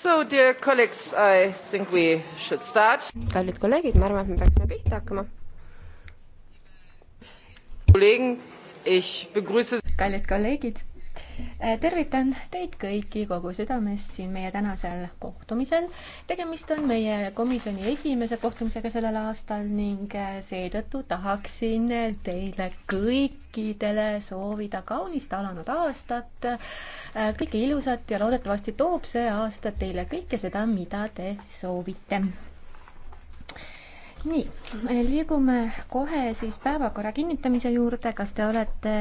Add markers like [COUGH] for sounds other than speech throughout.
So dear colleagues, I think we should start. kallid kolleegid, ma arvan, et me peaksime pihta hakkama. kallid kolleegid Äh, tervitan teid kõiki kogu südamest siin meie tänasel kohtumisel. tegemist on meie komisjoni esimese kohtumisega sellel aastal ning äh, seetõttu tahaksin teile kõikidele soovida kaunist alanud aastat, äh, kõike ilusat ja loodetavasti toob see aasta teile kõike seda, mida te soovite nii, liigume kohe siis päevakorra kinnitamise juurde, kas te olete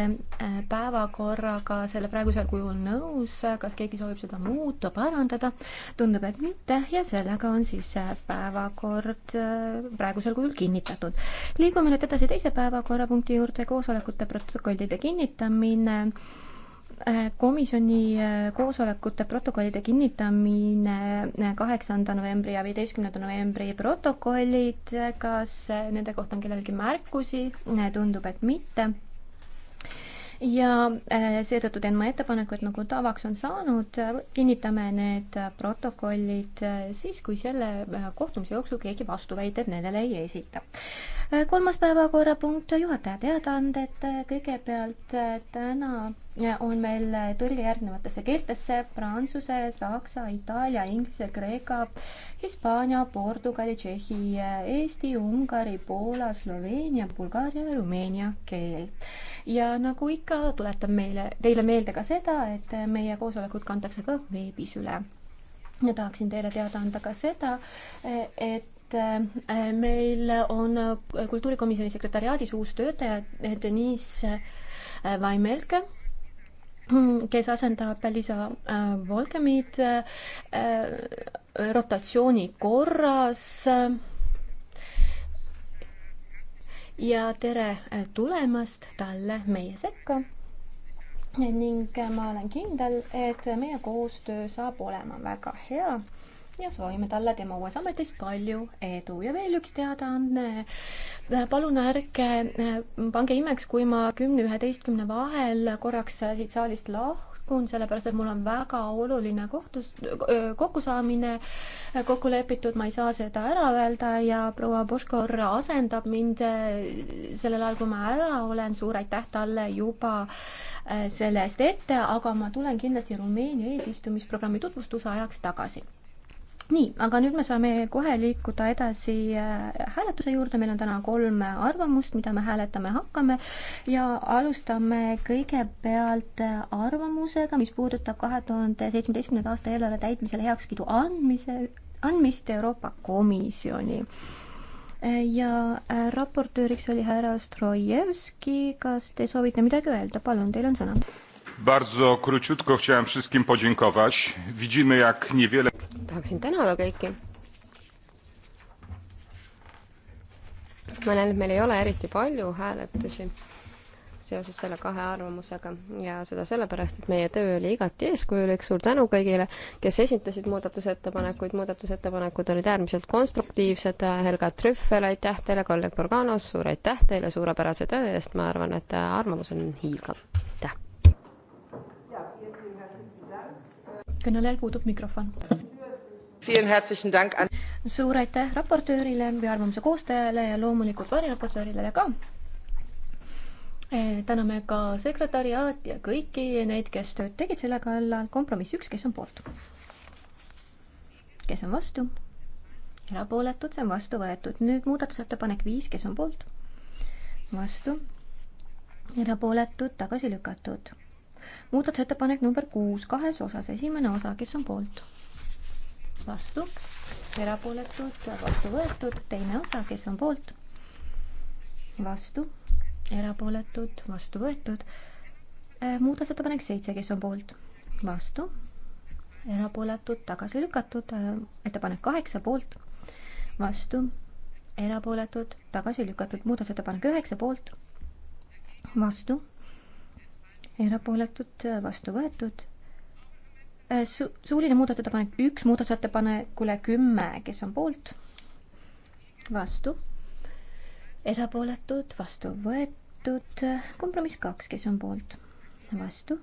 äh, päevakorraga selle praegusel kujul nõus, kas keegi soovib seda muuta, parandada? tundub, et mitte ja sellega on siis äh, päevakord äh, praegusel kujul kinnitatud. liigume nüüd edasi teise päevakorrapunkti juurde, koosolekute protokollide kinnitamine Äh, komisjoni äh, koosolekute protokollide kinnitamine äh, kaheksanda novembri ja viieteistkümnenda novembri protokollid, kas nende kohta on kellelgi märkusi? tundub, et mitte. ja seetõttu teen ma ettepaneku, et nagu tavaks on saanud, kinnitame need protokollid siis, kui selle kohtumise jooksul keegi vastuväiteid nendele ei esita kolmas päevakorrapunkt, juhataja teadaanded, kõigepealt täna on meil äh, tõlge järgnevatesse keeltesse prantsuse, saksa, itaalia, inglise, kreeka, hispaania, portugali, tšehhi, eesti, ungari, poola, Sloveenia, Bulgaaria ja Rumeenia keel. ja nagu ikka, tuletan meile, teile meelde ka seda, et äh, meie koosolekud kantakse ka veebis üle. ja tahaksin teile teada anda ka seda, äh, et meil on kultuurikomisjoni sekretariaadis uus töötaja Deniss Vaimelke [CLEARS THROAT] kes asendab Liisa äh, Volgemit äh, äh, rotatsiooni korras ja tere tulemast talle meie sekka. ning ma olen kindel, et meie koostöö saab olema väga hea ja soovime talle tema uues ametis palju edu ja veel üks teadaanne. Äh, palun ärge äh, pange imeks, kui ma kümne, üheteistkümne vahel korraks äh, siit saalist lahkun, sellepärast et mul on väga oluline kohtus, kokkusaamine kokku lepitud, ma ei saa seda ära öelda ja proua Boškor asendab mind sellel ajal, kui ma ära olen, suur aitäh talle juba selle eest ette, aga ma tulen kindlasti Rumeenia eesistumisprogrammi tutvustuse ajaks tagasi nii, aga nüüd me saame kohe liikuda edasi äh, hääletuse juurde, meil on täna kolm arvamust, mida me hääletame hakkame ja alustame kõigepealt äh, arvamusega, mis puudutab kahe tuhande seitsmeteistkümnenda aasta eelarve täitmisele heakskiidu andmise, andmist Euroopa Komisjoni äh, ja raportööriks oli härra Strojevski, kas te soovite midagi öelda, palun, teil on sõna. Bardzo króciutko chciałem wszystkim podziękować. Widzimy jak niewiele... Tahaksin tänada kõiki. Ma näen, et meil ei ole eriti palju hääletusi seoses selle kahe arvamusega ja seda sellepärast, et meie töö oli igati eeskujulik, suur tänu kõigile, kes esitasid muudatusettepanekuid, muudatusettepanekud olid äärmiselt konstruktiivsed, Helga Trüffel, aitäh teile, kolleeg Borganos, suur aitäh teile suurepärase töö eest, ma arvan, et arvamus on hiilgav. kõnelejal puudub mikrofon. suur aitäh raportöörile ja arvamuse koostajale ja loomulikult variraportöörile ka. Eh, täname ka sekretäriaati ja kõiki neid, kes tööd tegid selle kallal. kompromiss üks, kes on poolt? kes on vastu? erapooletud, see on vastu võetud. nüüd muudatusettepanek viis, kes on poolt? vastu, erapooletud, tagasi lükatud muudatusettepanek number kuus kahes osas, esimene osa, kes on poolt? vastu, erapooletud, vastu võetud, teine osa, kes on poolt? vastu, erapooletud, vastu võetud. Äh, muudatusettepanek seitse, kes on poolt? vastu, erapooletud, tagasi lükatud, äh, ettepanek kaheksa poolt, vastu, erapooletud, tagasi lükatud, muudatusettepanek üheksa poolt, vastu erapooletud, vastu võetud. Äh, su-, suuline muudatusettepanek üks muudatusettepanekule kümme, kes on poolt? vastu. erapooletud, vastu võetud, kompromiss kaks, kes on poolt? vastu.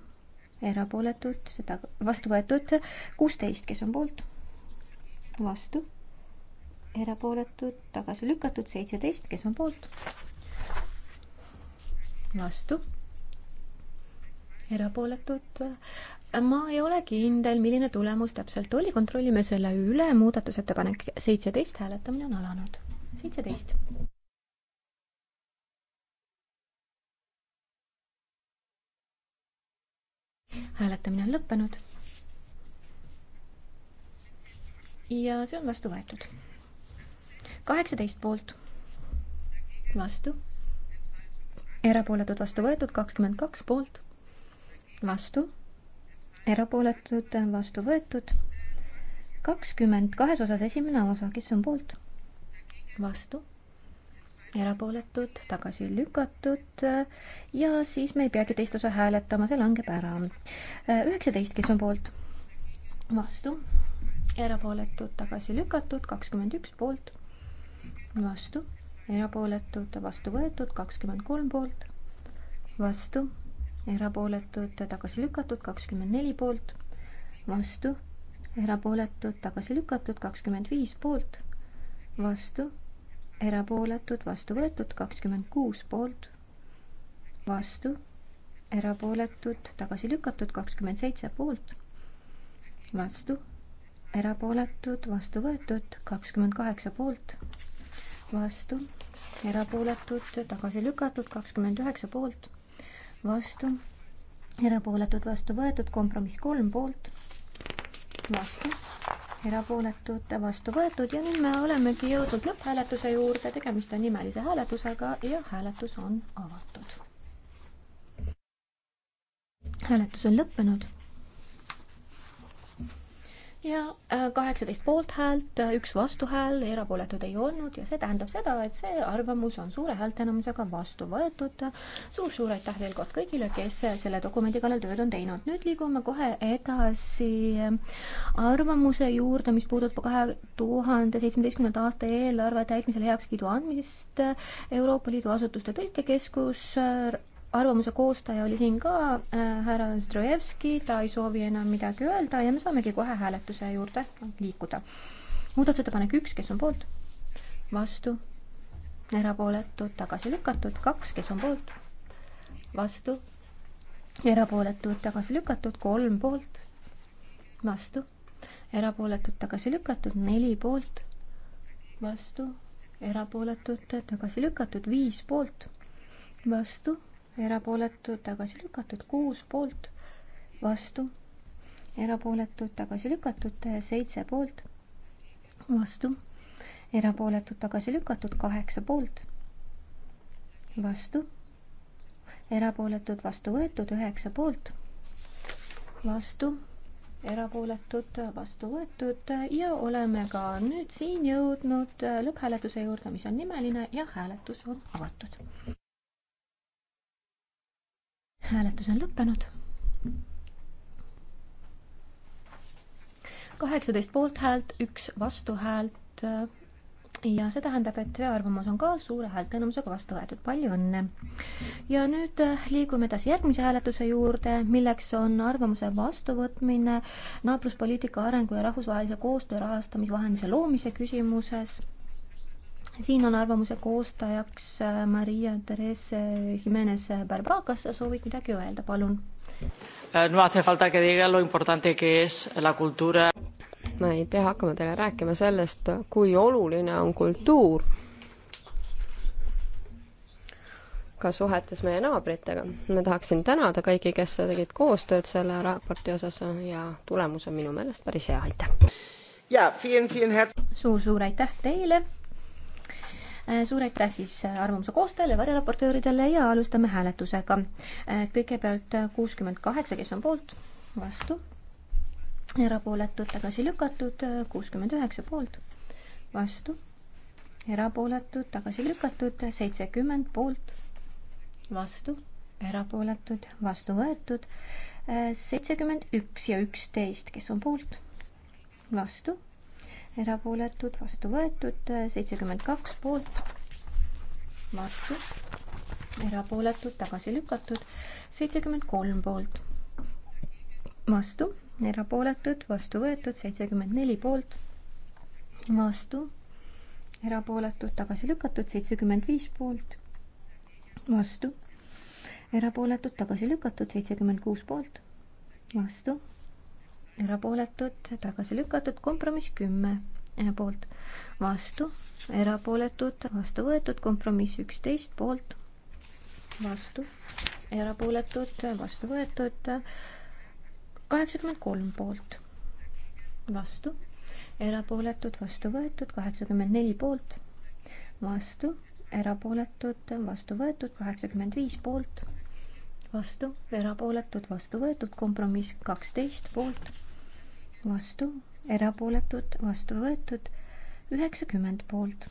erapooletud, seda vastu võetud, kuusteist, kes on poolt? vastu. erapooletud, tagasi lükatud, seitseteist, kes on poolt? vastu erapooletud. ma ei ole kindel, milline tulemus täpselt oli, kontrollime selle üle, muudatusettepanek seitseteist, hääletamine on alanud. seitseteist. hääletamine on lõppenud. ja see on vastu võetud. kaheksateist poolt, vastu erapooletud vastu võetud, kakskümmend kaks poolt, vastu, erapooletud, vastu võetud. kakskümmend kahes osas esimene osa, kes on poolt, vastu, erapooletud, tagasi lükatud ja siis me ei peagi teist osa hääletama, see langeb ära. üheksateist, kes on poolt, vastu, erapooletud, tagasi lükatud, kakskümmend üks poolt, vastu, erapooletud, vastu võetud, kakskümmend kolm poolt, vastu erapooletud, tagasi lükatud, kakskümmend neli poolt, vastu, erapooletud, tagasi lükatud, kakskümmend viis poolt, vastu, erapooletud, vastu võetud, kakskümmend kuus poolt, vastu, erapooletud, tagasi lükatud, kakskümmend seitse poolt, vastu, erapooletud, vastu võetud, kakskümmend kaheksa poolt, vastu, erapooletud, tagasi lükatud, kakskümmend üheksa poolt vastu, erapooletud, vastu võetud, kompromiss kolm poolt, vastu, erapooletud, vastu võetud ja nüüd me olemegi jõudnud lõpphääletuse juurde, tegemist on nimelise hääletusega ja hääletus on avatud. hääletus on lõppenud ja äh, kaheksateist poolthäält, äh, üks vastuhääl, erapooletud ei olnud ja see tähendab seda, et see arvamus on suure häälteenamusega vastu võetud suur,. suur-suur aitäh veel kord kõigile, kes selle dokumendi kallal tööd on teinud. nüüd liigume kohe edasi äh, arvamuse juurde, mis puudutab kahe tuhande seitsmeteistkümnenda aasta eelarve täitmisele heakskiidu andmist Euroopa Liidu asutuste tõlkekeskus arvamuse koostaja oli siin ka äh, härra Zdrojevski, ta ei soovi enam midagi öelda ja me saamegi kohe hääletuse juurde liikuda. muudatusettepanek üks, kes on poolt? vastu? erapooletud, tagasi lükatud, kaks, kes on poolt? vastu? erapooletud, tagasi lükatud, kolm poolt? vastu? erapooletud, tagasi lükatud, neli poolt? vastu? erapooletud, tagasi lükatud, viis poolt? vastu? erapooletud, tagasi lükatud, kuus poolt, vastu, erapooletud, tagasi lükatud, seitse poolt, vastu, erapooletud, tagasi lükatud, kaheksa poolt, vastu, erapooletud, vastu võetud, üheksa poolt, vastu, erapooletud, vastu võetud ja oleme ka nüüd siin jõudnud lõpphääletuse juurde, mis on nimeline ja hääletus on avatud hääletus on lõppenud. kaheksateist poolthäält, üks vastuhäält ja see tähendab, et see arvamus on ka suure häälteenamusega vastu võetud, palju õnne. ja nüüd äh, liigume edasi järgmise hääletuse juurde, milleks on arvamuse vastuvõtmine naabruspoliitika arengu ja rahvusvahelise koostöö rahastamisvahendise loomise küsimuses siin on arvamuse koostajaks äh, Maria Therese Jimenez Barba, kas sa soovid midagi öelda, palun? Äh, no hace falta que diga lo importante que es la cultura. ma ei pea hakkama teile rääkima sellest, kui oluline on kultuur ka suhetes meie naabritega. ma tahaksin tänada kõiki, kes tegid koostööd selle raporti osas ja tulemus on minu meelest päris hea, aitäh! suur-suur aitäh teile Äh, suur aitäh siis äh, arvamuse koostajale, variraportööridele ja alustame hääletusega. Äh, kõigepealt kuuskümmend kaheksa, kes on poolt, vastu, erapooletud, tagasi lükatud, kuuskümmend üheksa poolt, vastu, erapooletud, tagasi lükatud, seitsekümmend poolt, vastu, erapooletud, vastu võetud, seitsekümmend üks ja üksteist, kes on poolt, vastu erapooletud, vastu võetud, seitsekümmend kaks poolt, vastu, erapooletud, tagasi lükatud, seitsekümmend kolm poolt, vastu, erapooletud, vastu võetud, seitsekümmend neli poolt, vastu, erapooletud, tagasi lükatud, seitsekümmend viis poolt, vastu, erapooletud, tagasi lükatud, seitsekümmend kuus poolt, vastu erapooletud, tagasi lükatud, kompromiss kümme poolt, vastu, erapooletud, vastu võetud, kompromiss üksteist poolt, vastu, erapooletud, vastu võetud, kaheksakümmend kolm poolt, vastu, erapooletud, vastu võetud, kaheksakümmend neli poolt, vastu, erapooletud, vastu võetud, kaheksakümmend viis poolt, vastu, erapooletud, vastu võetud, kompromiss kaksteist poolt vastu, erapooletud, vastu võetud, üheksakümmend poolt,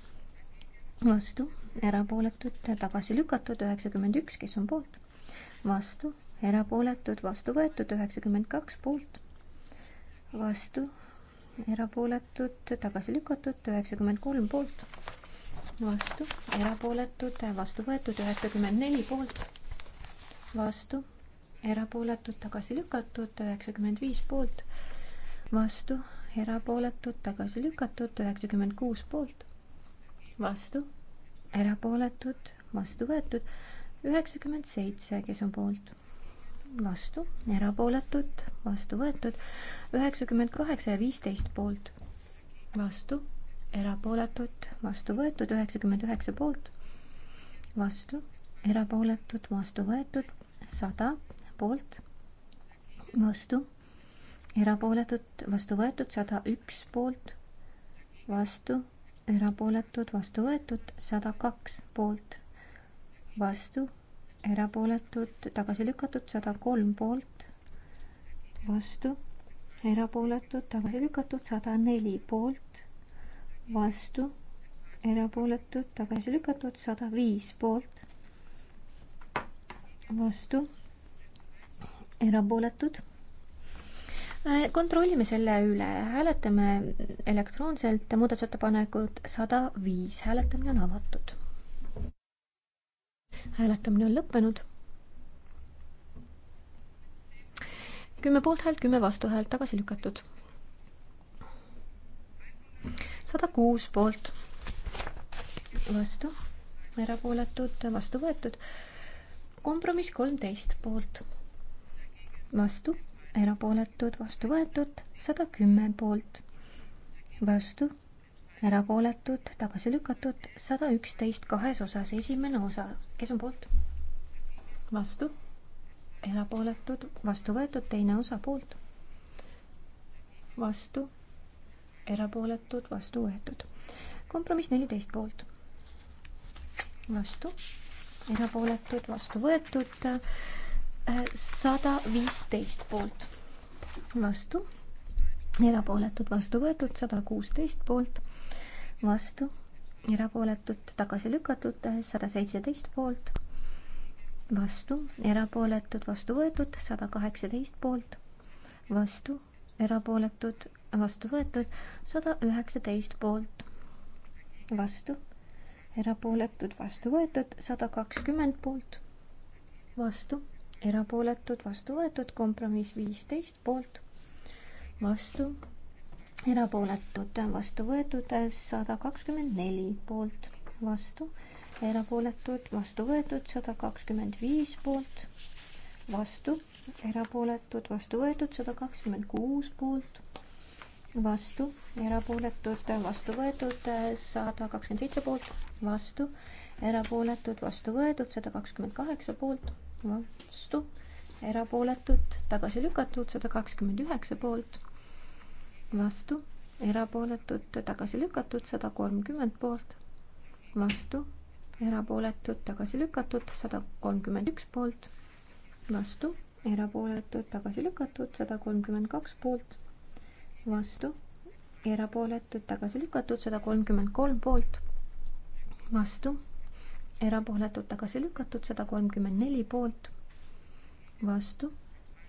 vastu, erapooletud, tagasi lükatud, üheksakümmend üks, kes on poolt, vastu, erapooletud, vastu võetud, üheksakümmend kaks poolt, vastu, erapooletud, tagasi lükatud, üheksakümmend kolm poolt, vastu, erapooletud, vastu võetud, üheksakümmend neli poolt, vastu erapooletud, tagasi lükatud, üheksakümmend viis poolt, vastu, erapooletud, tagasi lükatud, üheksakümmend kuus poolt, vastu, erapooletud, vastu võetud, üheksakümmend seitse, kes on poolt, vastu, erapooletud, vastu võetud, üheksakümmend kaheksa ja viisteist poolt, vastu, erapooletud, vastu võetud, üheksakümmend üheksa poolt, vastu, erapooletud, vastu võetud, sada poolt, vastu erapooletud, vastu võetud, sada üks poolt, vastu, erapooletud, vastu võetud, sada kaks poolt, vastu, erapooletud, tagasi lükatud, sada kolm poolt, vastu, erapooletud, tagasi lükatud, sada neli poolt, vastu, erapooletud, tagasi lükatud, sada viis poolt, vastu, erapooletud Äh, kontrollime selle üle, hääletame elektroonselt muudatusettepanekut sada viis, hääletamine on avatud. hääletamine on lõppenud. kümme poolthäält, kümme vastuhäält, tagasi lükatud. sada kuus poolt, vastu, erapooletud, vastu võetud. kompromiss kolmteist poolt, vastu erapooletud, vastu võetud, sada kümme poolt, vastu, erapooletud, tagasi lükatud, sada üksteist kahes osas, esimene osa, kes on poolt? vastu, erapooletud, vastu võetud, teine osa poolt, vastu, erapooletud, vastu võetud. kompromiss neliteist poolt, vastu, erapooletud, vastu võetud Äh, sada viisteist poolt, vastu, erapooletud, vastu võetud, sada kuusteist poolt, vastu, erapooletud, tagasi lükatud, sada seitseteist poolt, vastu, erapooletud, vastu võetud, sada kaheksateist poolt, vastu, erapooletud, vastu võetud, sada üheksateist poolt, vastu, erapooletud, vastu võetud, sada kakskümmend poolt, vastu erapooletud, vastu võetud, kompromiss viisteist poolt, vastu, erapooletud, vastu võetud, sada kakskümmend neli poolt, vastu, erapooletud, vastu võetud, sada kakskümmend viis poolt, vastu, erapooletud, vastu võetud, sada kakskümmend kuus poolt, vastu, erapooletud, vastu võetud, sada kakskümmend seitse poolt, vastu, erapooletud, vastu võetud, sada kakskümmend kaheksa poolt vastu, erapooletud, tagasi lükatud, sada kakskümmend üheksa poolt, vastu, erapooletud, tagasi lükatud, sada kolmkümmend poolt, vastu, erapooletud, tagasi lükatud, sada kolmkümmend üks poolt, vastu, erapooletud, tagasi lükatud, sada kolmkümmend kaks poolt, vastu, erapooletud, tagasi lükatud, sada kolmkümmend kolm poolt, vastu erapooletud tagasi lükatud, sada kolmkümmend neli poolt, vastu,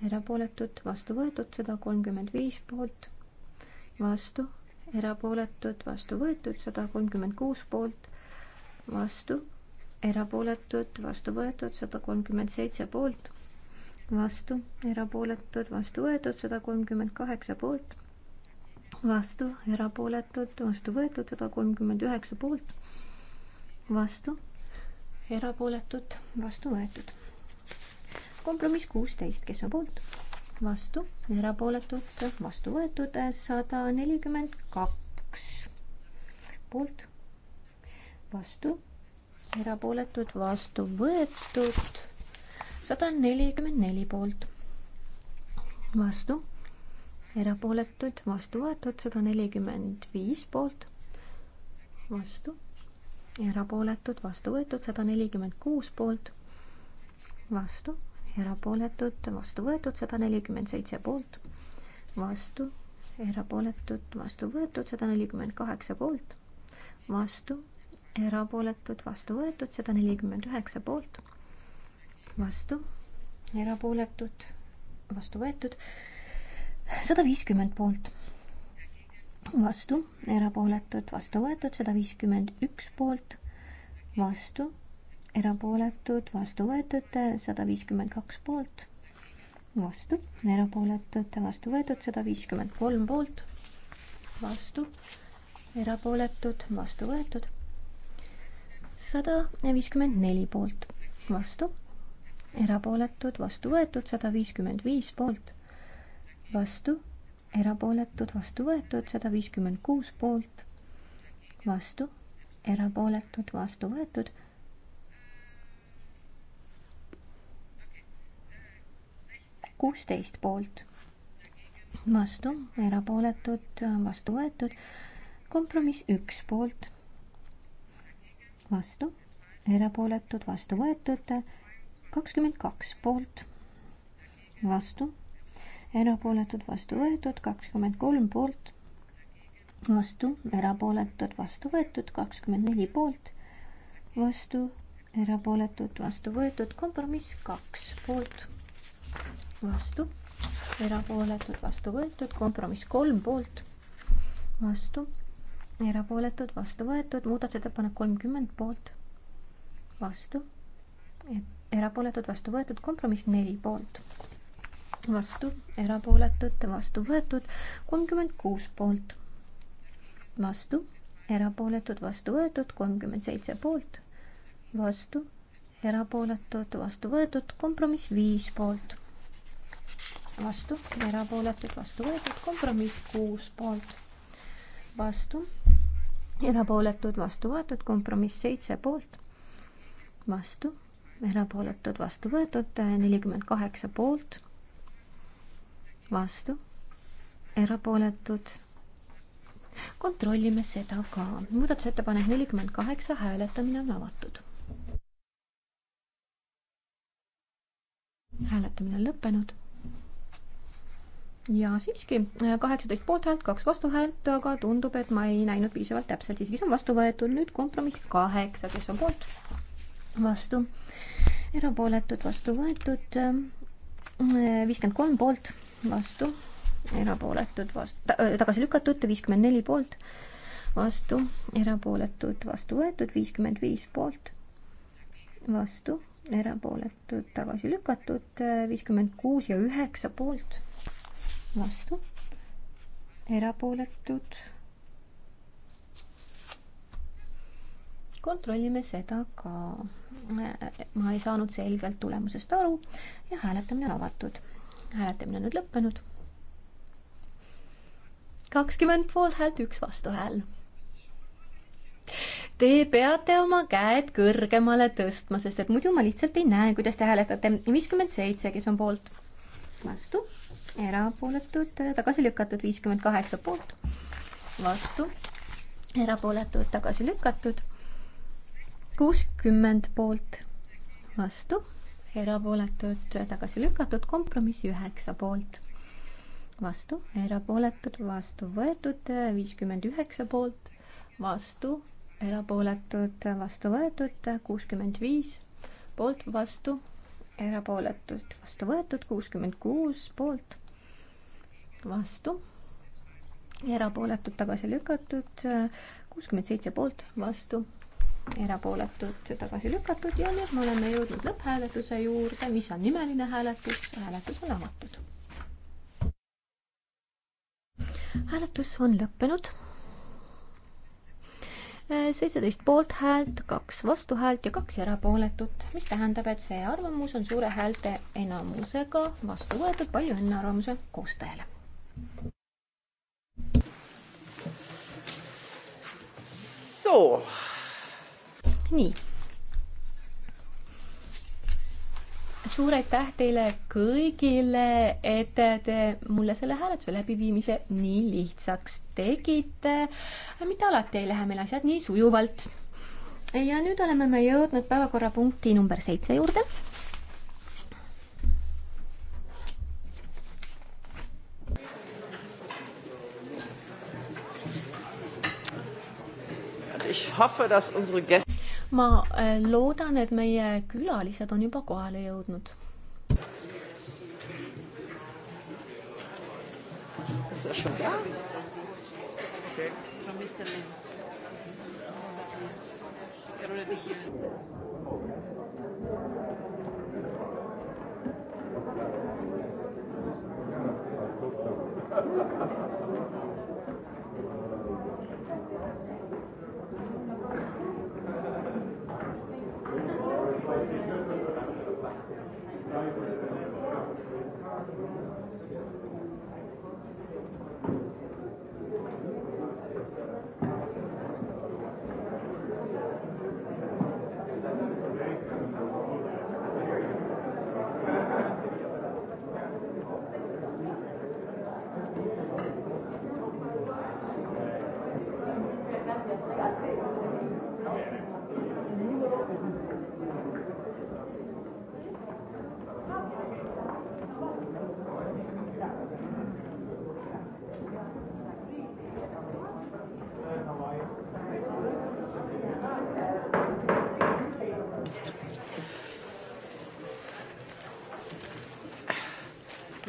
erapooletud, vastu võetud, sada kolmkümmend viis poolt, vastu, erapooletud, vastu võetud, sada kolmkümmend kuus poolt, vastu, erapooletud, vastu võetud, sada kolmkümmend seitse poolt, vastu, erapooletud, vastu võetud, sada kolmkümmend kaheksa poolt, vastu, erapooletud, vastu võetud, sada kolmkümmend üheksa poolt, vastu erapooletud, vastu võetud. kompromiss kuusteist, kes on poolt? vastu, erapooletud, vastu võetud, sada nelikümmend kaks poolt, vastu, erapooletud, vastu võetud, sada nelikümmend neli poolt, vastu erapooletuid, vastu võetud sada nelikümmend viis poolt, vastu, erapooletud, vastu võetud, sada nelikümmend kuus poolt, vastu, erapooletud, vastu võetud, sada nelikümmend seitse poolt, vastu, erapooletud, vastu võetud, sada nelikümmend kaheksa poolt, vastu, erapooletud, vastu võetud, sada nelikümmend üheksa poolt, vastu, erapooletud, vastu võetud, sada viiskümmend poolt vastu, erapooletud, vastu võetud, sada viiskümmend üks poolt, vastu, erapooletud, vastu võetud, sada viiskümmend kaks poolt, vastu, erapooletud, vastu võetud, sada viiskümmend kolm poolt, vastu, erapooletud, vastu võetud, sada viiskümmend neli poolt, vastu, erapooletud, vastu võetud, sada viiskümmend viis poolt, vastu erapooletud, vastu võetud, sada viiskümmend kuus poolt, vastu, erapooletud, vastu võetud. kuusteist poolt, vastu, erapooletud, vastu võetud, kompromiss üks poolt, vastu, erapooletud, vastu võetud, kakskümmend kaks poolt, vastu erapooletud, vastu võetud, kakskümmend kolm poolt, vastu, erapooletud, vastu võetud, kakskümmend neli poolt, vastu, erapooletud, vastu võetud, kompromiss kaks poolt, vastu, erapooletud, vastu võetud, kompromiss kolm poolt, vastu, erapooletud, vastu võetud, muudatusettepanek kolmkümmend poolt, vastu, erapooletud, vastu võetud, kompromiss neli poolt vastu, erapooletud, vastu võetud, kolmkümmend kuus poolt, vastu, erapooletud, vastu võetud, kolmkümmend seitse poolt, vastu, erapooletud, vastu võetud, kompromiss viis poolt vastu, erapooletud, vastu võetud, kompromiss kuus poolt, vastu, erapooletud, vastu võetud, kompromiss seitse poolt, vastu, erapooletud, vastu võetud, nelikümmend kaheksa poolt, vastu, erapooletud. kontrollime seda ka. muudatusettepanek nelikümmend kaheksa, hääletamine on avatud. hääletamine on lõppenud. ja siiski äh, kaheksateist poolthäält, kaks vastuhäält, aga tundub, et ma ei näinud piisavalt täpselt, siiski see on vastu võetud. nüüd kompromiss kaheksa, kes on poolt? vastu, erapooletud, vastu võetud äh, viiskümmend kolm poolt vastu, erapooletud, vastu, äh, tagasi lükatud, viiskümmend neli poolt, vastu, erapooletud, vastu võetud, viiskümmend viis poolt, vastu, erapooletud, tagasi lükatud, viiskümmend kuus ja üheksa poolt, vastu, erapooletud. kontrollime seda ka. ma ei saanud selgelt tulemusest aru ja hääletamine on avatud hääletamine on nüüd lõppenud. kakskümmend poolthäält, üks vastuhääl. Te peate oma käed kõrgemale tõstma, sest et muidu ma lihtsalt ei näe, kuidas te hääletate. viiskümmend seitse, kes on poolt, vastu, erapooletud, tagasi lükatud, viiskümmend kaheksa poolt, vastu, erapooletud, tagasi lükatud, kuuskümmend poolt, vastu erapooletud, tagasi lükatud, kompromiss üheksa poolt, vastu, erapooletud, vastu võetud, viiskümmend üheksa poolt, vastu, erapooletud, vastu võetud, kuuskümmend viis poolt, vastu, erapooletud, vastu võetud, kuuskümmend kuus poolt, vastu, erapooletud, tagasi lükatud, kuuskümmend seitse poolt, vastu erapooletud tagasi lükatud ja nüüd me oleme jõudnud lõpphääletuse juurde, mis on nimeline hääletus, hääletus on avatud. hääletus on lõppenud. seitseteist poolthäält, kaks vastuhäält ja kaks erapooletut, mis tähendab, et see arvamus on suure häälte enamusega vastu võetud. palju õnne arvamuse koostajale. So nii. suur aitäh teile kõigile, et te mulle selle hääletuse läbiviimise nii lihtsaks tegite. mitte alati ei lähe meil asjad nii sujuvalt. ja nüüd oleme me jõudnud päevakorrapunkti number seitse juurde ich hoffe, dass unsere Gäste ma äh, loodan, et meie külalised on juba kohale jõudnud. Okay. From Mr. Lenz. Mr. Lenz. You're already here.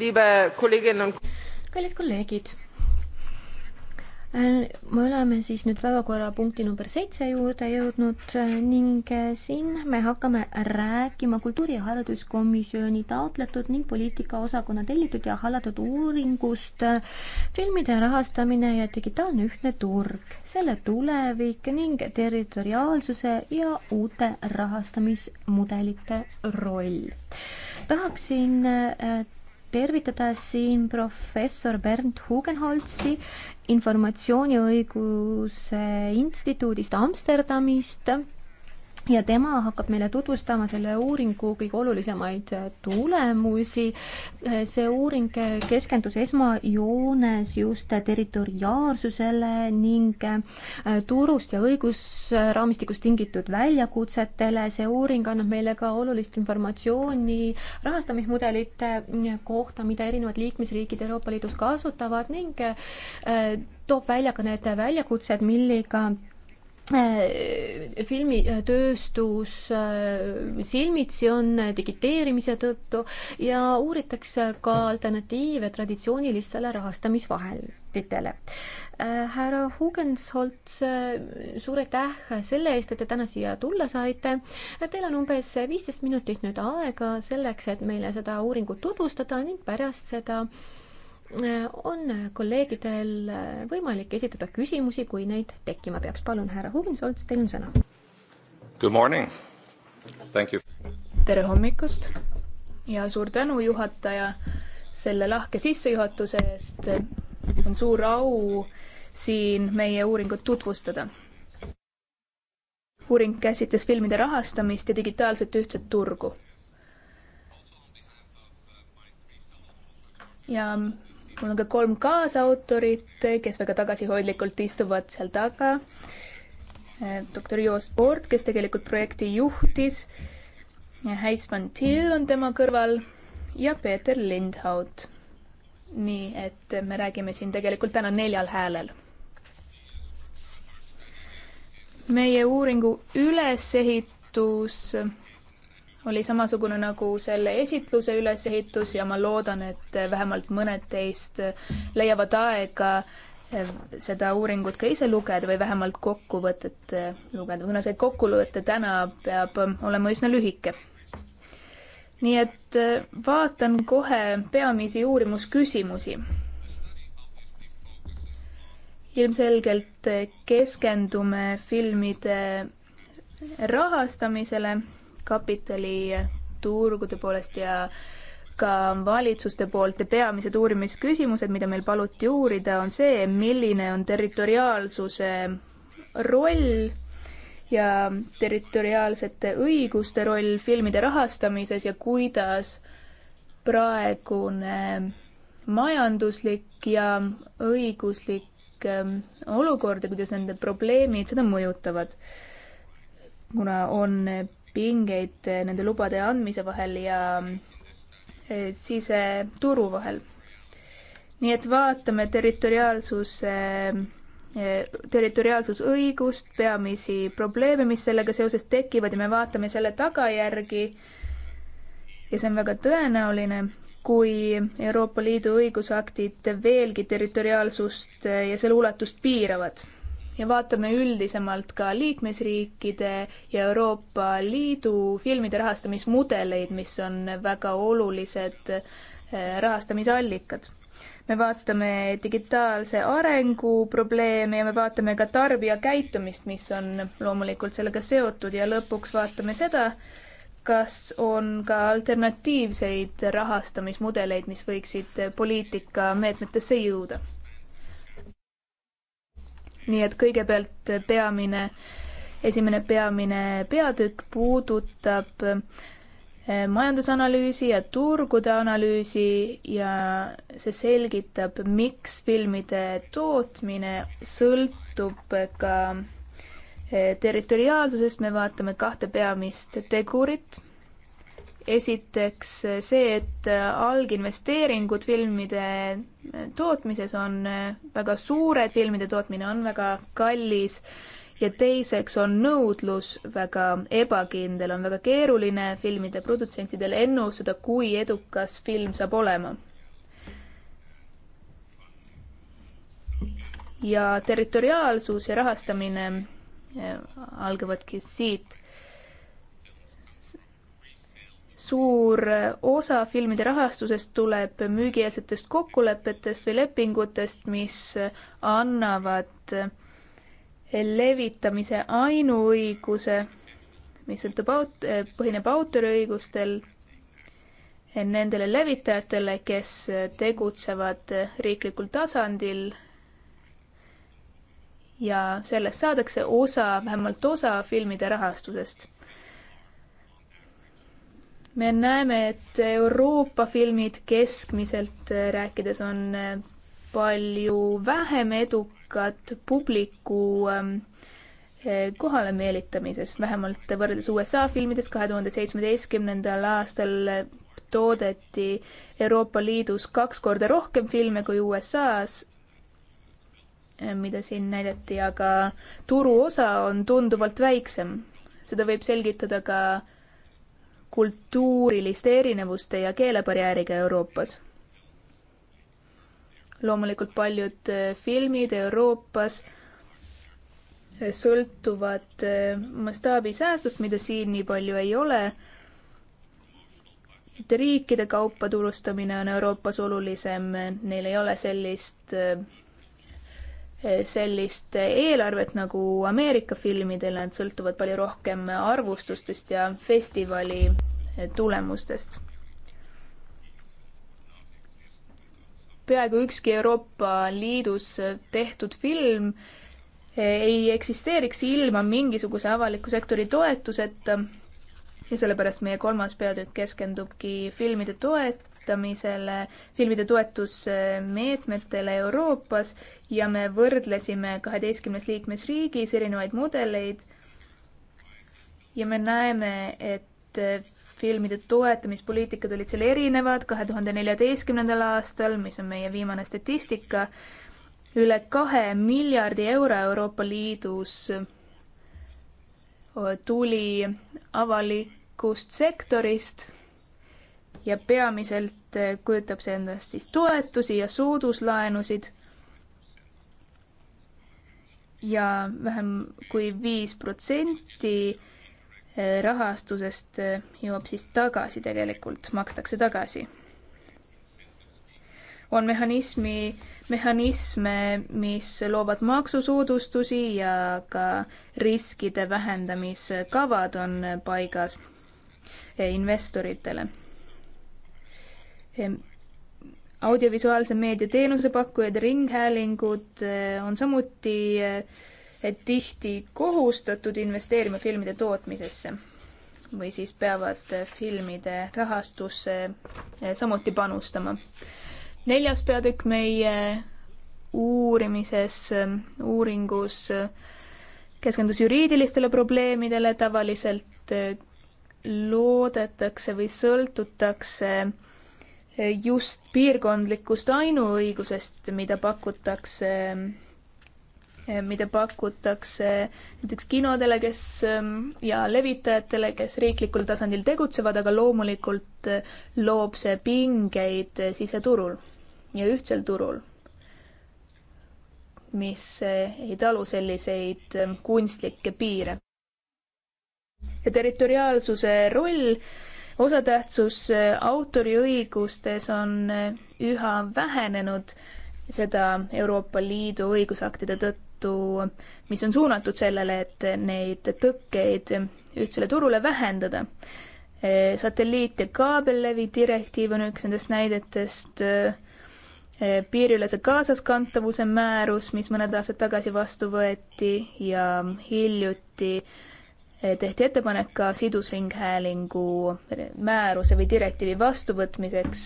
liebe Kolleginnen und kallid kolleegid, äh, me oleme siis nüüd päevakorrapunkti number seitse juurde jõudnud äh, ning äh, siin me hakkame rääkima kultuuri- ja hariduskomisjoni taotletud ning poliitikaosakonna tellitud ja hallatud uuringust filmide rahastamine ja digitaalne ühtne turg, selle tulevik ning territoriaalsuse ja uute rahastamismudelite roll tahaksin tervitada siin professor Bernd Hugenholzi Informatsiooniõiguse Instituudist Amsterdamist ja tema hakkab meile tutvustama selle uuringu kõige olulisemaid äh, tulemusi. Äh, see uuring äh, keskendus esmajoones just territoriaalsusele ning turust ja õigusraamistikust tingitud väljakutsetele. see uuring annab meile ka olulist informatsiooni rahastamismudelite kohta, mida erinevad liikmesriigid Euroopa Liidus kasutavad ning toob välja ka need väljakutsed, millega Äh, filmitööstus äh, äh, silmitsi on digiteerimise tõttu ja uuritakse ka alternatiive traditsioonilistele rahastamisvahenditele. härra Hugensholz, suur aitäh selle eest, et te täna siia tulla saite. Teil on umbes viisteist minutit nüüd aega selleks, et meile seda uuringut tutvustada ning pärast seda äh, on kolleegidel võimalik esitada küsimusi, kui neid tekkima peaks. palun, härra Huvinsolts, teil on sõna. Good morning, thank you. tere hommikust ja suur tänu, juhataja, selle lahke sissejuhatuse eest. on suur au siin meie uuringut tutvustada. uuring käsitles filmide rahastamist ja digitaalset ühtset turgu. ja mul on ka kolm kaasautorit, kes väga tagasihoidlikult istuvad seal taga. Eh, doktor Jo Sport, kes tegelikult projekti juhtis. Heis van Til on tema kõrval ja Peeter Lindhaut. nii et me räägime siin tegelikult täna neljal häälel. meie uuringu ülesehitus oli samasugune nagu selle esitluse ülesehitus ja ma loodan, et vähemalt mõned teist leiavad aega eh, seda uuringut ka ise lugeda või vähemalt kokkuvõtet eh, lugeda, kuna see kokkuvõte täna peab eh, olema üsna lühike. nii et vaatan kohe peamisi uurimusküsimusi. ilmselgelt keskendume filmide rahastamisele kapitaliturgude poolest ja ka valitsuste poolt ja peamised uurimisküsimused, mida meil paluti uurida, on see, milline on territoriaalsuse roll ja territoriaalsete õiguste roll filmide rahastamises ja kuidas praegune majanduslik ja õiguslik ähm, olukord ja kuidas nende probleemid seda mõjutavad. kuna on pingeid eh, nende lubade andmise vahel ja eh, siseturu vahel. nii et vaatame territoriaalsuse, eh, territoriaalsusõigust, peamisi probleeme, mis sellega seoses tekivad ja me vaatame selle tagajärgi. ja see on väga tõenäoline, kui Euroopa Liidu õigusaktid veelgi territoriaalsust ja selle ulatust piiravad ja vaatame üldisemalt ka liikmesriikide ja Euroopa Liidu filmide rahastamismudeleid, mis on väga olulised eh, rahastamisallikad. me vaatame digitaalse arengu probleeme ja me vaatame ka tarbija käitumist, mis on loomulikult sellega seotud ja lõpuks vaatame seda, kas on ka alternatiivseid rahastamismudeleid, mis võiksid poliitikameetmetesse jõuda nii et kõigepealt peamine, esimene peamine peatükk puudutab eh, majandusanalüüsi ja turgude analüüsi ja see selgitab, miks filmide tootmine sõltub ka eh, territoriaalsusest, me vaatame kahte peamist tegurit esiteks see, et alginvesteeringud filmide tootmises on väga suured, filmide tootmine on väga kallis ja teiseks on nõudlus väga ebakindel, on väga keeruline filmide produtsentidel ennustada, kui edukas film saab olema. ja territoriaalsus ja rahastamine eh, algavadki siit suur osa filmide rahastusest tuleb müügieelsetest kokkulepetest või lepingutest, mis annavad levitamise ainuõiguse, mis sõltub aut-, põhineb autoriõigustel, nendele levitajatele, kes tegutsevad riiklikul tasandil ja sellest saadakse osa, vähemalt osa filmide rahastusest me näeme, et Euroopa filmid keskmiselt äh, rääkides on äh, palju vähem edukad publiku ähm, äh, kohale meelitamises, vähemalt võrreldes USA filmides kahe tuhande seitsmeteistkümnendal aastal toodeti Euroopa Liidus kaks korda rohkem filme kui USA-s, mida siin näidati, aga turuosa on tunduvalt väiksem. seda võib selgitada ka äh, kultuuriliste erinevuste ja keelebarjääriga Euroopas. loomulikult paljud eh, filmid Euroopas eh, sõltuvad eh, mastaabisäästust, mida siin nii palju ei ole. et riikide kaupa turustamine on Euroopas olulisem, neil ei ole sellist Eh, sellist eelarvet nagu Ameerika filmidel, nad sõltuvad palju rohkem arvustustest ja festivali eh, tulemustest. peaaegu ükski Euroopa Liidus eh, tehtud film ei eksisteeriks ilma mingisuguse avaliku sektori toetuseta ja sellepärast meie kolmas peatükk keskendubki filmide toet-, toetamisele, filmide toetusmeetmetele Euroopas ja me võrdlesime kaheteistkümnes liikmesriigis erinevaid mudeleid. ja me näeme, et filmide toetamispoliitikad olid seal erinevad kahe tuhande neljateistkümnendal aastal, mis on meie viimane statistika, üle kahe miljardi euro Euroopa Liidus tuli avalikust sektorist ja peamiselt eh, kujutab see endast siis toetusi ja sooduslaenusid ja vähem kui viis protsenti eh, rahastusest eh, jõuab siis tagasi tegelikult, makstakse tagasi. on mehhanismi, mehhanisme, mis loovad maksusoodustusi ja ka riskide vähendamiskavad on paigas investoritele Ehm, audiovisuaalse meedia teenusepakkujad ja ringhäälingud eh, on samuti eh, tihti kohustatud investeerima filmide tootmisesse või siis peavad eh, filmide rahastusse samuti panustama. neljas peatükk meie uurimises, uuringus keskendus juriidilistele probleemidele, tavaliselt loodetakse või sõltutakse just piirkondlikust ainuõigusest, mida pakutakse, mida pakutakse näiteks kinodele, kes ja levitajatele, kes riiklikul tasandil tegutsevad, aga loomulikult loob see pingeid siseturul ja ühtsel turul, mis ei talu selliseid kunstlikke piire. ja territoriaalsuse roll osatähtsus äh, autoriõigustes on äh, üha vähenenud, seda Euroopa Liidu õigusaktide tõttu, mis on suunatud sellele, et neid tõkkeid ühtsele turule vähendada äh, satelliit- ja kaabellevi direktiiv on üks nendest näidetest, piiriülese kaasaskantavuse määrus, mis mõned aastad tagasi vastu võeti ja hiljuti tehti ettepanek ka sidusringhäälingu määruse või direktiivi vastuvõtmiseks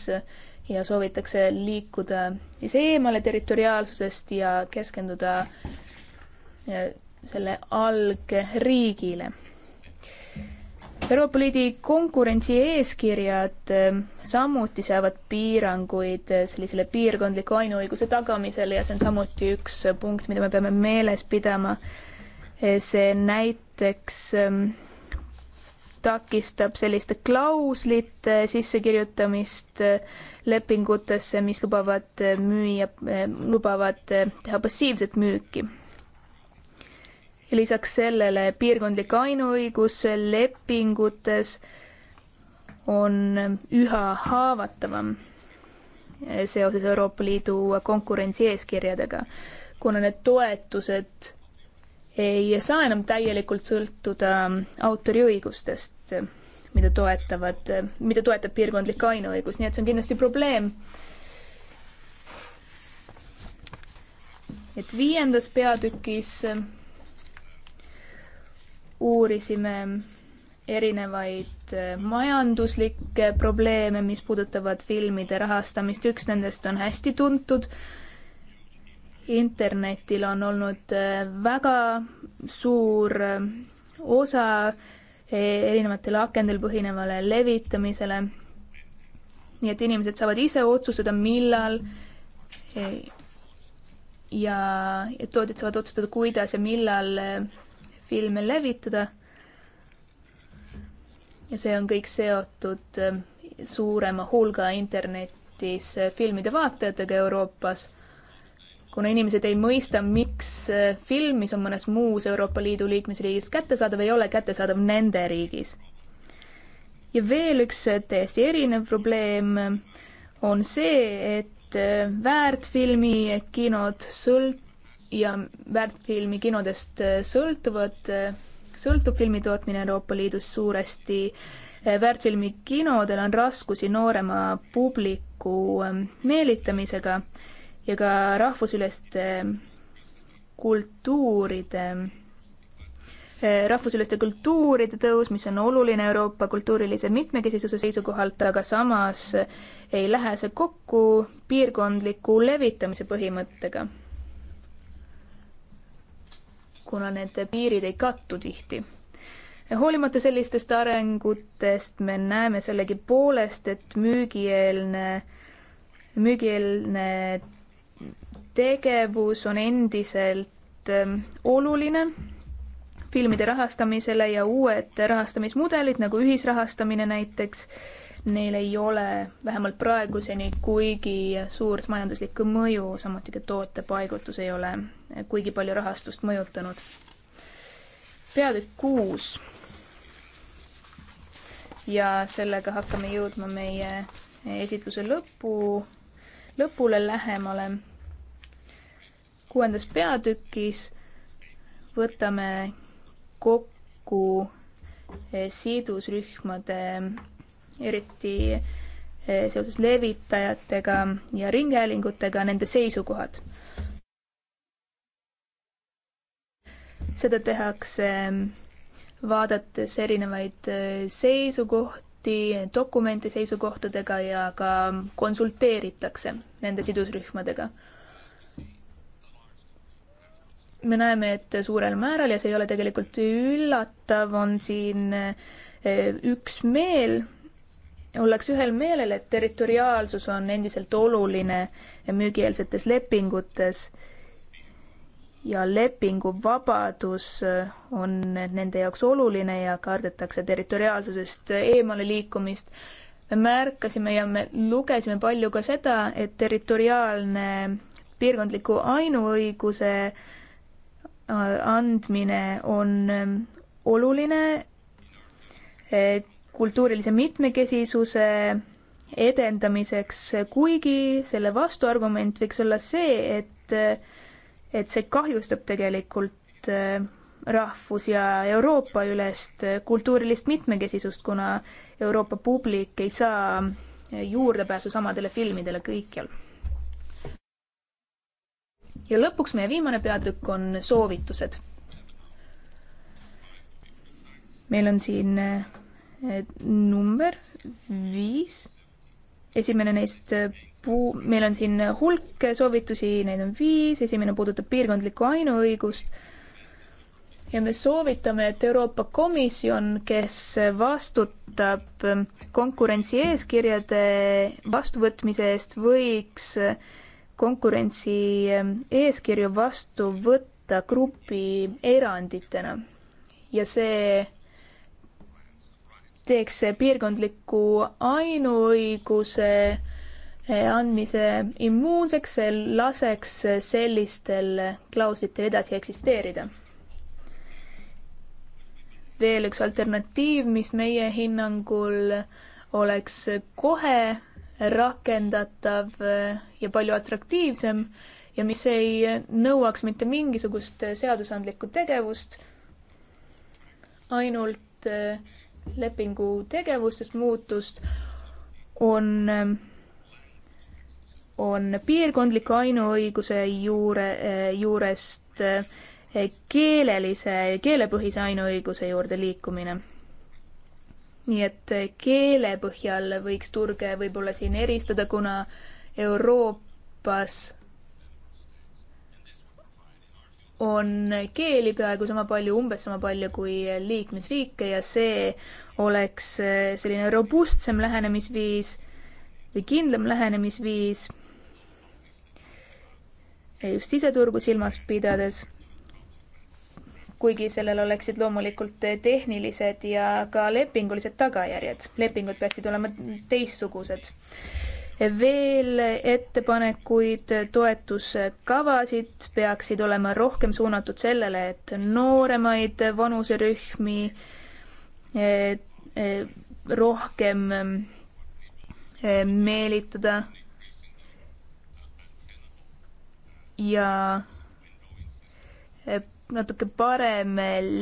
ja soovitakse liikuda siis eemale territoriaalsusest ja keskenduda e, selle algriigile. Euroopa Liidu konkurentsieeskirjad e, samuti seavad piiranguid sellisele piirkondliku ainuõiguse tagamisele ja see on samuti üks punkt, mida me peame meeles pidama see näiteks ähm, takistab selliste klauslite sissekirjutamist äh, lepingutesse, mis lubavad äh, müüa, äh, lubavad teha passiivset müüki. lisaks sellele piirkondlik ainuõigus lepingutes on ähm, üha haavatavam seoses Euroopa Liidu konkurentsieeskirjadega, kuna need toetused ei saa enam täielikult sõltuda ähm, autoriõigustest, mida toetavad, mida toetab piirkondlik ainuõigus, nii et see on kindlasti probleem. et viiendas peatükis ähm, uurisime erinevaid äh, majanduslikke probleeme, mis puudutavad filmide rahastamist, üks nendest on hästi tuntud äh, internetil on olnud äh, väga suur äh, osa e, erinevatele akendel põhinevale levitamisele. nii et inimesed saavad ise otsustada, millal e, ja tootjad saavad otsustada, kuidas ja millal e, filme levitada. ja see on kõik seotud suurema hulga internetis filmide vaatajatega Euroopas kuna inimesed ei mõista, miks äh, film, mis on mõnes muus Euroopa Liidu liikmesriigis kättesaadav, ei ole kättesaadav nende riigis. ja veel üks äh, täiesti erinev probleem äh, on see, et väärtfilmi kinod sõlt- ja väärtfilmi kinodest sõltuvad, sõltub filmi tootmine Euroopa Liidus suuresti väärtfilmi kinodel on raskusi noorema publiku meelitamisega ja ka rahvusüleste eh, kultuuride, eh, rahvusüleste kultuuride tõus, mis on oluline Euroopa kultuurilise mitmekesisuse seisukohalt, aga samas ei lähe see kokku piirkondliku levitamise põhimõttega. kuna need piirid ei kattu tihti ja hoolimata sellistest arengutest me näeme sellegipoolest, et müügieelne, müügieelne tegevus on endiselt ähm, oluline filmide rahastamisele ja uued rahastamismudelid nagu ühisrahastamine näiteks, neil ei ole vähemalt praeguseni kuigi suurt majanduslikku mõju, samuti ka tootepaigutus ei ole kuigi palju rahastust mõjutanud. peatükk kuus. ja sellega hakkame jõudma meie esitluse lõpu, lõpule lähemale kuuendas peatükis võtame kokku eh, sidusrühmade, eriti eh, seoses levitajatega ja ringhäälingutega, nende seisukohad. seda tehakse eh, vaadates erinevaid seisukohti, dokumente seisukohtadega ja ka konsulteeritakse nende sidusrühmadega me näeme, et suurel määral ja see ei ole tegelikult üllatav, on siin eh, üksmeel, ollakse ühel meelel, et territoriaalsus on endiselt oluline müügieelsetes lepingutes ja lepinguvabadus eh, on nende jaoks oluline ja kardetakse territoriaalsusest eemale liikumist. me märkasime ja me lugesime palju ka seda, et territoriaalne piirkondliku ainuõiguse äh, andmine on ähm, oluline kultuurilise mitmekesisuse edendamiseks, kuigi selle vastuargument võiks olla see, et, et see kahjustab tegelikult äh, rahvus- ja Euroopa-ülest äh, kultuurilist mitmekesisust, kuna Euroopa publik ei saa äh, juurdepääsu samadele filmidele kõikjal ja lõpuks meie viimane peatükk on soovitused. meil on siin eh, number viis, esimene neist eh, puu-, meil on siin hulk soovitusi, neid on viis, esimene puudutab piirkondlikku ainuõigust ja me soovitame, et Euroopa Komisjon, kes vastutab konkurentsieeskirjade vastuvõtmise eest, võiks äh, konkurentsieeskirju ehm, vastu võtta grupieranditena ja see teeks piirkondliku ainuõiguse eh, andmise immuunseks, laseks sellistel klauslitel edasi eksisteerida. veel üks alternatiiv, mis meie hinnangul oleks kohe rakendatav eh, ja palju atraktiivsem ja mis ei nõuaks mitte mingisugust eh, seadusandlikku tegevust, ainult eh, lepingu tegevustest muutust on, on piirkondliku ainuõiguse juure, juurest keelelise, keelepõhise ainuõiguse juurde liikumine nii et eh, keele põhjal võiks turge võib-olla siin eristada, kuna Euroopas on keeli peaaegu sama palju, umbes sama palju kui liikmesriike ja see oleks eh, selline robustsem lähenemisviis või kindlam lähenemisviis just siseturgu silmas pidades kuigi sellel oleksid loomulikult tehnilised ja ka lepingulised tagajärjed. lepingud peaksid olema teistsugused. veel ettepanekuid, toetuskavasid peaksid olema rohkem suunatud sellele, et nooremaid vanuserühmi eh, eh, rohkem eh, meelitada. ja natuke parem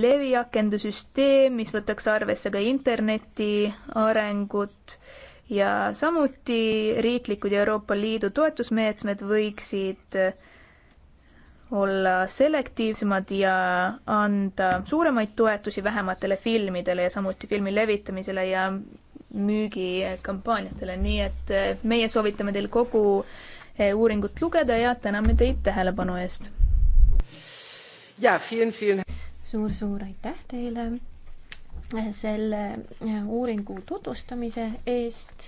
leviakendusüsteem, mis võtaks arvesse ka interneti arengut ja samuti riiklikud ja Euroopa Liidu toetusmeetmed võiksid olla selektiivsemad ja anda suuremaid toetusi vähematele filmidele ja samuti filmi levitamisele ja müügikampaaniatele, nii et eh, meie soovitame teil kogu eh, uuringut lugeda ja täname teid tähelepanu eest suur-suur aitäh teile selle äh, uuringu tutvustamise eest,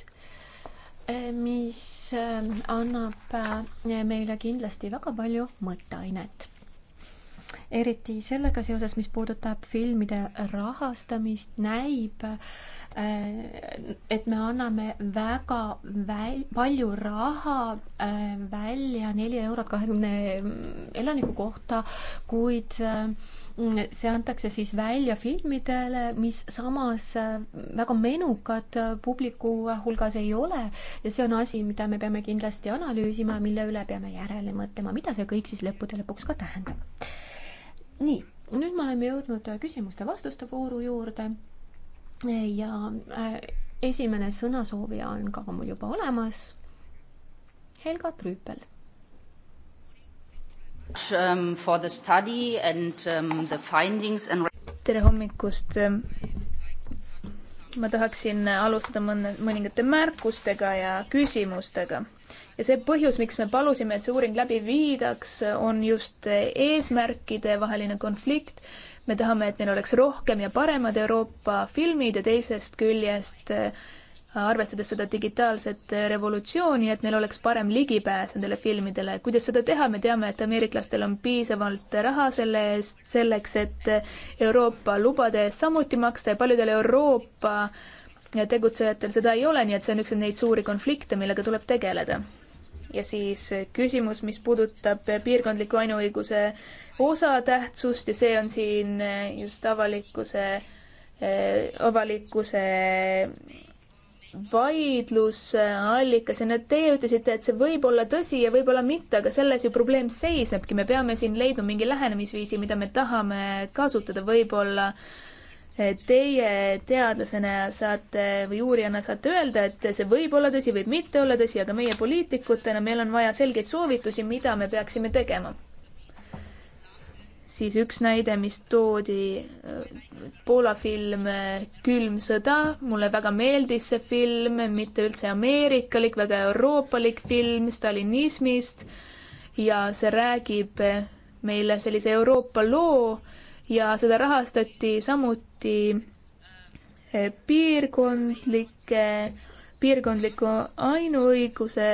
äh, mis äh, annab meile kindlasti väga palju mõtteainet eriti sellega seoses, mis puudutab filmide rahastamist, näib, äh, et me anname väga väl-, palju raha äh, välja, neli eurot kahekümne elaniku kohta, kuid äh, see antakse siis välja filmidele, mis samas väga menukad publiku hulgas ei ole ja see on asi, mida me peame kindlasti analüüsima, mille üle peame järele mõtlema, mida see kõik siis lõppude lõpuks ka tähendab nii, nüüd me oleme jõudnud äh, küsimuste-vastuste vooru juurde ja äh, esimene sõnasoovija on ka mul juba olemas. Helga Trüüpel. Um, for the study and um, the findings and. tere hommikust. Ähm, ma tahaksin alustada mõne, mõningate märkustega ja küsimustega ja see põhjus, miks me palusime, et see uuring läbi viidaks, on just eesmärkide vaheline konflikt. me tahame, et meil oleks rohkem ja paremad Euroopa filmid ja teisest küljest äh, arvestades seda digitaalset äh, revolutsiooni, et meil oleks parem ligipääs nendele filmidele. kuidas seda teha, me teame, et ameeriklastel on piisavalt raha selle eest, selleks et äh, Euroopa lubade eest samuti maksta ja paljudel Euroopa tegutsejatel seda ei ole, nii et see on üks neid suuri konflikte, millega tuleb tegeleda ja siis küsimus, mis puudutab piirkondliku ainuõiguse osatähtsust ja see on siin just avalikkuse, eh, avalikkuse vaidlusallikas ja need, teie ütlesite, et see võib olla tõsi ja võib olla mitte, aga selles ju probleem seisnebki, me peame siin leidma mingi lähenemisviisi, mida me tahame kasutada, võib-olla äh, Teie teadlasena saate või uurijana saate öelda, et see võib olla tõsi, võib mitte olla tõsi, aga meie poliitikutena, meil on vaja selgeid soovitusi, mida me peaksime tegema. siis üks näide, mis toodi, äh, Poola film äh, Külm sõda, mulle väga meeldis see film, mitte üldse ameerikalik, väga euroopalik film stalinismist ja see räägib äh, meile sellise Euroopa loo ja seda rahastati samuti samuti eh, piirkondlike, piirkondliku ainuõiguse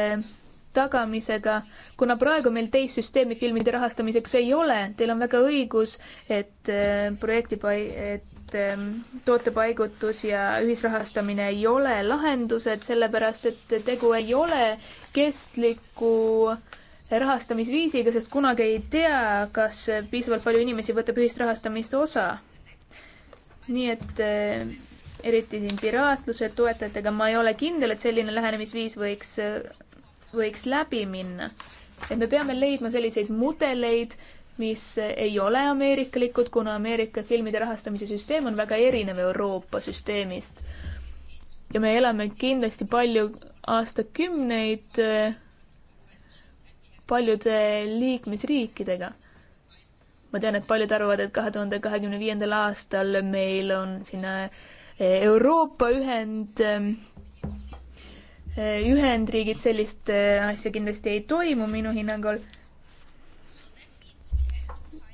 tagamisega, kuna praegu meil teist süsteemi filmide rahastamiseks ei ole, teil on väga õigus, et eh, projekti, et eh, tootepaigutus ja ühisrahastamine ei ole lahendused, sellepärast et tegu ei ole kestliku rahastamisviisiga, sest kunagi ei tea, kas piisavalt palju inimesi võtab ühist rahastamist osa nii et eh, eriti siin piraatluse toetajatega ma ei ole kindel, et selline lähenemisviis võiks, eh, võiks läbi minna. et me peame leidma selliseid mudeleid, mis ei ole ameerikalikud, kuna Ameerika filmide rahastamise süsteem on väga erinev Euroopa süsteemist. ja me elame kindlasti palju aastakümneid eh, paljude liikmesriikidega ma tean, et paljud arvavad, et kahe tuhande kahekümne viiendal aastal meil on sinna eh, Euroopa ühend, eh, Ühendriigid, sellist eh, asja kindlasti ei toimu minu hinnangul.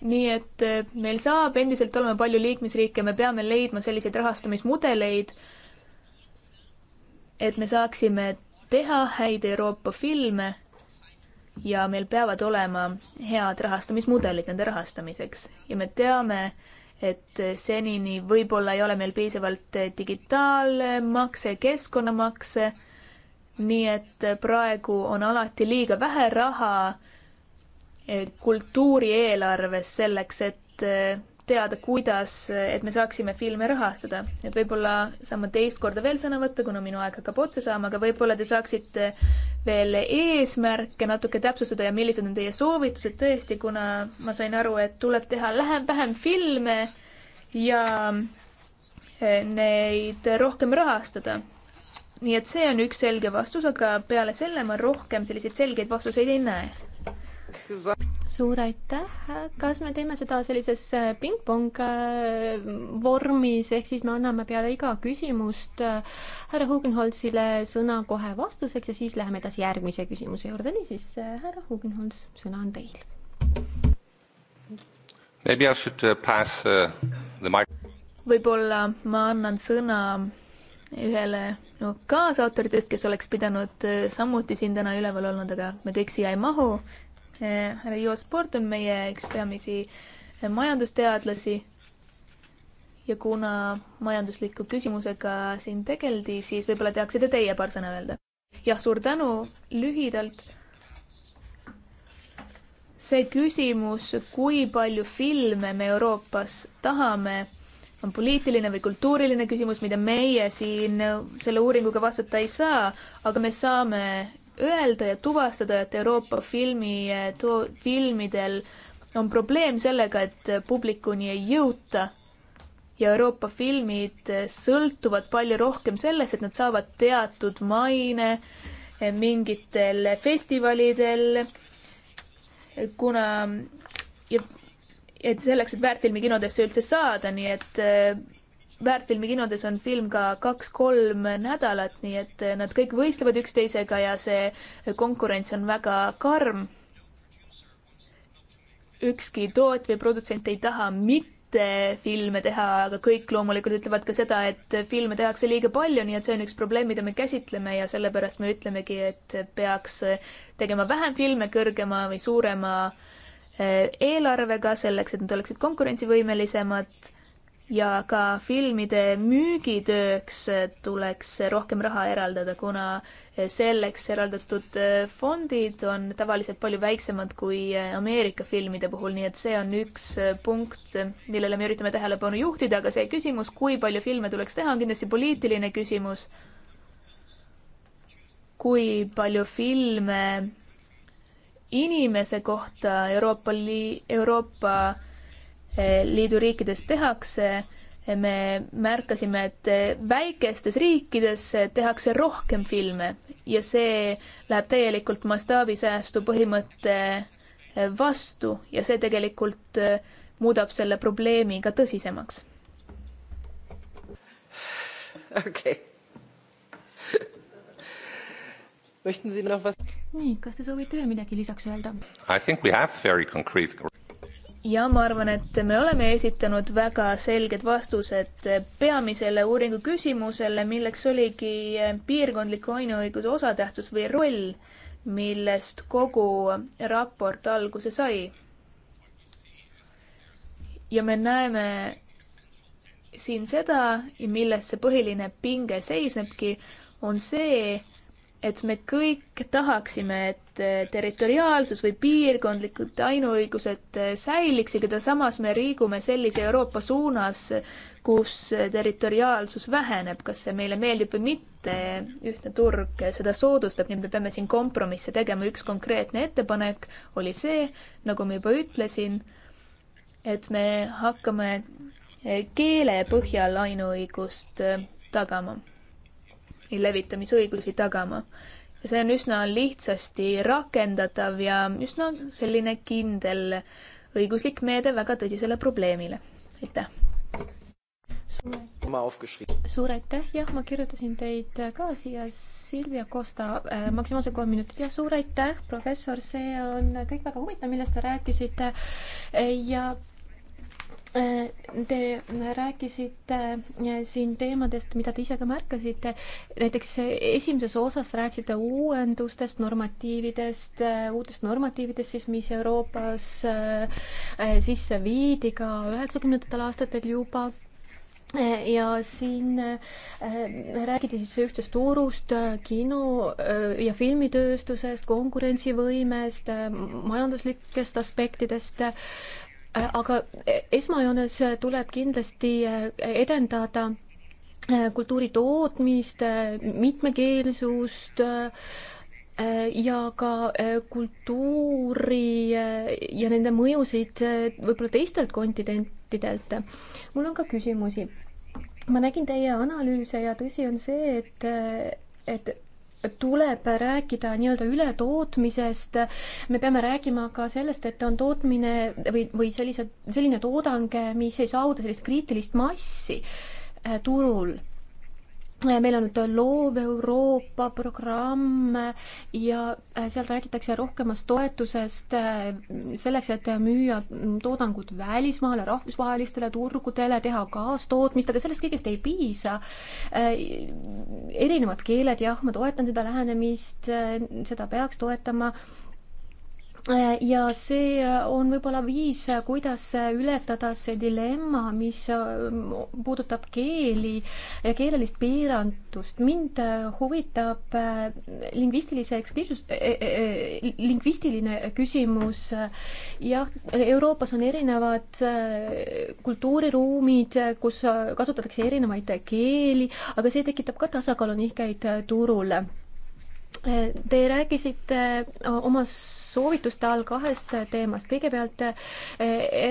nii et meil saab endiselt olema palju liikmesriike, me peame leidma selliseid rahastamismudeleid, et me saaksime teha häid Euroopa filme ja meil peavad olema head rahastamismudelid nende rahastamiseks ja me teame, et senini võib-olla ei ole meil piisavalt digitaalmakse, keskkonnamakse, nii et praegu on alati liiga vähe raha kultuurieelarves selleks, et teada, kuidas, et me saaksime filme rahastada, et võib-olla saan ma teist korda veel sõna võtta, kuna minu aeg hakkab otsa saama, aga võib-olla te saaksite veel eesmärke natuke täpsustada ja millised on teie soovitused tõesti, kuna ma sain aru, et tuleb teha lähem, vähem filme ja e, neid rohkem rahastada. nii et see on üks selge vastus, aga peale selle ma rohkem selliseid selgeid vastuseid ei näe suur aitäh, kas me teeme seda sellises äh, pingpong äh, vormis, ehk siis me anname peale iga küsimust äh, härra Hugenholzile sõna kohe vastuseks ja siis läheme edasi järgmise küsimuse juurde, niisiis härra Hugenholz, sõna on teil. Maybe I should uh, pass uh, the mic. võib-olla ma annan sõna ühele no, kaasautoritest, kes oleks pidanud samuti siin täna üleval olnud, aga me kõik siia ei mahu, Eh, härra Ivo Sport on meie üks peamisi eh, majandusteadlasi ja kuna majandusliku küsimusega siin tegeldi, siis võib-olla teaksite teie paar sõna öelda. jah, suur tänu, lühidalt. see küsimus, kui palju filme me Euroopas tahame, on poliitiline või kultuuriline küsimus, mida meie siin selle uuringuga vastata ei saa, aga me saame öelda ja tuvastada, et Euroopa filmi, filmidel on probleem sellega, et publikuni ei jõuta. ja Euroopa filmid sõltuvad palju rohkem sellest, et nad saavad teatud maine mingitel festivalidel, kuna ja et selleks, et väärtfilmi kinodesse üldse saada, nii et väärtfilmi kinodes on film ka kaks-kolm nädalat, nii et nad kõik võistlevad üksteisega ja see konkurents on väga karm. ükski toot või produtsent ei taha mitte filme teha, aga kõik loomulikult ütlevad ka seda, et filme tehakse liiga palju, nii et see on üks probleem, mida me käsitleme ja sellepärast me ütlemegi, et peaks tegema vähem filme kõrgema või suurema eh, eelarvega selleks, et nad oleksid konkurentsivõimelisemad ja ka filmide müügitööks tuleks rohkem raha eraldada, kuna selleks eraldatud fondid on tavaliselt palju väiksemad kui Ameerika filmide puhul, nii et see on üks punkt, millele me üritame tähelepanu juhtida, aga see küsimus, kui palju filme tuleks teha, on kindlasti poliitiline küsimus. kui palju filme inimese kohta Euroopa Li-, Euroopa Liidu riikides tehakse. me märkasime, et väikestes riikides tehakse rohkem filme ja see läheb täielikult mastaabisäästu põhimõtte vastu ja see tegelikult muudab selle probleemi ka tõsisemaks. okei okay.. Möchten Sie noch was? nii, kas te soovite veel midagi lisaks öelda? I think we have very concrete ja ma arvan, et me oleme esitanud väga selged vastused peamisele uuringu küsimusele, milleks oligi piirkondliku ainuõiguse osatähtsus või roll, millest kogu raport alguse sai. ja me näeme siin seda, milles see põhiline pinge seisnebki, on see, et me kõik tahaksime, et eh, territoriaalsus või piirkondlikud ainuõigused eh, säiliksid, aga samas me liigume sellise Euroopa suunas, kus eh, territoriaalsus väheneb, kas see meile meeldib või mitte, ühtne turg seda soodustab, nii et me peame siin kompromisse tegema, üks konkreetne ettepanek oli see, nagu ma juba ütlesin, et me hakkame keele põhjal ainuõigust tagama levitamisõigusi tagama. ja see on üsna lihtsasti rakendatav ja üsna selline kindel õiguslik meede väga tõsisele probleemile. aitäh! suur aitäh, jah, ma kirjutasin teid ka siia, Silvia Kosta äh,, maksimaalselt kolm minutit, jah, suur aitäh, professor, see on kõik väga huvitav, millest te rääkisite ja Äh, te rääkisite äh, siin teemadest, mida te ise ka märkasite, näiteks äh, esimeses osas rääkisite uuendustest, normatiividest, uutest normatiividest siis, mis Euroopas sisse viidi ka üheksakümnendatel aastatel juba ja siin räägiti siis ühtsest turust, kino ja filmitööstusest, konkurentsivõimest, majanduslikest aspektidest Äh, aga äh, esmajoones äh, tuleb kindlasti edendada kultuuri tootmist, mitmekeelsust ja ka kultuuri ja nende mõjusid võib-olla teistelt kontinentidelt. mul on ka küsimusi. ma nägin teie analüüse ja tõsi on see, et, et tuleb rääkida nii-öelda ületootmisest, me peame rääkima ka sellest, et on tootmine või, või sellise, selline toodang, mis ei saavuta sellist kriitilist massi äh, turul meil on nüüd loov Euroopa programm ja äh, seal räägitakse rohkemast toetusest äh, selleks, et müüa toodangut välismaale, rahvusvahelistele turgudele, teha kaastootmist, aga sellest kõigest ei piisa. Äh, erinevad keeled, jah, ma toetan seda lähenemist, seda peaks toetama Äh, ja see äh, on võib-olla viis, äh, kuidas ületada see dilemma, mis puudutab keeli ja keelelist piirandust. mind huvitab lingvistilise ekskliisus- eh,, eh, lingvistiline küsimus. jah, Euroopas on erinevad kultuuriruumid, kus kasutatakse erinevaid keeli, aga see tekitab ka tasakaalunihkeid turul Te rääkisite oma soovituste all kahest teemast. kõigepealt eh,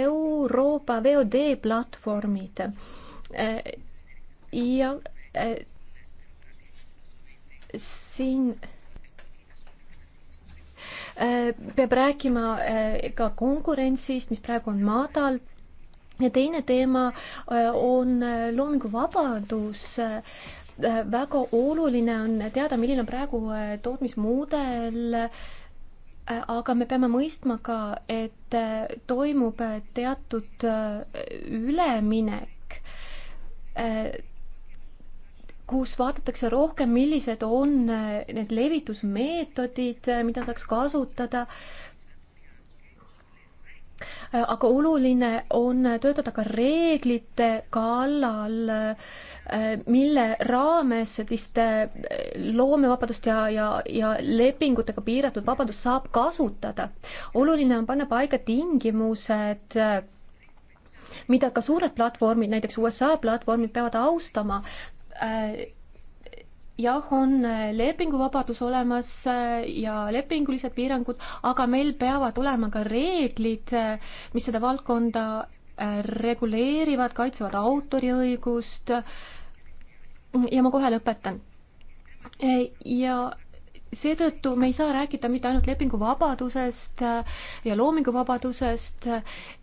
Euroopa VOD platvormid. Eh, ja eh, siin peab rääkima ka konkurentsist, mis praegu on madal ja teine teema on loominguvabadus. väga oluline on teada, milline on praegu tootmismudel Äh, aga me peame mõistma ka, et äh, toimub äh, teatud üleminek, kus vaadatakse rohkem, millised on need levitusmeetodid, mida saaks kasutada Äh, aga oluline on töötada ka reeglite kallal, äh, mille raames sellist äh, loomevabadust ja, ja, ja lepingutega piiratud vabadust saab kasutada. oluline on panna paika tingimused, mida ka suured platvormid, näiteks USA platvormid peavad austama jah, on äh, lepinguvabadus olemas äh, ja lepingulised piirangud, aga meil peavad olema ka reeglid, äh, mis seda valdkonda reguleerivad, kaitsevad autoriõigust. ja ma kohe lõpetan. ja seetõttu me ei saa rääkida mitte ainult lepinguvabadusest ja loominguvabadusest,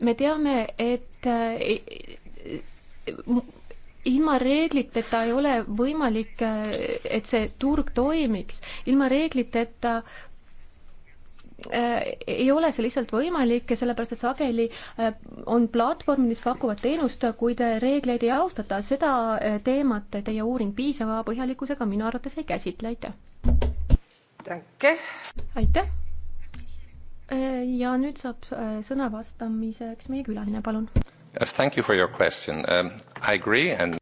me teame, et e, e, ilma reegliteta ei ole võimalik, äh, et see turg toimiks, ilma reegliteta äh, ei ole see lihtsalt võimalik ja sellepärast, et sageli äh, on platvormid, mis pakuvad teenust, kuid reegleid ei austata, seda teemat teie uuring piisava põhjalikkusega minu arvates ei käsitle, aitäh! aitäh! ja nüüd saab sõna vastamiseks meie külaline, palun! Yes, thank you for your question um,. I agree and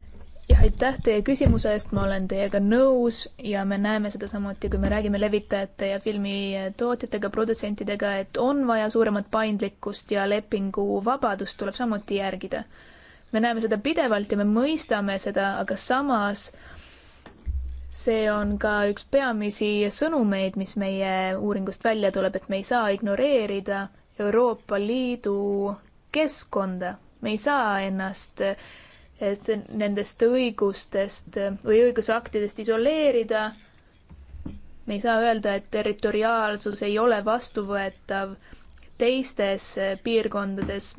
jah, aitäh teie küsimuse eest, ma olen teiega nõus ja me näeme seda samuti, kui me räägime levitajate ja filmitootjatega, produtsentidega, et on vaja suuremat paindlikkust ja lepinguvabadust tuleb samuti järgida. me näeme seda pidevalt ja me mõistame seda, aga samas see on ka üks peamisi sõnumeid, mis meie uuringust välja tuleb, et me ei saa ignoreerida Euroopa Liidu keskkonda me ei saa ennast nendest õigustest või õigusaktidest isoleerida. me ei saa öelda, et territoriaalsus ei ole vastuvõetav teistes piirkondades.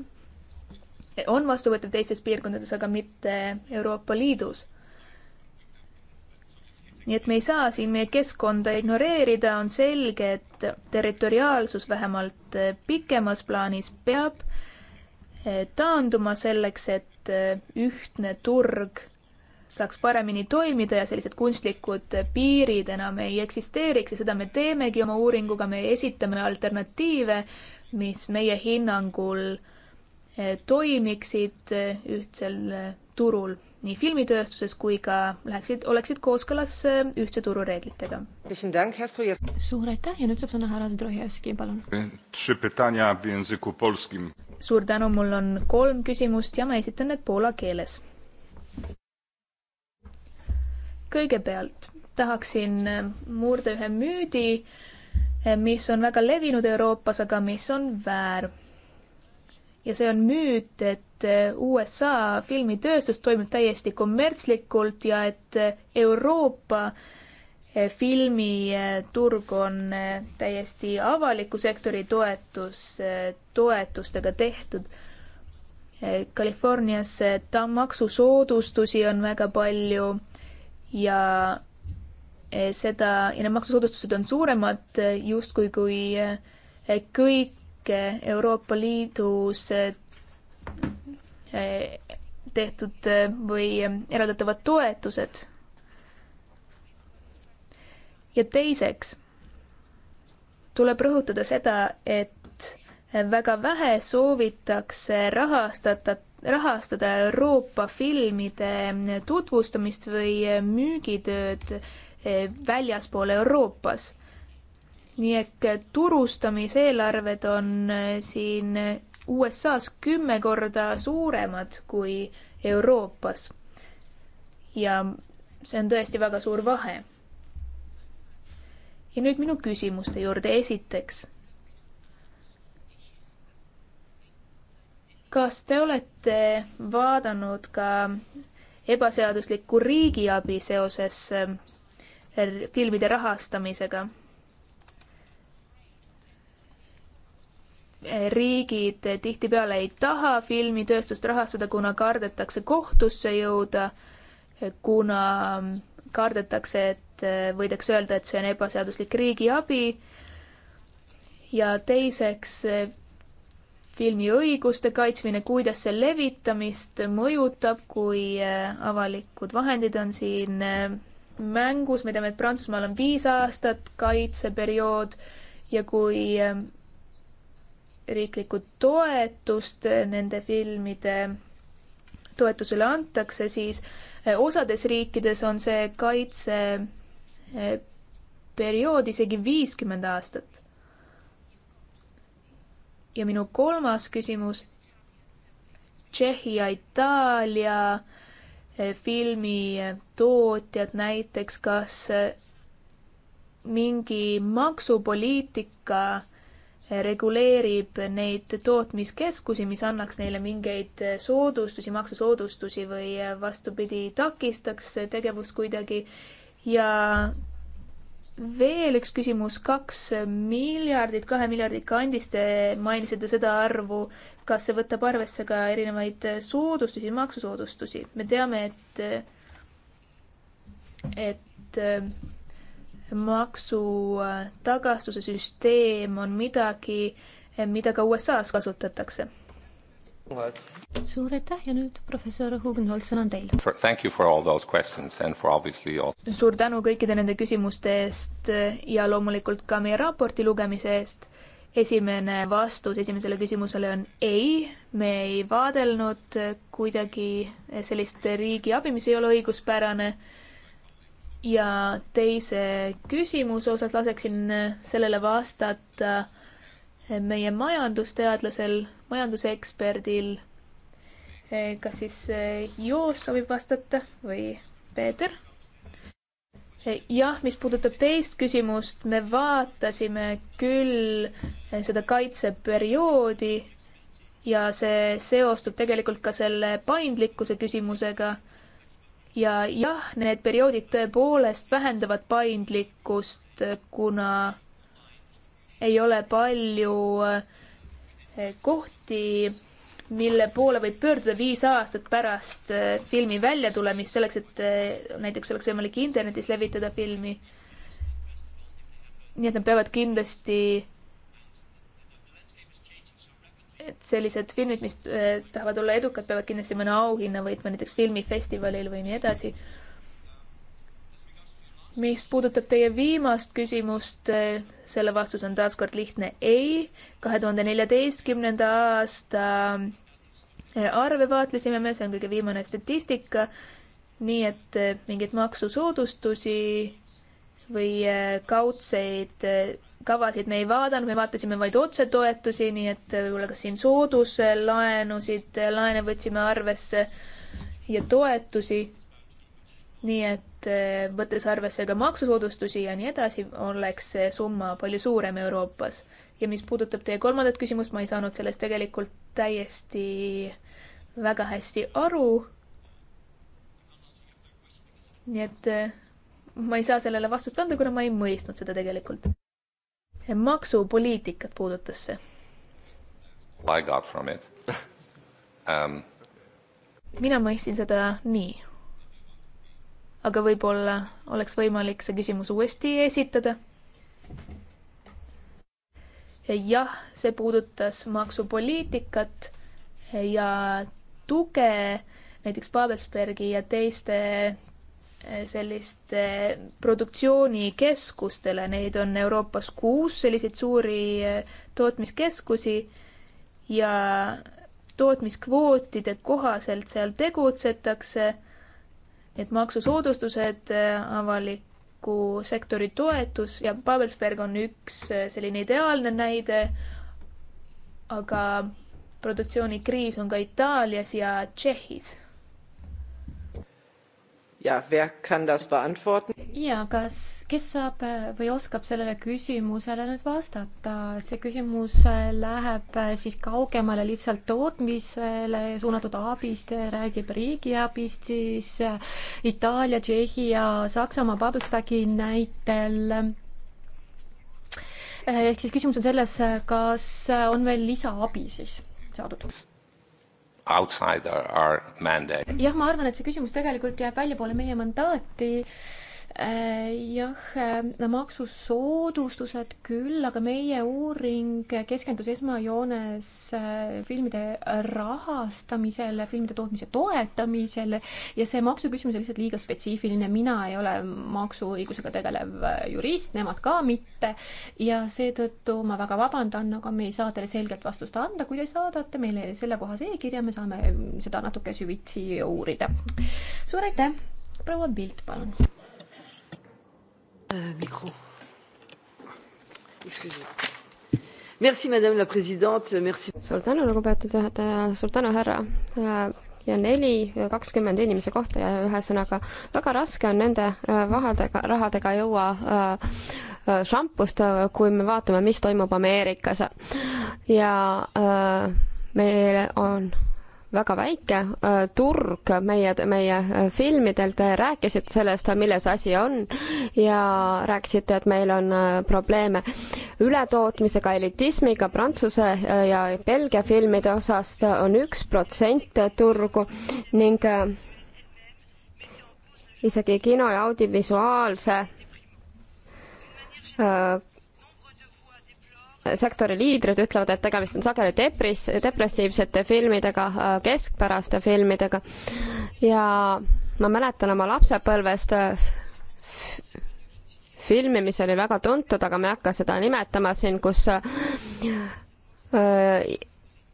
on vastuvõetav teistes piirkondades, aga mitte Euroopa Liidus nii et me ei saa siin meie keskkonda ignoreerida, on selge, et territoriaalsus vähemalt pikemas plaanis peab Eh, taanduma selleks, et eh, ühtne turg saaks paremini toimida ja sellised kunstlikud piirid enam ei eksisteeriks ja seda me teemegi oma uuringuga, me esitame alternatiive, mis meie hinnangul eh, toimiksid ühtsel turul nii filmitööstuses kui ka läheksid, oleksid kooskõlas ühtse turu reeglitega. suur aitäh ja nüüd saab sõna härra Zdrojevski, palun suur tänu, mul on kolm küsimust ja ma esitan need poola keeles. kõigepealt tahaksin murda ühe müüdi, mis on väga levinud Euroopas, aga mis on väär. ja see on müüt, et USA filmitööstus toimib täiesti kommertslikult ja et Euroopa äh, filmiturg on täiesti avaliku sektori toetus, toetustega tehtud. Californias maksusoodustusi on väga palju ja seda, ja need maksusoodustused on suuremad justkui kui kõik Euroopa Liidus tehtud või eraldatavad toetused ja teiseks tuleb rõhutada seda, et väga vähe soovitakse rahastada, rahastada Euroopa filmide tutvustamist või müügitööd eh, väljaspool Euroopas. nii et turustamiseelarved on eh, siin USA-s kümme korda suuremad kui Euroopas. ja see on tõesti väga suur vahe ja nüüd minu küsimuste juurde. esiteks, kas te olete vaadanud ka ebaseaduslikku riigiabi seoses ähm, er, filmide rahastamisega? riigid tihtipeale ei taha filmitööstust rahastada, kuna kardetakse kohtusse jõuda, kuna kardetakse, et et äh, võidakse öelda, et see on ebaseaduslik riigiabi. ja teiseks äh, filmi õiguste kaitsmine, kuidas see levitamist mõjutab, kui äh, avalikud vahendid on siin mängus, me teame, et Prantsusmaal on viis aastat kaitseperiood ja kui riiklikku toetust nende filmide toetusele antakse, siis osades riikides on see kaitse Eh, periood isegi viiskümmend aastat. ja minu kolmas küsimus. Tšehhi ja Itaalia eh, filmitootjad eh, näiteks, kas mingi maksupoliitika reguleerib neid tootmiskeskusi, mis annaks neile mingeid soodustusi, maksusoodustusi või vastupidi, takistaks tegevust kuidagi ja veel üks küsimus, kaks miljardit, kahe miljardi kandis, te mainisite seda arvu. kas see võtab arvesse ka erinevaid soodustusi, maksusoodustusi? me teame, et, et äh, maksutagastuse süsteem on midagi, mida ka USA-s kasutatakse suur aitäh ja nüüd professor Hugenhold, sõna on teil. Thank you for all those questions and for obviously all. suur tänu kõikide nende küsimuste eest ja loomulikult ka meie raporti lugemise eest. esimene vastus esimesele küsimusele on ei, me ei vaadelnud kuidagi sellist riigiabi, mis ei ole õiguspärane ja teise küsimuse osas laseksin sellele vastata meie majandusteadlasel, majanduseksperdil, eh, kas siis eh, Joos soovib vastata või Peeter? Eh, jah, mis puudutab teist küsimust, me vaatasime küll seda kaitseperioodi ja see seostub tegelikult ka selle paindlikkuse küsimusega. ja jah, need perioodid tõepoolest vähendavad paindlikkust, kuna ei ole palju eh, kohti, mille poole võib pöörduda viis aastat pärast eh, filmi väljatulemist, selleks et eh, näiteks oleks võimalik internetis levitada filmi. nii et nad peavad kindlasti, et sellised filmid, mis tahavad olla edukad, peavad kindlasti mõne auhinna võitma näiteks filmifestivalil või nii edasi mis puudutab teie viimast küsimust, selle vastus on taaskord lihtne ei. kahe tuhande neljateistkümnenda aasta äh, arve vaatlesime me, see on kõige viimane statistika. nii et äh, mingeid maksusoodustusi või äh, kaudseid kavasid me ei vaadanud, me vaatasime vaid otsetoetusi, nii et võib-olla kas siin sooduslaenusid, laene võtsime arvesse ja toetusi. nii et Eh, võttes arvesse ka maksusoodustusi ja nii edasi, oleks see summa palju suurem Euroopas. ja mis puudutab teie kolmandat küsimust, ma ei saanud sellest tegelikult täiesti väga hästi aru. nii et eh, ma ei saa sellele vastust anda, kuna ma ei mõistnud seda tegelikult. maksupoliitikat puudutas see. I got from it [LAUGHS] um.... mina mõistsin seda nii aga võib-olla oleks võimalik see küsimus uuesti esitada. jah, see puudutas maksupoliitikat ja tuge näiteks Babelsbergi ja teiste eh, selliste produktsioonikeskustele, neid on Euroopas kuus selliseid suuri eh, tootmiskeskusi ja tootmiskvootide kohaselt seal tegutsetakse et maksusoodustused, äh, avaliku sektori toetus ja Pabelsberg on üks äh, selline ideaalne näide, aga produktsioonikriis on ka Itaalias ja Tšehhis ja wer kann das beantworten? ja, kas, kes saab äh, või oskab sellele küsimusele nüüd vastata, see küsimus äh, läheb äh, siis kaugemale lihtsalt tootmisele suunatud abist, räägib riigiabist siis Itaalia, Tšehhi ja Saksamaa Babelsbergi näitel ehk siis küsimus on selles, kas on veel lisaabi siis saadud? outside our mandate. jah, ma arvan, et see küsimus tegelikult jääb väljapoole meie mandaati Äh, jah, äh, maksusoodustused küll, aga meie uuring keskendus esmajoones äh, filmide rahastamisele, filmide tootmise toetamisele ja see maksuküsimus on lihtsalt liiga spetsiifiline, mina ei ole maksuõigusega tegelev jurist, nemad ka mitte, ja seetõttu ma väga vabandan, aga me ei saa teile selget vastust anda, kui te saadate meile sellekohase e-kirja, me saame seda natuke süvitsi uurida. suur aitäh, proua Pilt, palun! Euh, micro. Excusez. Merci, madame la présidente, merci. suur tänu, lugupeetud juhataja, suur tänu, härra äh, ja neli, kakskümmend inimese kohta ja ühesõnaga väga raske on nende äh, vahadega, rahadega jõua äh, šampust, kui me vaatame, mis toimub Ameerikas. ja meile on väga väike äh, turg meie, meie äh, filmidel, te rääkisite sellest, milles asi on ja rääkisite, et meil on äh, probleeme ületootmisega, elitismiga, Prantsuse ja Belgia filmide osas on üks protsent turgu ning isegi kino ja audiovisuaalse sektori liidrid ütlevad, et tegemist on sageli depris-, depressiivsete filmidega, äh, keskpäraste filmidega ja ma mäletan oma lapsepõlvest äh, filmi, mis oli väga tuntud, aga ma ei hakka seda nimetama siin, kus äh,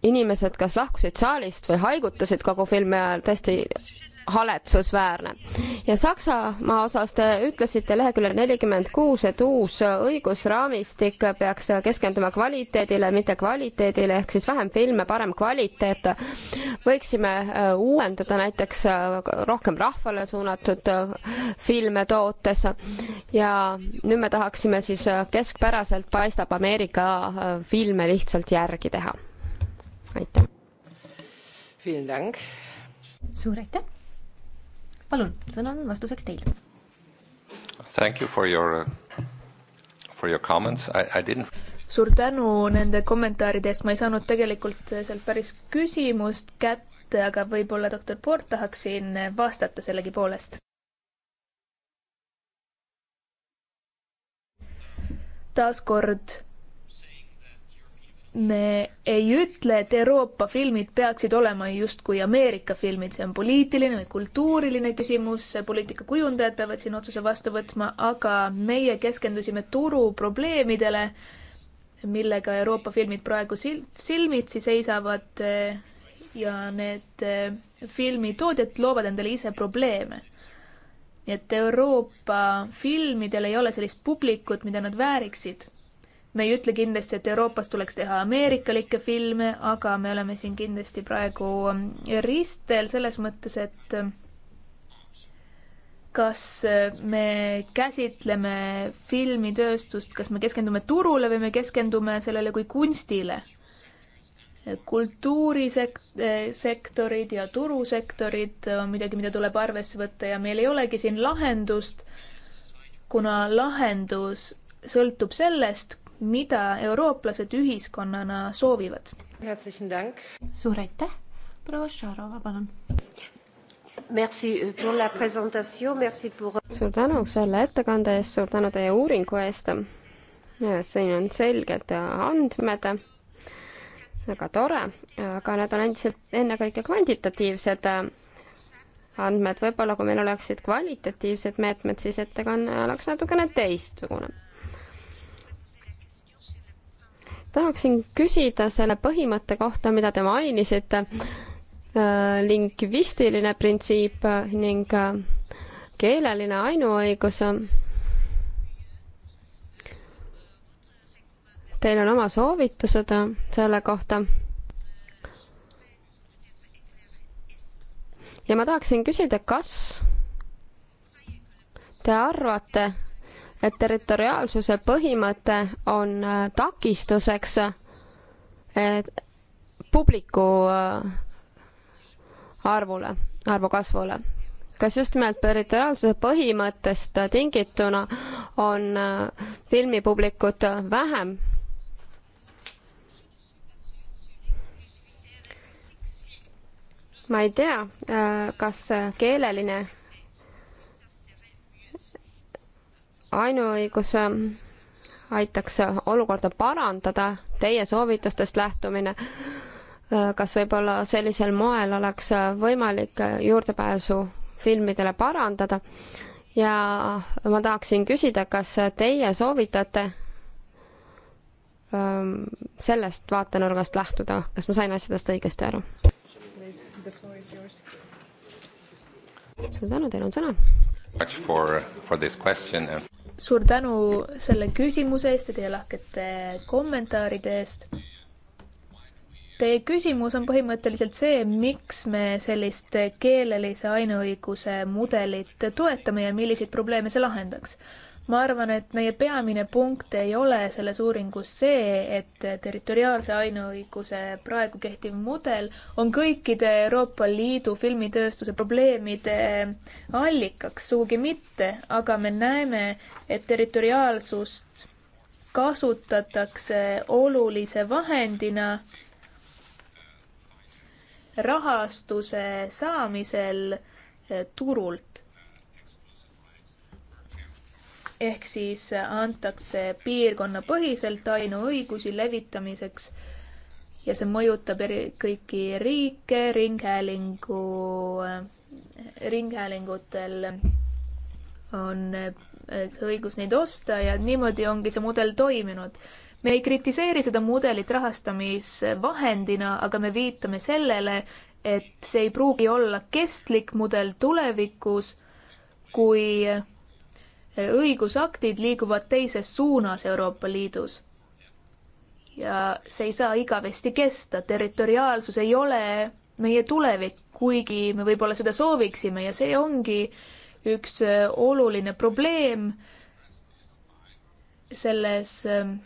inimesed kas lahkusid saalist või haigutasid kogu filmi ajal, tõesti haletsusväärne. ja Saksamaa osas te ütlesite leheküljel nelikümmend kuus, et uus õigusraamistik peaks keskenduma kvaliteedile, mitte kvaliteedile, ehk siis vähem filme, parem kvaliteet. võiksime äh, uuendada näiteks äh, rohkem rahvale suunatud äh, filme tootes ja nüüd me tahaksime siis keskpäraselt paistab Ameerika filme lihtsalt järgi teha. aitäh! suur aitäh! palun, sõna on vastuseks teile. Thank you for your, uh, for your comments, I, I didn't suur tänu nende kommentaaride eest, ma ei saanud tegelikult eh, sealt päris küsimust kätte, aga võib-olla doktor Poort tahaks siin eh, vastata sellegipoolest. taaskord me ei ütle, et Euroopa filmid peaksid olema justkui Ameerika filmid, see on poliitiline või kultuuriline küsimus, poliitikakujundajad peavad siin otsuse vastu võtma, aga meie keskendusime turuprobleemidele, millega Euroopa filmid praegu sil-, silmitsi seisavad eh, ja need eh, filmitootjad loovad endale ise probleeme. nii et Euroopa filmidel ei ole sellist publikut, mida nad vääriksid me ei ütle kindlasti, et Euroopas tuleks teha ameerikalikke filme, aga me oleme siin kindlasti praegu um, ristel selles mõttes, et um, kas uh, me käsitleme filmitööstust, kas me keskendume turule või me keskendume sellele kui kunstile? kultuurisektorid eh, ja turusektorid uh, on midagi, mida tuleb arvesse võtta ja meil ei olegi siin lahendust, kuna lahendus sõltub sellest, mida eurooplased ühiskonnana soovivad. suur aitäh, proua Šarova, palun. Merci pour la présentation, merci pour. suur tänu selle ettekande eest, suur tänu teie uuringu eest. siin on selged andmed väga tore, aga need on endiselt ennekõike kvantitatiivsed andmed, võib-olla kui meil oleksid kvalitatiivsed meetmed, siis ettekanne oleks natukene teistsugune tahaksin küsida selle põhimõtte kohta, mida te mainisite, äh, lingvistiline printsiip ning äh, keeleline ainuõigus. Teil on oma soovitused äh, selle kohta. ja ma tahaksin küsida, kas te arvate, et territoriaalsuse põhimõte on äh, takistuseks publiku äh, arvule, arvu kasvule. kas just nimelt territoriaalsuse põhimõttest tingituna on äh, filmipublikut vähem? ma ei tea, kas keeleline ainuõigus ähm, aitaks äh, olukorda parandada, teie soovitustest lähtumine, äh, kas võib-olla sellisel moel oleks äh, võimalik juurdepääsu filmidele parandada ja ma tahaksin küsida, kas teie soovitate ähm, sellest vaatenurgast lähtuda, kas ma sain asjadest õigesti aru? suur tänu, teil on sõna. For, uh, for this question and suur tänu selle küsimuse eest ja teie lahkete kommentaaride eest. Teie küsimus on põhimõtteliselt see, miks me sellist keelelise ainuõiguse mudelit toetame ja milliseid probleeme see lahendaks ma arvan, et meie peamine punkt ei ole selles uuringus see, et territoriaalse ainuõiguse praegu kehtiv mudel on kõikide Euroopa Liidu filmitööstuse probleemide allikaks, sugugi mitte, aga me näeme, et territoriaalsust kasutatakse olulise vahendina rahastuse saamisel turult ehk siis antakse piirkonnapõhiselt ainuõigusi levitamiseks ja see mõjutab eri, kõiki riike, ringhäälingu, ringhäälingutel on see õigus neid osta ja niimoodi ongi see mudel toiminud. me ei kritiseeri seda mudelit rahastamisvahendina, aga me viitame sellele, et see ei pruugi olla kestlik mudel tulevikus, kui õigusaktid liiguvad teises suunas Euroopa Liidus. ja see ei saa igavesti kesta, territoriaalsus ei ole meie tulevik, kuigi me võib-olla seda sooviksime ja see ongi üks äh, oluline probleem selles, ähm,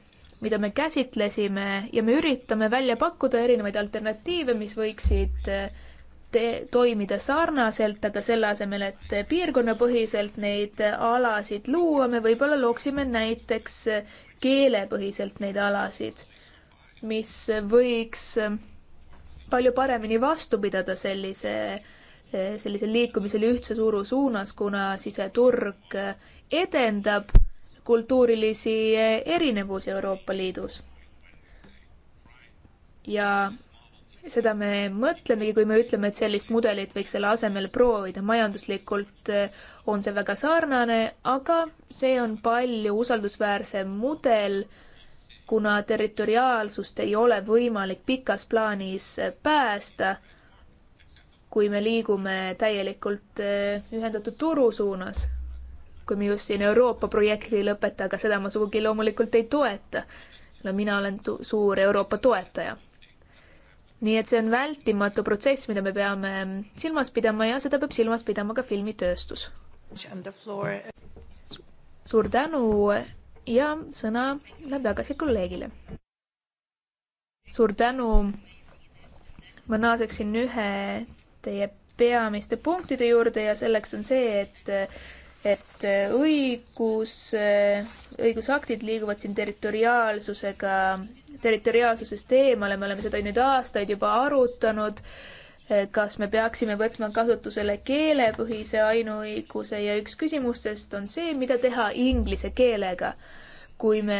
mida me käsitlesime ja me üritame välja pakkuda erinevaid alternatiive, mis võiksid äh, te-, toimida sarnaselt, aga selle asemel, et piirkonnapõhiselt neid alasid luua, me võib-olla looksime näiteks keelepõhiselt neid alasid, mis võiks palju paremini vastu pidada sellise, sellisel liikumisel ühtse turu suunas, kuna siseturg edendab kultuurilisi erinevusi Euroopa Liidus. ja seda me mõtlemegi, kui me ütleme, et sellist mudelit võiks selle asemel proovida. majanduslikult eh, on see väga sarnane, aga see on palju usaldusväärsem mudel, kuna territoriaalsust ei ole võimalik pikas plaanis eh, päästa, kui me liigume täielikult eh, ühendatud turu suunas. kui me just siin Euroopa projekti ei lõpeta, aga seda ma sugugi loomulikult ei toeta. no mina olen suur Euroopa toetaja nii et see on vältimatu protsess, mida me peame silmas pidama ja seda peab silmas pidama ka filmitööstus. suur tänu ja sõna läheb tagasi kolleegile. suur tänu. ma naaseksin ühe teie peamiste punktide juurde ja selleks on see, et et äh, õigus, äh, õigusaktid liiguvad siin territoriaalsusega, territoriaalsusest eemale, me oleme seda nüüd aastaid juba arutanud, äh, kas me peaksime võtma kasutusele keelepõhise ainuõiguse ja üks küsimustest on see, mida teha inglise keelega kui me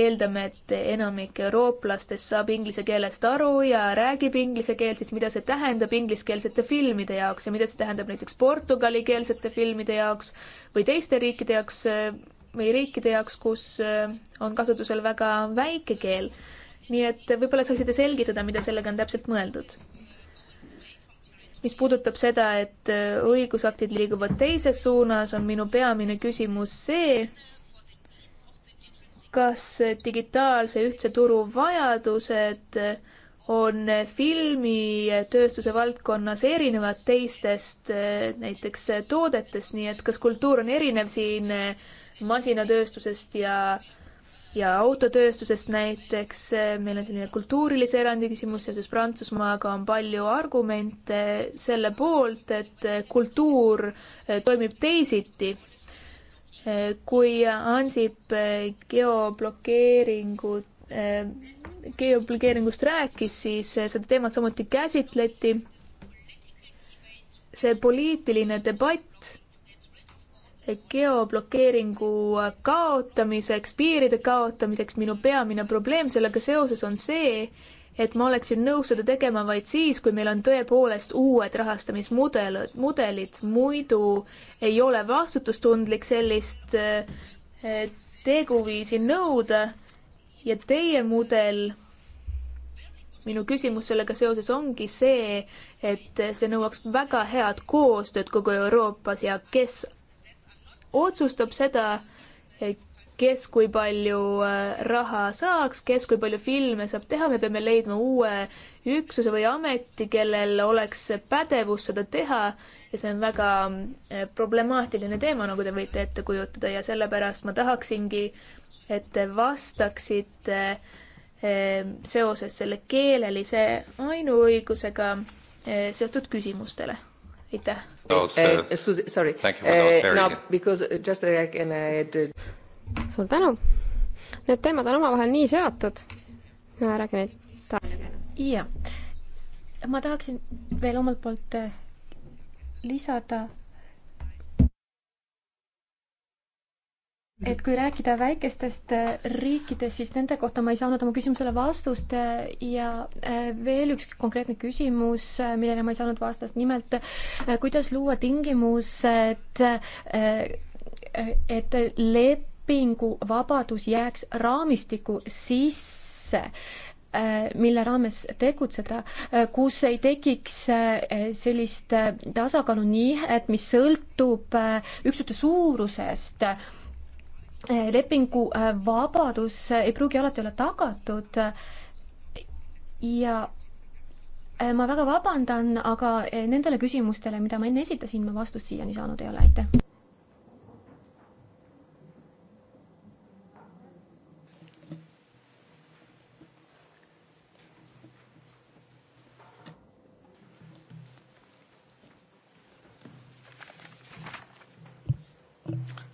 eeldame, et enamik eurooplastest saab inglise keelest aru ja räägib inglise keelt, siis mida see tähendab ingliskeelsete filmide jaoks ja mida see tähendab näiteks portugalikeelsete filmide jaoks või teiste riikide jaoks või riikide jaoks, kus äh, on kasutusel väga väike keel. nii et võib-olla saaksite selgitada, mida sellega on täpselt mõeldud? mis puudutab seda, et õigusaktid liiguvad teises suunas, on minu peamine küsimus see, kas digitaalse ühtse turu vajadused on filmitööstuse valdkonnas erinevad teistest eh, näiteks eh, toodetest, nii et kas kultuur on erinev siin eh, masinatööstusest ja, ja autotööstusest näiteks. meil on selline kultuurilise erandi küsimus seoses Prantsusmaaga on palju argumente selle poolt, et kultuur toimib teisiti kui Ansip eh, geoblokeeringut eh, geoblokeeringust rääkis, siis eh, seda teemat samuti käsitleti. see poliitiline debatt geoblokeeringu kaotamiseks, piiride kaotamiseks, minu peamine probleem sellega seoses on see, et ma oleksin nõus seda tegema vaid siis, kui meil on tõepoolest uued rahastamismudelid, mudelid, muidu ei ole vastutustundlik sellist eh, teguviisi nõuda ja teie mudel minu küsimus sellega seoses ongi see, et see nõuaks väga head koostööd kogu Euroopas ja kes otsustab seda, kes kui palju äh, raha saaks, kes kui palju filme saab teha, me peame leidma uue üksuse või ameti, kellel oleks pädevus seda teha ja see on väga äh, problemaatiline teema, nagu te võite ette kujutada ja sellepärast ma tahaksingi, et te vastaksite äh, seoses selle keelelise ainuõigusega seotud küsimustele aitäh. Eh, eh, sorry, eh, no because uh, just I can add. Uh, suur tänu. Need teemad on omavahel nii seotud. räägi nüüd taas. jaa. ma tahaksin veel omalt poolt äh, lisada et kui rääkida väikestest äh, riikidest, siis nende kohta ma ei saanud oma küsimusele vastust äh, ja veel üks konkreetne küsimus, millele ma ei saanud vastust, nimelt kuidas luua tingimused, et lep-, lepinguvabadus jääks raamistiku sisse, äh, mille raames tegutseda, äh, kus ei tekiks äh, sellist tasakaalu nihet, mis sõltub üksuste suurusest lepingu vabadus ei pruugi alati olla tagatud ja ma väga vabandan, aga nendele küsimustele, mida ma enne esitasin, ma vastust siiani saanud ei ole, aitäh.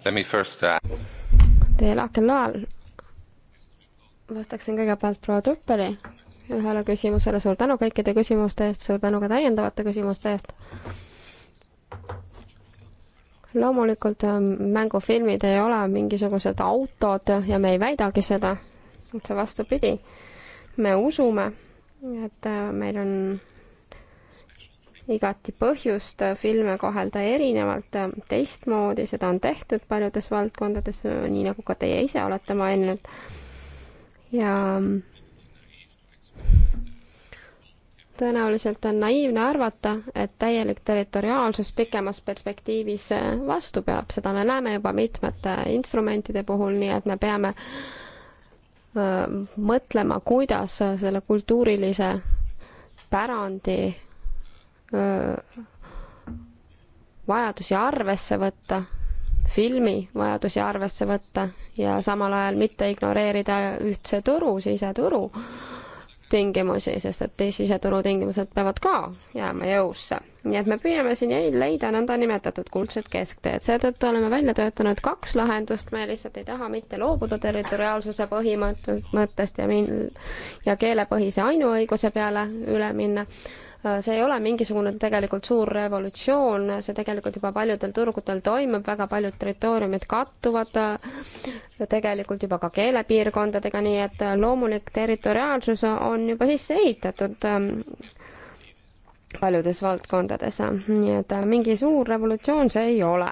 Let me first uh... Teie lahkel loal vastaksin kõigepealt proua Truppeli ühele küsimusele. suur tänu kõikide küsimuste eest, suur tänu ka täiendavate küsimuste eest. loomulikult ähm, mängufilmid ei ole mingisugused autod ja me ei väidagi seda, otse vastupidi. me usume, et äh, meil on igati põhjust äh, filme kohelda erinevalt, äh, teistmoodi, seda on tehtud paljudes valdkondades, äh, nii nagu ka teie ise olete maininud. ja mm, tõenäoliselt on naiivne arvata, et täielik territoriaalsus pikemas perspektiivis vastu peab, seda me näeme juba mitmete instrumentide puhul, nii et me peame mõtlema, kuidas selle kultuurilise pärandi vajadusi arvesse võtta, filmi vajadusi arvesse võtta ja samal ajal mitte ignoreerida ühtse turu, siseturu tingimusi, sest et siseturu tingimused peavad ka jääma jõusse. nii et me püüame siin leida nõndanimetatud kuldsed keskteed, seetõttu oleme välja töötanud kaks lahendust, me lihtsalt ei taha mitte loobuda territoriaalsuse põhimõttest ja min-, ja keelepõhise ainuõiguse peale üle minna Äh, see ei ole mingisugune tegelikult suur revolutsioon, see tegelikult juba paljudel turgudel toimub, väga paljud territooriumid kattuvad äh, tegelikult juba ka keelepiirkondadega, nii et äh, loomulik territoriaalsus on juba sisse ehitatud ähm, paljudes valdkondades, nii et mingi suur revolutsioon see ei ole.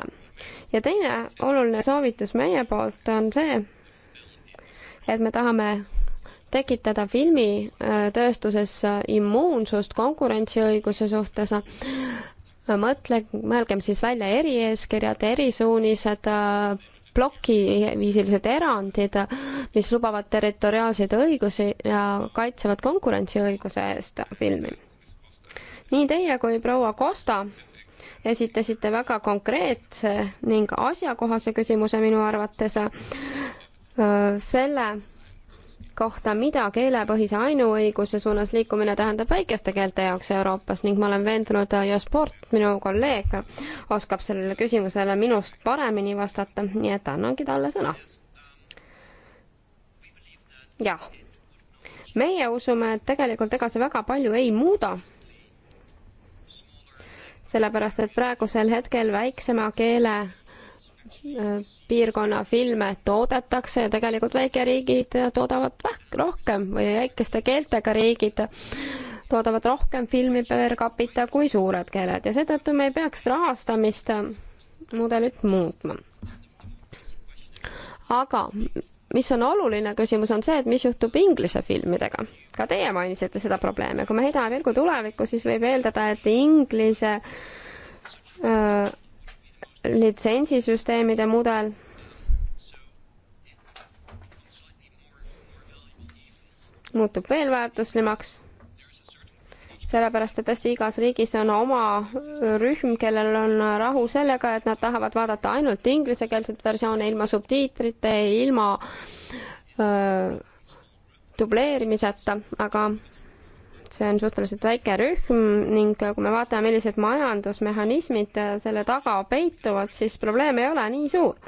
ja teine oluline soovitus meie poolt on see, et me tahame tekitada filmitööstuses äh, äh, immuunsust konkurentsiõiguse suhtes. mõtle, mõelgem siis välja erieeskirjad, erisuunised, äh, plokiviisilised erandid, mis lubavad territoriaalseid õigusi ja kaitsevad konkurentsiõiguse eest filmi. nii teie kui proua Kosta esitasite väga konkreetse ning asjakohase küsimuse minu arvates selle kohta, mida keelepõhise ainuõiguse suunas liikumine tähendab väikeste keelte jaoks Euroopas ning ma olen veendunud, Josport, minu kolleeg, oskab sellele küsimusele minust paremini vastata, nii et annangi talle sõna. jah, meie usume, et tegelikult ega see väga palju ei muuda sellepärast, et praegusel hetkel väiksema keele piirkonna filme toodetakse ja tegelikult väikeriigid toodavad vähk rohkem või väikeste keeltega riigid toodavad rohkem filmi per capita kui suured keeled ja seetõttu me ei peaks rahastamist mudelit muutma. aga mis on oluline küsimus, on see, et mis juhtub inglise filmidega. ka teie mainisite seda probleemi, kui me heidame pilgu tulevikku, siis võib eeldada, et inglise öö, äh, litsentsisüsteemide mudel muutub veel väärtuslimaks, sellepärast et tõesti igas riigis on oma rühm, kellel on rahu sellega, et nad tahavad vaadata ainult inglisekeelset versiooni ilma subtiitrite, ilma öö, dubleerimiseta, aga see on suhteliselt väike rühm ning kui me vaatame, millised majandusmehhanismid selle taga peituvad, siis probleem ei ole nii suur.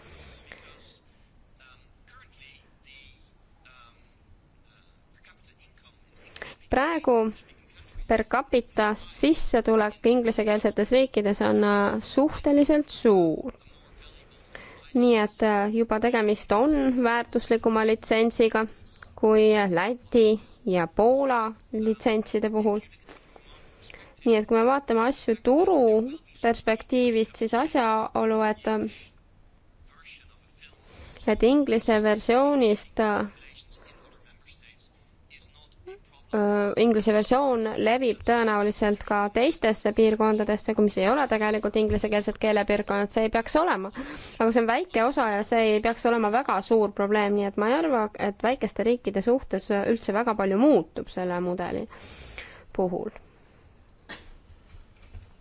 praegu per capita sissetulek inglisekeelsetes riikides on äh, suhteliselt suur nii et äh, juba tegemist on väärtuslikuma litsentsiga kui Läti ja Poola litsentside puhul. nii et kui me vaatame asju turu perspektiivist, siis asjaolu, et et inglise versioonist inglise versioon levib tõenäoliselt ka teistesse piirkondadesse, kui mis ei ole tegelikult inglisekeelsed keelepiirkonnad, see ei peaks olema. aga see on väike osa ja see ei peaks olema väga suur probleem, nii et ma ei arva, et väikeste riikide suhtes üldse väga palju muutub selle mudeli puhul.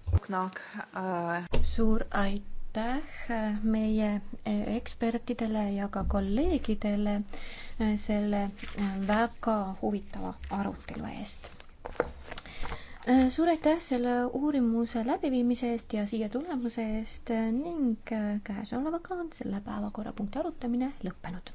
Uh. suur aitäh! aitäh meie e, ekspertidele ja ka kolleegidele e, selle e, väga huvitava arutelu eest. suur aitäh selle uurimuse läbiviimise eest ja siia tulemuse eest ning käesolevaga on selle päevakorrapunkti arutamine lõppenud.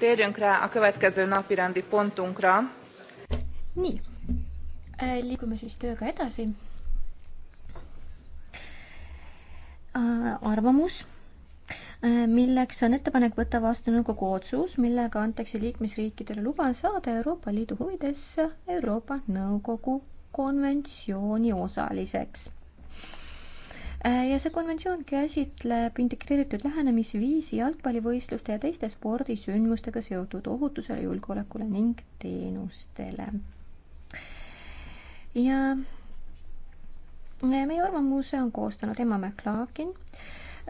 Térjünk rá a következő napirendi pontunkra. nii, äh, liigume siis tööga edasi. Äh, arvamus, äh, milleks on ettepanek võtta vastu nõukogu otsus, millega antakse liikmesriikidele luba saada Euroopa Liidu huvides Euroopa Nõukogu konventsiooni osaliseks Äh, ja see konventsioon käsitleb integreeritud lähenemisviisi jalgpallivõistluste ja teiste spordisündmustega seotud ohutusele, julgeolekule ning teenustele. ja meie arvamuse on koostanud Emma McLaughlin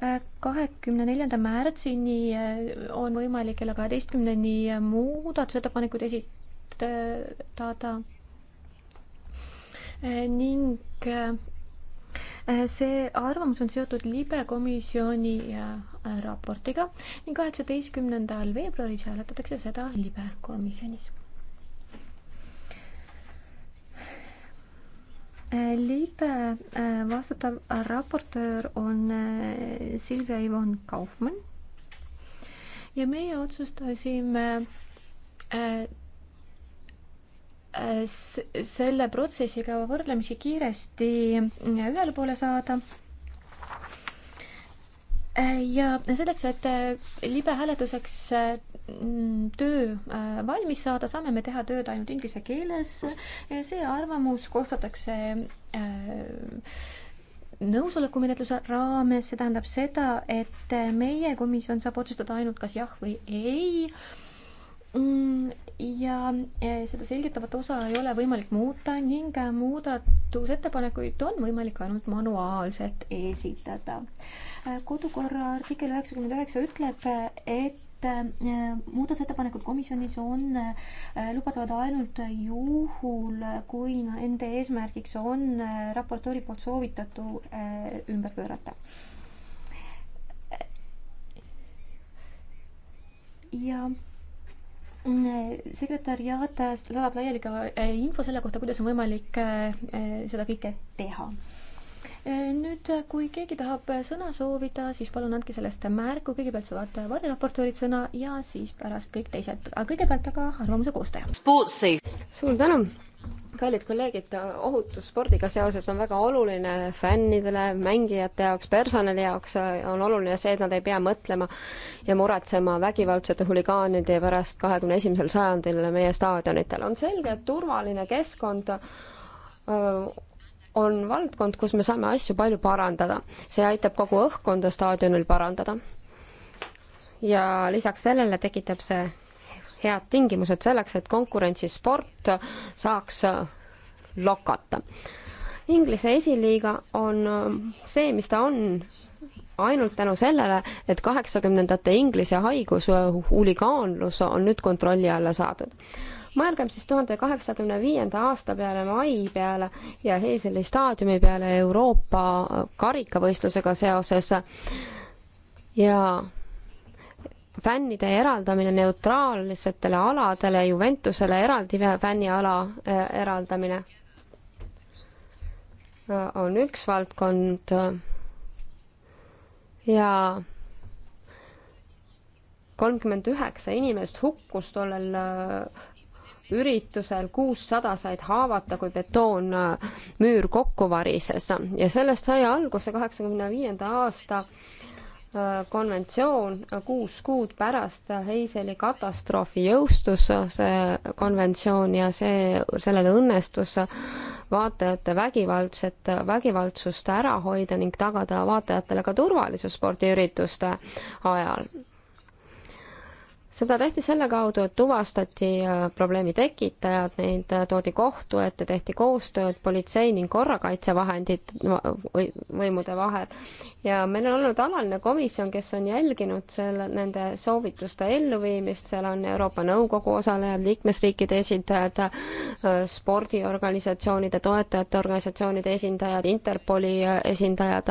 äh, kahekümne neljanda märtsini äh, on võimalik kella kaheteistkümneni muudatusettepanekuid esitada ning Äh, see arvamus on seotud libe komisjoni äh, raportiga ning kaheksateistkümnendal veebruaris hääletatakse seda libe komisjonis. Äh, libe vastutav raportöör on Silvia Ivon Kaufmann ja meie otsustasime selle protsessiga võrdlemisi kiiresti ühele poole saada. ja selleks, et libe hääletuseks mm, töö äh, valmis saada, saame me teha tööd ainult inglise keeles. see arvamus koostatakse äh, nõusolekumenetluse raames, see tähendab seda, et meie komisjon saab otsustada ainult kas jah või ei Mm, ja eh, seda selgitavat osa ei ole võimalik muuta ning eh, muudatusettepanekuid on võimalik ainult manuaalselt esitada. Eh, kodukorra artikkel üheksakümmend üheksa ütleb, et muudatusettepanekud komisjonis on lubatavad ainult juhul, kui nende eesmärgiks on raportööri poolt soovitatu ümber pöörata ja Mm, sekretäriaat saadab laiali ka äh, info selle kohta, kuidas on võimalik äh, äh, seda kõike teha nüüd, kui keegi tahab sõna soovida, siis palun andke sellest märku, kõigepealt saavad variraportöörid sõna ja siis pärast kõik teised, aga kõigepealt aga arvamuse koostaja. suur tänu kallid kolleegid, ohutus spordiga seoses on väga oluline fännidele, mängijate jaoks, personali jaoks äh, on oluline see, et nad ei pea mõtlema ja muretsema vägivaldsete huligaanide pärast kahekümne esimesel sajandil meie staadionitel. on selge, et turvaline keskkond äh, on valdkond, kus me saame asju palju parandada. see aitab kogu õhkkonda staadionil parandada. ja lisaks sellele tekitab see head tingimused selleks, et konkurentsisport saaks lokata. Inglise esiliiga on see, mis ta on, ainult tänu sellele, et kaheksakümnendate Inglise haigus, huligaanlus on nüüd kontrolli alla saadud mõelgem siis tuhande kaheksakümne viienda aasta peale, mai peale ja Heiseli staadiumi peale Euroopa karikavõistlusega seoses ja fännide eraldamine neutraalsetele aladele, Juventusele eraldi fänniala äh, eraldamine äh, on üks valdkond äh, ja kolmkümmend üheksa inimest hukkus tollel üritusel, kuussada said haavata, kui betoonmüür kokku varises ja sellest sai alguse kaheksakümne viienda aasta äh, konventsioon kuus kuud pärast Heiseli katastroofi jõustus see konventsioon ja see, sellele õnnestus vaatajate vägivaldset, vägivaldsust ära hoida ning tagada vaatajatele ka turvalisus spordiürituste ajal seda tehti selle kaudu, et tuvastati äh, probleemi tekitajad, neid äh, toodi kohtu ette, tehti koostööd politsei ning korrakaitsevahendid võimude vahel. ja meil on olnud alaline komisjon, kes on jälginud selle, nende soovituste elluviimist, seal on Euroopa Nõukogu osalejad, liikmesriikide esindajad, äh, spordiorganisatsioonide, toetajate organisatsioonide esindajad, Interpoli esindajad,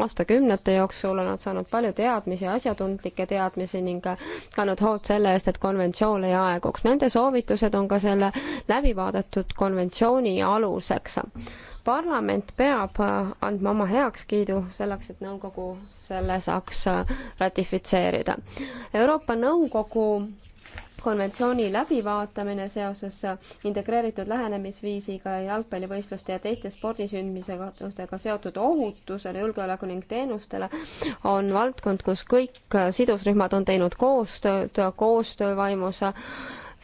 aastakümnete jooksul on nad saanud palju teadmisi, asjatundlikke teadmisi ning kandnud hoolt hoolitsevad selle eest, et konventsioon ei aeguks. Nende soovitused on ka selle läbivaadatud konventsiooni aluseks. parlament peab äh, andma oma heakskiidu selleks, et nõukogu selle saaks äh, ratifitseerida. Euroopa Nõukogu konventsiooni läbivaatamine seoses integreeritud lähenemisviisiga jalgpallivõistluste ja teiste spordisündmistega seotud ohutusele, julgeoleku ning teenustele on valdkond, kus kõik sidusrühmad on teinud koostööd, koostöövaimus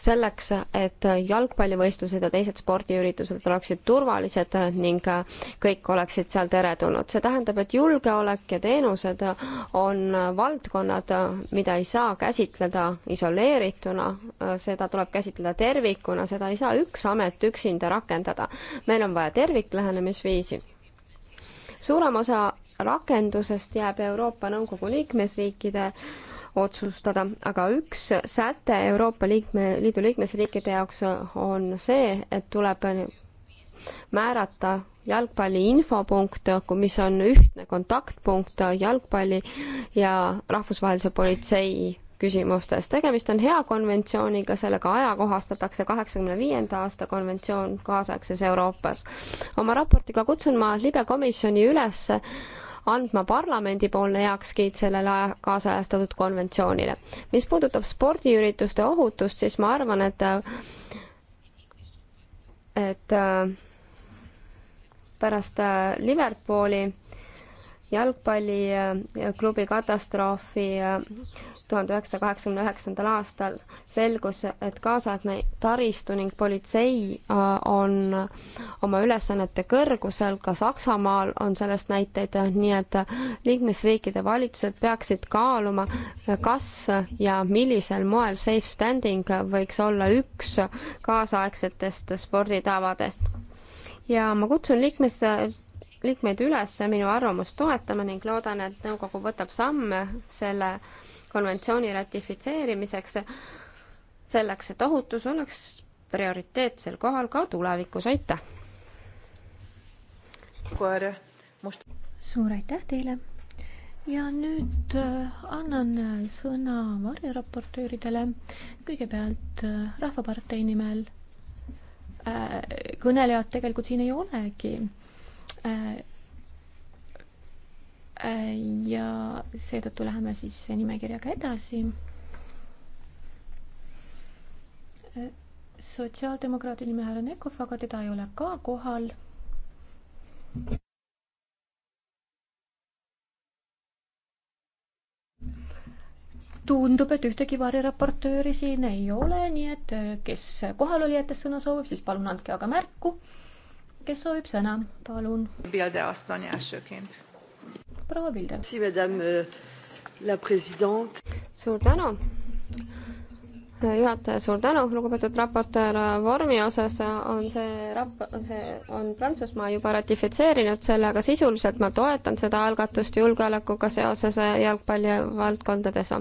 selleks, et jalgpallivõistlused ja teised spordiüritused oleksid turvalised ning kõik oleksid seal teretulnud. see tähendab, et julgeolek ja teenused on valdkonnad, mida ei saa käsitleda isoleerituna, seda tuleb käsitleda tervikuna, seda ei saa üks amet üksinda rakendada. meil on vaja terviklähenemisviisi. suurem osa rakendusest jääb Euroopa Nõukogu liikmesriikide äh, otsustada, aga üks säte Euroopa liikme, Liidu liikmesriikide jaoks on see, et tuleb määrata jalgpalli infopunkt, mis on ühtne kontaktpunkt jalgpalli ja rahvusvahelise politsei küsimustes. tegemist on hea konventsiooniga, sellega ajakohastatakse kaheksakümne viienda aasta konventsioon kaasaegses Euroopas. oma raportiga kutsun ma libekomisjoni üles andma parlamendipoolne heakskiit sellele kaasajastatud konventsioonile. mis puudutab spordiürituste ohutust, siis ma arvan, et et pärast äh, Liverpooli jalgpalliklubi katastroofi äh, tuhande üheksasaja kaheksakümne üheksandal aastal selgus, et kaasaegne taristu ning politsei äh, on oma ülesannete kõrgusel, ka Saksamaal on sellest näiteid, nii et liikmesriikide valitsused peaksid kaaluma, kas ja millisel moel safe standing võiks olla üks kaasaegsetest sporditavadest. ja ma kutsun liikmes, liikmeid üles minu arvamust toetama ning loodan, et nõukogu võtab samme selle konventsiooni ratifitseerimiseks, selleks, et ohutus oleks prioriteetsel kohal ka tulevikus, aitäh! suur aitäh teile! ja nüüd äh, annan äh, sõna variraportööridele, kõigepealt äh, Rahvapartei nimel. kõnelejat tegelikult siin ei olegi Äh, ja seetõttu läheme siis nimekirjaga edasi. Äh, sotsiaaldemokraadi nime härra Nekov, aga teda ei ole ka kohal. tundub, et ühtegi variraportööri siin ei ole, nii et äh, kes kohalolijatest sõna soovib, siis palun andke aga märku. kes soovib sõna, palun. Bilde Aston ja Šökind proua Vilde. Euh, suur tänu juhataja, suur tänu, lugupeetud raportöör, vormi osas on see rap-, see on Prantsusmaa juba ratifitseerinud selle, aga sisuliselt ma toetan seda algatust julgeolekuga seoses jalgpallivaldkondades.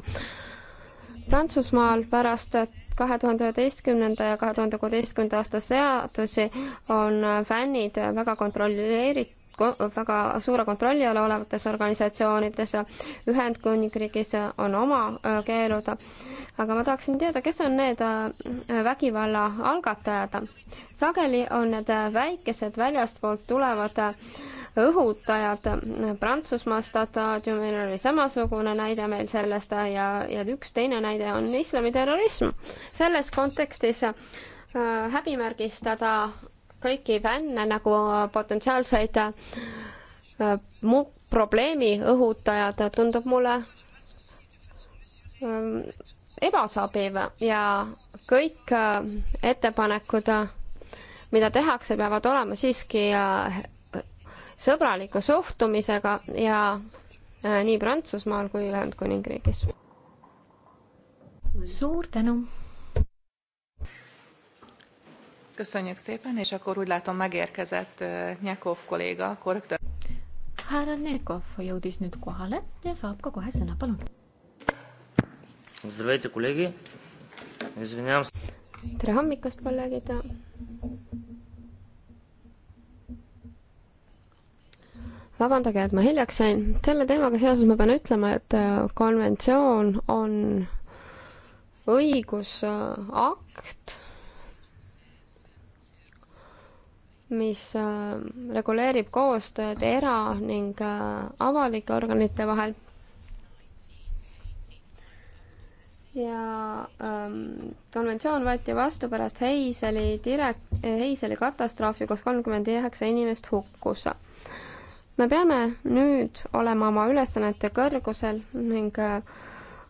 Prantsusmaal pärast kahe tuhande üheteistkümnenda ja kahe tuhande kuueteistkümnenda aasta seadusi on fännid väga kontrolleeritud väga suure kontrolli all olevates organisatsioonides, Ühendkuningriigis on oma äh, keelud, aga ma tahaksin teada, kes on need äh, vägivalla algatajad. sageli on need väikesed väljastpoolt tulevad äh, õhutajad Prantsusmaa stataadiumil oli samasugune näide meil sellest ja, ja üks teine näide on islamiterrorism. selles kontekstis äh, häbimärgistada kõiki fänne nagu potentsiaalseid äh, mu-, probleemi õhutajad, tundub mulle ähm, ebasobiv ja kõik äh, ettepanekud, äh, mida tehakse, peavad olema siiski sõbraliku suhtumisega ja nii Prantsusmaal kui Ühendkuningriigis. suur tänu! Köszönjük szépen, és akkor úgy látom megérkezett Nyekov kolléga, akkor rögtön... härra Nyekov jõudis nüüd kohale ja saab ka kohe sõna, palun. tere hommikust, kolleegid. vabandage, et ma hiljaks jäin. selle teemaga seoses ma pean ütlema, et äh, konventsioon on õigusakt mis äh, reguleerib koostööd era- ning äh, avalike organite vahel. ja ähm, konventsioon võeti vastu pärast Heiseli direkt-, Heiseli katastroofi, kus kolmkümmend üheksa inimest hukkus. me peame nüüd olema oma ülesannete kõrgusel ning äh,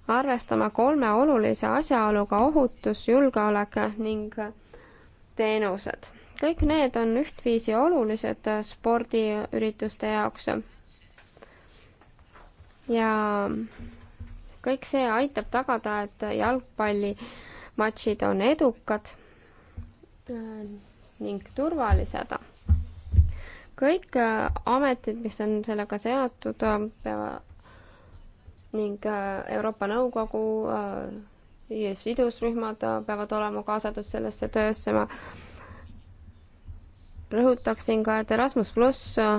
arvestama kolme olulise asjaoluga ohutus, julgeolek ning äh, teenused kõik need on ühtviisi olulised äh, spordiürituste jaoks. ja kõik see aitab tagada, et jalgpallimatšid on edukad äh, ning turvalised. kõik äh, ametid, mis on sellega seotud, peavad ning Euroopa Nõukogu sidusrühmad peavad olema kaasatud sellesse töösse. ma rõhutaksin ka, et Erasmus pluss äh,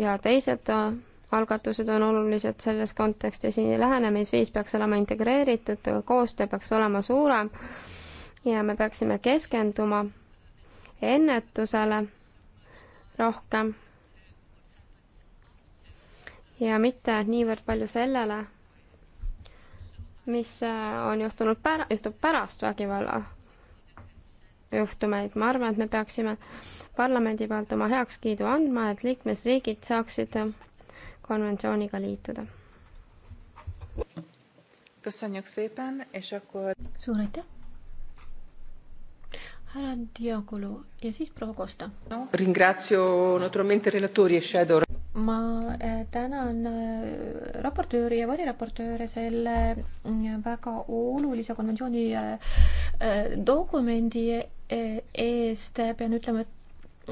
ja teised äh, algatused on olulised selles kontekstis, lähenemisviis peaks olema integreeritud, koostöö peaks olema suurem ja me peaksime keskenduma ennetusele rohkem ja mitte niivõrd palju sellele, mis äh, on juhtunud pär-, juhtub pärast vägivalla juhtumeid. ma arvan, et me peaksime parlamendi poolt oma heakskiidu andma, et liikmesriigid saaksid konventsiooniga liituda. suur aitäh! härra Diakolu ja siis proua Kosta no.. Ringrazio naturalmente relatori e shadow ma eh, tänan eh, raportööri ja variraportööre selle mm, väga olulise konventsiooni eh, dokumendi eest, pean ütlema, et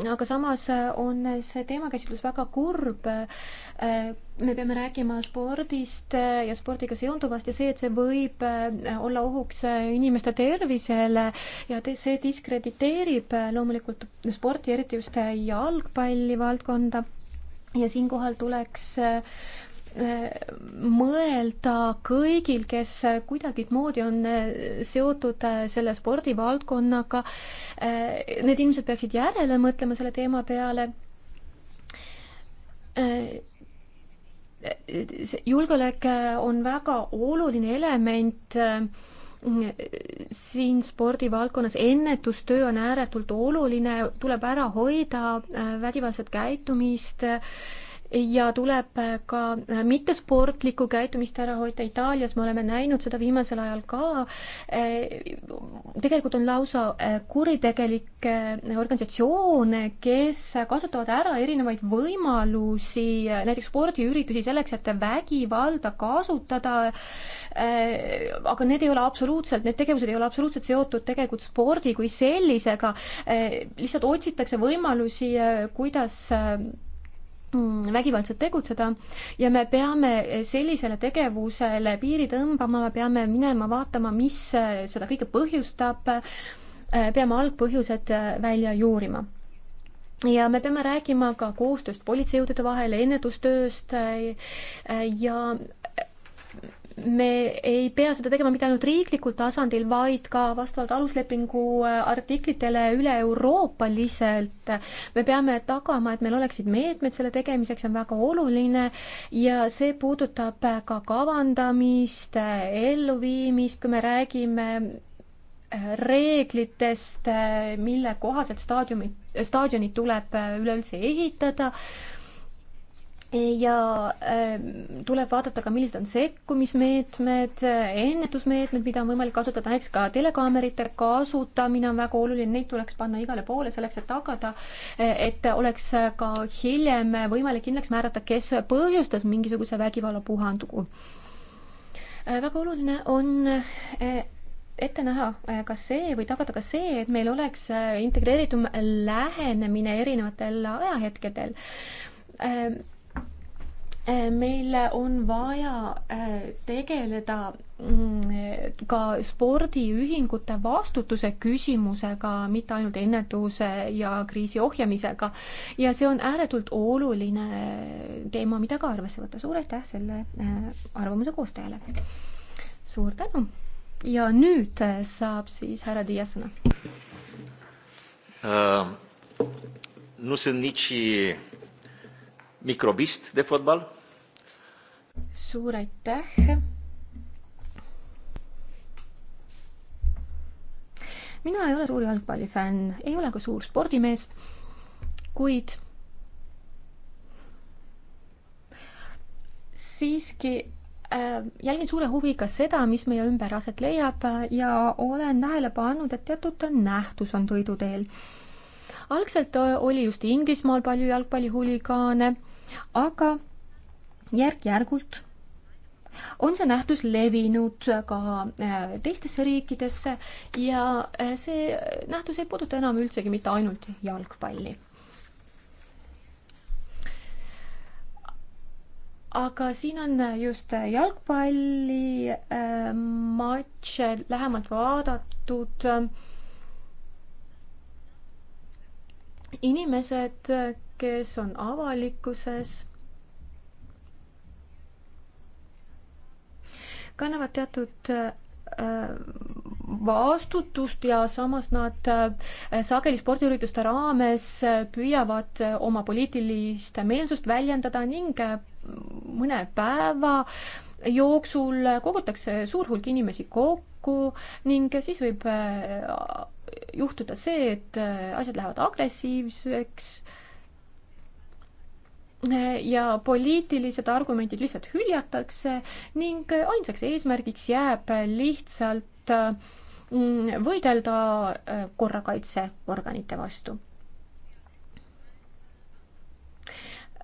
aga samas on see teemakäsitlus väga kurb. me peame rääkima spordist ja spordiga seonduvast ja see, et see võib äh, olla ohuks inimeste tervisele ja see diskrediteerib loomulikult sporti, eriti just jalgpalli valdkonda. ja siinkohal tuleks äh, mõelda kõigil, kes kuidagimoodi on seotud selle spordivaldkonnaga. Need inimesed peaksid järele mõtlema selle teema peale. julgeolek on väga oluline element siin spordivaldkonnas ennetustöö on ääretult oluline, tuleb ära hoida vägivaldset käitumist äh,, ja tuleb äh, ka äh, mittesportlikku käitumist ära hoida. Itaalias me oleme näinud seda viimasel ajal ka. Äh, tegelikult on lausa kuritegelikke organisatsioone, kes kasutavad ära erinevaid võimalusi, näiteks spordiüritusi selleks, et vägivalda kasutada. aga need ei ole absoluutselt, need tegevused ei ole absoluutselt seotud tegelikult spordi kui sellisega. lihtsalt otsitakse võimalusi, kuidas Mm, vägivaldselt tegutseda ja me peame sellisele tegevusele piiri tõmbama, me peame minema vaatama, mis eh, seda kõike põhjustab, eh, peame algpõhjused eh, välja juurima. ja me peame rääkima ka koostööst politseijõudude vahel, ennetustööst ja me ei pea seda tegema mitte ainult riiklikul tasandil, vaid ka vastavalt aluslepingu äh, artiklitele üle-euroopaliselt. me peame tagama, et meil oleksid meetmed selle tegemiseks, on väga oluline ja see puudutab äh, ka kavandamist, äh, elluviimist, kui me räägime reeglitest, mille kohaselt staadiumi, staadionid tuleb üleüldse ehitada ja ähm, tuleb vaadata ka, millised on sekkumismeetmed, äh, ennetusmeetmed, mida on võimalik kasutada, näiteks ka telekaamerite kasutamine on väga oluline, neid tuleks panna igale poole selleks, et tagada, äh, et oleks ka hiljem võimalik kindlaks määrata, kes põhjustas mingisuguse vägivallapuhangu. Äh, väga oluline on ette näha ka see või tagada ka see, et meil oleks integreeritum lähenemine erinevatel ajahetkedel Äh, meil on vaja äh, tegeleda mm, ka spordiühingute vastutuse küsimusega, mitte ainult ennetuse ja kriisi ohjamisega. ja see on ääretult oluline teema, mida ka arvesse võtta. suur aitäh selle äh, arvamuse koostajale. suur tänu. ja nüüd saab siis härra Dias sõna uh,. nu sunt nici microbist de fotbal suur aitäh. mina ei ole suur jalgpallifänn, ei ole ka suur spordimees, kuid siiski äh, jälgin suure huviga seda, mis meie ümber aset leiab äh, ja olen tähele pannud, et teatud nähtus on toiduteel. algselt äh, oli just Inglismaal palju jalgpallihuligaane, aga järk-järgult on see nähtus levinud ka äh, teistesse riikidesse ja äh, see nähtus ei puuduta enam üldsegi mitte ainult jalgpalli. aga siin on just jalgpalli äh, matše lähemalt vaadatud. inimesed, kes on avalikkuses kannavad teatud äh, vastutust ja samas nad äh, sageli spordiürituste raames äh, püüavad oma poliitilist meelsust väljendada ning mõne päeva jooksul kogutakse suur hulk inimesi kokku ning siis võib juhtuda see, et asjad lähevad agressiivseks ja poliitilised argumendid lihtsalt hüljatakse ning ainsaks eesmärgiks jääb lihtsalt mm, võidelda äh, korrakaitseorganite vastu.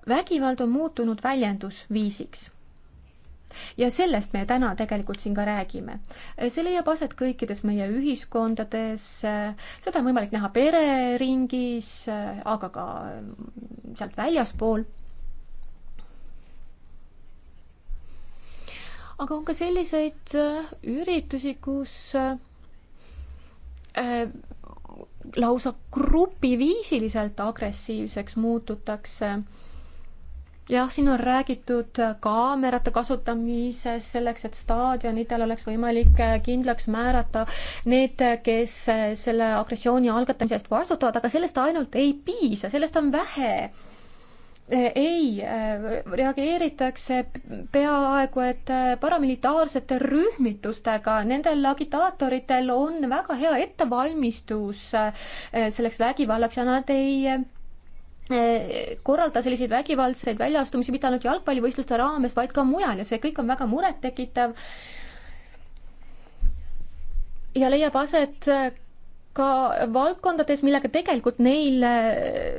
vägivald on muutunud väljendusviisiks ja sellest me täna tegelikult siin ka räägime. see leiab aset kõikides meie ühiskondades, seda on võimalik näha pereringis, aga ka sealt väljaspool aga on ka selliseid äh, üritusi, kus äh, äh, lausa grupiviisiliselt agressiivseks muututakse. jah, siin on räägitud kaamerate kasutamisest selleks, et staadionidel oleks võimalik kindlaks määrata need, kes selle agressiooni algatamise eest vastutavad, aga sellest ainult ei piisa, sellest on vähe Äh, ei, äh, reageeritakse peaaegu et äh, paramilitaarsete rühmitustega, nendel agitaatoritel on väga hea ettevalmistus selleks vägivallaks ja nad ei korralda selliseid vägivaldseid väljaastumisi mitte ainult jalgpallivõistluste raames, vaid ka mujal ja see kõik on väga murettekitav. ja leiab aset ka valdkondades, millega tegelikult neil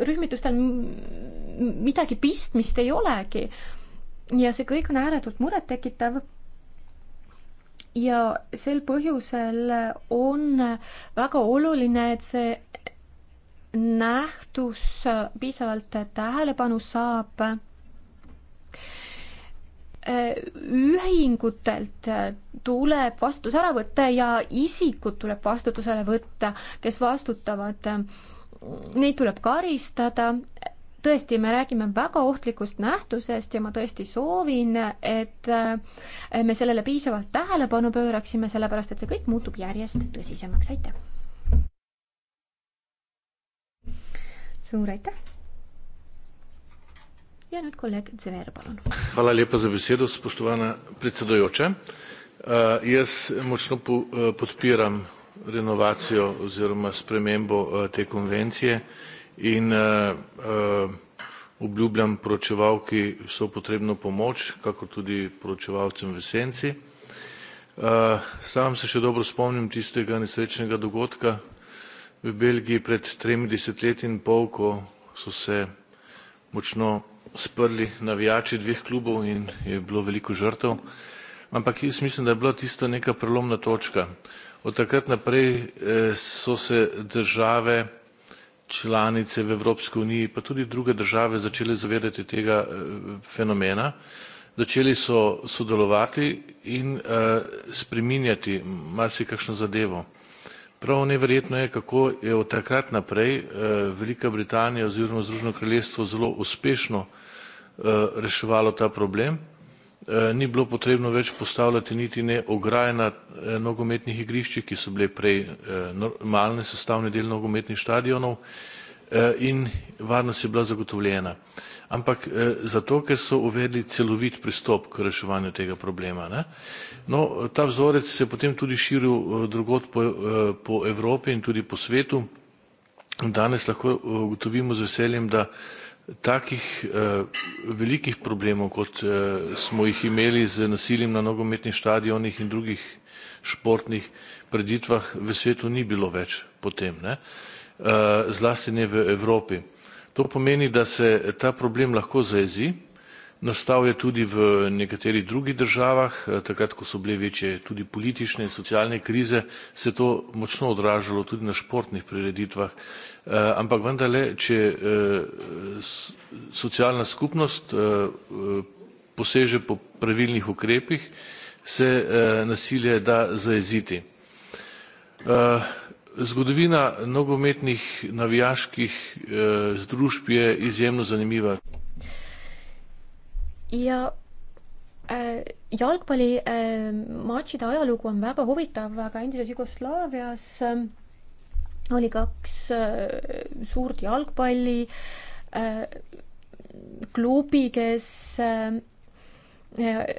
rühmitustel midagi pistmist ei olegi. ja see kõik on ääretult murettekitav ja sel põhjusel on väga oluline, et see nähtus piisavalt tähelepanu saab. ühingutelt tuleb vastutus ära võtta ja isikud tuleb vastutusele võtta, kes vastutavad. Neid tuleb karistada tõesti, me räägime väga ohtlikust nähtusest ja ma tõesti soovin, et äh, me sellele piisavalt tähelepanu pööraksime, sellepärast et see kõik muutub järjest tõsisemaks, aitäh! suur aitäh! ja nüüd kolleeg Zver, palun. Hvala lepa za besedo, spoštovana predsedujoča. Äh, jaz močno äh, podpiram renovacijo oziroma spremembo te konvencije in eh, eh, obljubljam poročevalki vso potrebno pomoč, kakor tudi poročevalcem v senci. Eh, sam se še dobro spomnim tistega nesrečnega dogodka v Belgiji pred tremi desetletji in pol, ko so se močno sprli navijači dveh klubov in je bilo veliko žrtev. Ampak jaz mislim, da je bila tisto neka prelomna točka. Od takrat naprej so se države članice v Evropski uniji, pa tudi druge države začele zavedati tega eh, fenomena. Začeli so sodelovati in eh, spreminjati marsikakšno zadevo. Prav neverjetno je, kako je od takrat naprej eh, Velika Britanija oziroma Združeno kraljestvo zelo uspešno reševalo ta problem Eh, ni bilo potrebno več postavljati niti ne ograj na eh, nogometnih igriščih, ki so bile prej eh, normalni sestavni del nogometnih štadionov in varnost je bila zagotovljena. Ampak zato, ker so uvedli celovit pristop k reševanju tega problema. Ne. No, ta vzorec se je potem tudi širil drugod po, po Evropi in tudi po svetu. Danes lahko ugotovimo z veseljem, da takih eh, velikih problemov, kot eh, smo jih imeli z nasiljem na nogometnih štadionih in drugih športnih prireditvah v svetu ni bilo več potem, ne, eh, zlasti ne v Evropi. To pomeni, da se ta problem lahko zajezi Nastal je tudi v nekaterih drugih državah, eh, takrat, ko so bile večje tudi politične in socialne krize, se je to močno odražalo tudi na športnih prireditvah. Eh, ampak vendarle, če eh, socialna skupnost poseže po pravilnih ukrepih, se nasilje da zajeziti. Zgodovina nogometnih navijaških združb je izjemno zanimiva ja äh, jalgpallimatšide äh, ajalugu on väga huvitav, aga endises Jugoslaavias äh, oli kaks äh, suurt jalgpalli äh, klubi, kes äh,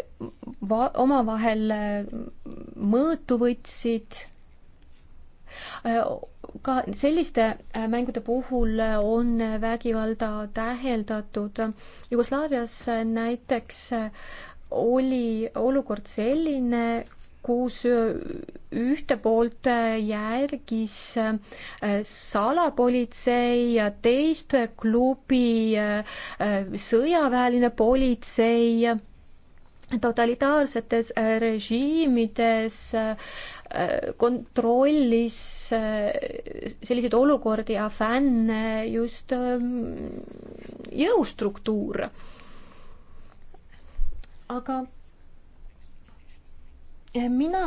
va-, omavahel äh, mõõtu võtsid äh, ka selliste äh, mängude puhul äh, on vägivalda täheldatud. Jugoslaavias äh, näiteks oli olukord selline, kus ühte poolt järgis salapolitsei ja teist klubi sõjaväeline politsei. totalitaarsetes režiimides kontrollis äh, selliseid olukordi ja fänne just ähm, jõustruktuur. aga äh, mina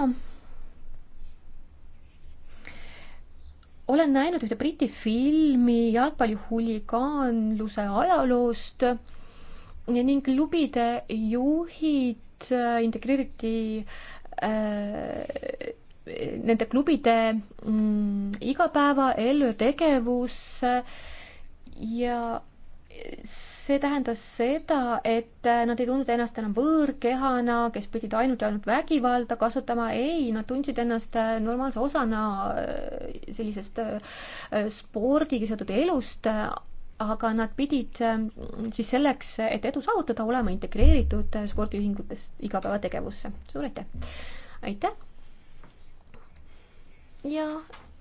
olen näinud ühte Briti filmi jalgpallihuligaanluse ajaloost ning klubide juhid äh, integreeriti äh, nende klubide mm, igapäevaellu ja tegevus ja see tähendas seda, et nad ei tundnud ennast enam võõrkehana, kes pidid ainult ja ainult vägivalda kasutama, ei, nad tundsid ennast normaalse osana äh, sellisest äh, spordiga seotud elust, aga nad pidid äh, siis selleks, et edu saavutada, olema integreeritud spordiühingutes igapäevategevusse. suur aitäh! aitäh! ja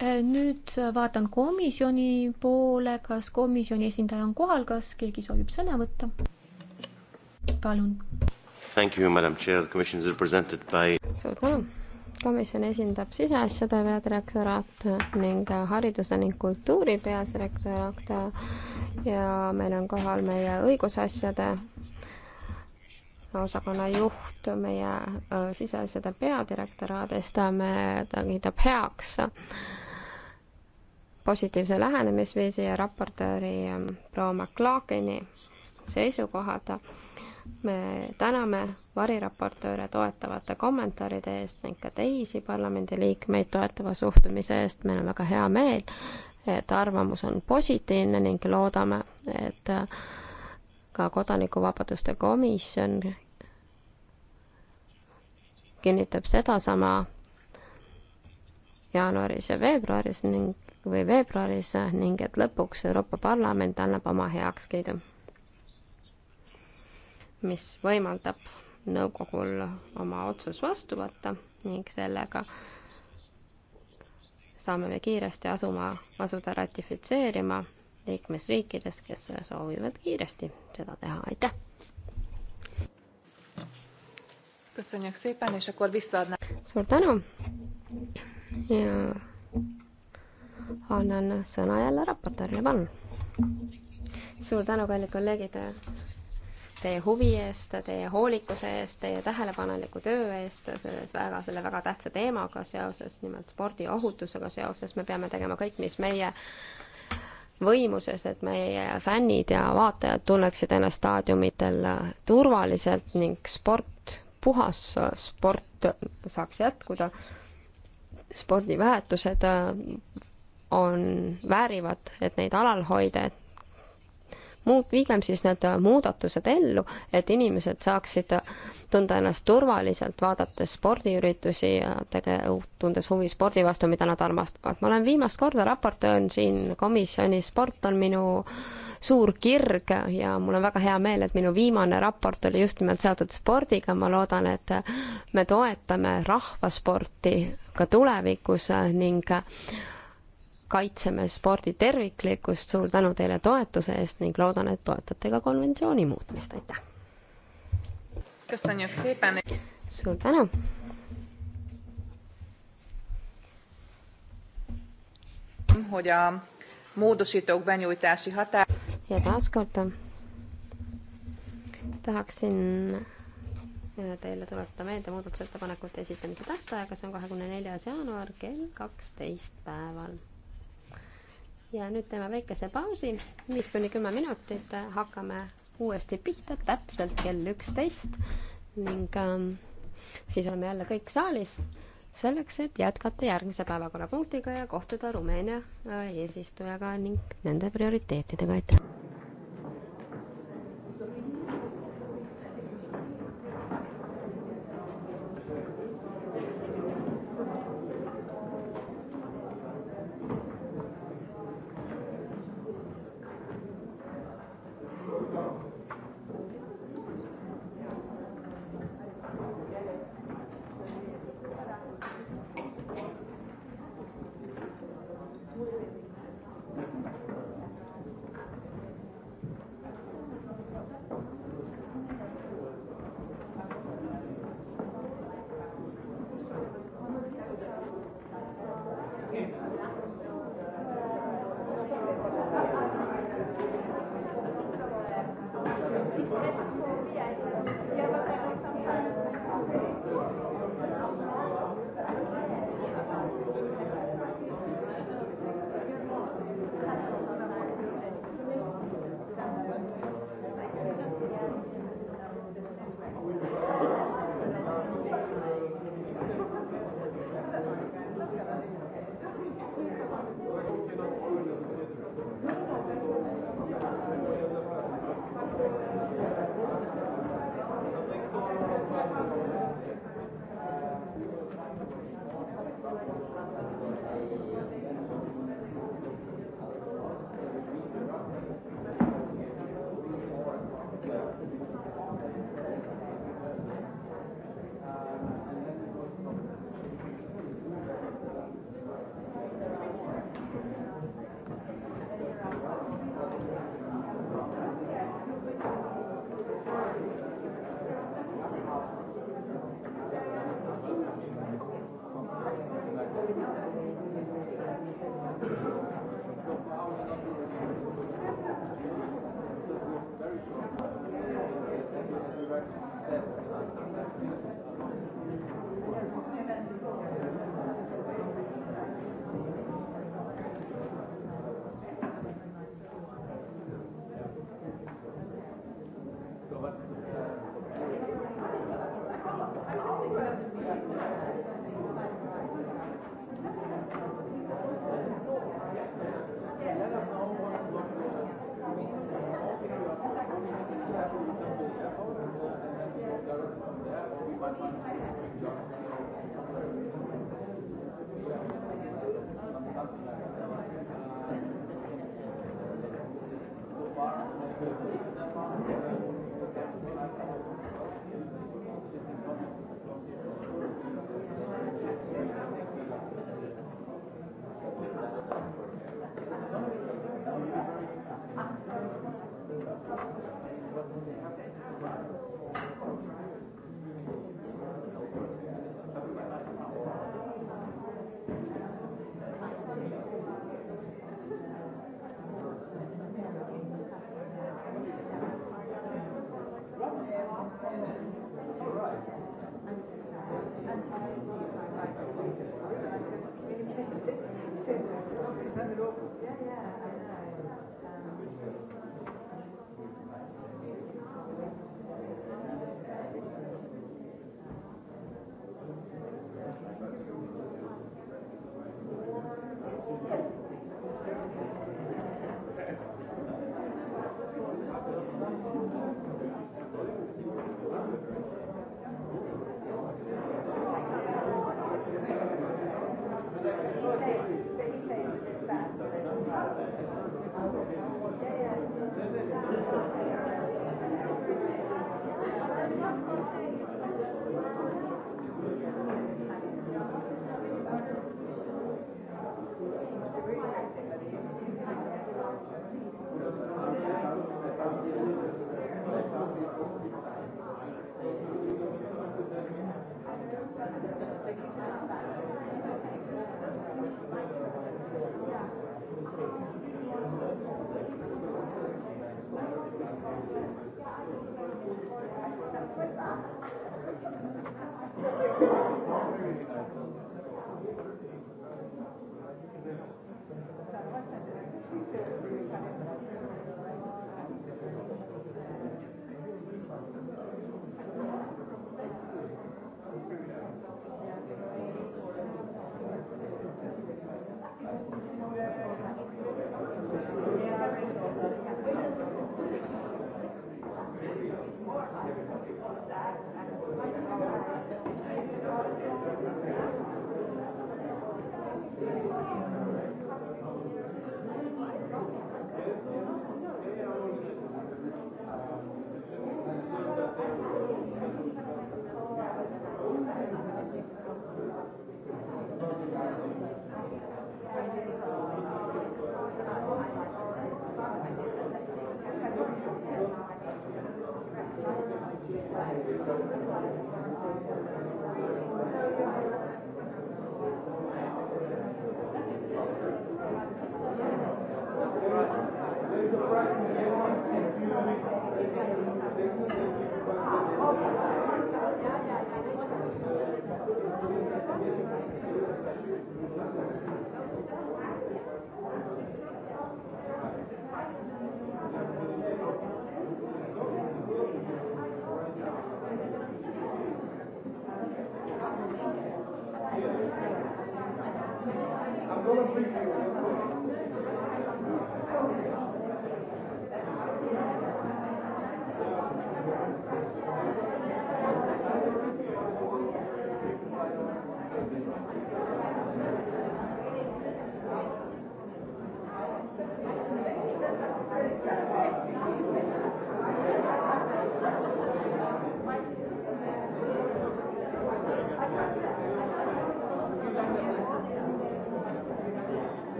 eh, nüüd vaatan komisjoni poole, kas komisjoni esindaja on kohal, kas keegi soovib sõna võtta? palun. Thank you, madam chair, the commission is represented by. suur tänu. komisjon esindab siseasjade peadirektoraat ning hariduse ning kultuuri peadirektoraat ja meil on kohal meie õigusasjade osakonna juht meie äh, siseasjade peadirektoraadist, äh, me, ta kiidab heaks positiivse lähenemisviisi ja raportööri ähm, proua McLaughlini seisukohad. me täname variraportööre toetavate kommentaaride eest ning ka teisi parlamendiliikmeid toetava suhtumise eest, meil on väga hea meel, et arvamus on positiivne ning loodame, et äh, ka Kodanikuvabaduste komisjon kinnitab sedasama jaanuaris ja veebruaris ning, või veebruaris ning et lõpuks Euroopa Parlament annab oma heakskiidu, mis võimaldab nõukogul oma otsus vastu võtta ning sellega saame me kiiresti asuma, asuda ratifitseerima liikmesriikides, kes soovivad kiiresti seda teha, aitäh! suur tänu ja annan sõna jälle raportöörile, palun! suur tänu, kallid kolleegid, teie huvi eest, teie hoolikuse eest, teie tähelepaneliku töö eest selles väga, selle väga tähtsa teemaga seoses, nimelt spordiohutusega seoses, me peame tegema kõik, mis meie äh, võimuses, et meie fännid ja vaatajad tunneksid ennast staadiumitel turvaliselt ning sport, puhas sport saaks jätkuda. spordivähetused äh, on, väärivad, et neid alal hoida, et muud, viigem siis need muudatused ellu, et inimesed saaksid tunda ennast turvaliselt, vaadates spordiüritusi ja tege-, tundes huvi spordi vastu, mida nad armastavad. ma olen viimast korda raportöör siin komisjonis, sport on minu suur kirg ja mul on väga hea meel, et minu viimane raport oli just nimelt seotud spordiga, ma loodan, et me toetame rahvasporti ka tulevikus ning kaitseme spordi terviklikkust, suur tänu teile toetuse eest ning loodan, et toetate ka konventsiooni muutmist, aitäh! suur tänu! hogy a módosítók benyújtási határ... Ja taaskord tahaksin teile tuletada meelde muudatusettepanekute esitamise tähtaega, see on kahekümne neljas jaanuar kell kaksteist päeval ja nüüd teeme väikese pausi, viis kuni kümme minutit, hakkame uuesti pihta täpselt kell üksteist ning ähm, siis oleme jälle kõik saalis selleks, et jätkata järgmise päevakorrapunktiga ja kohtuda Rumeenia äh, eesistujaga ning nende prioriteetidega, aitäh!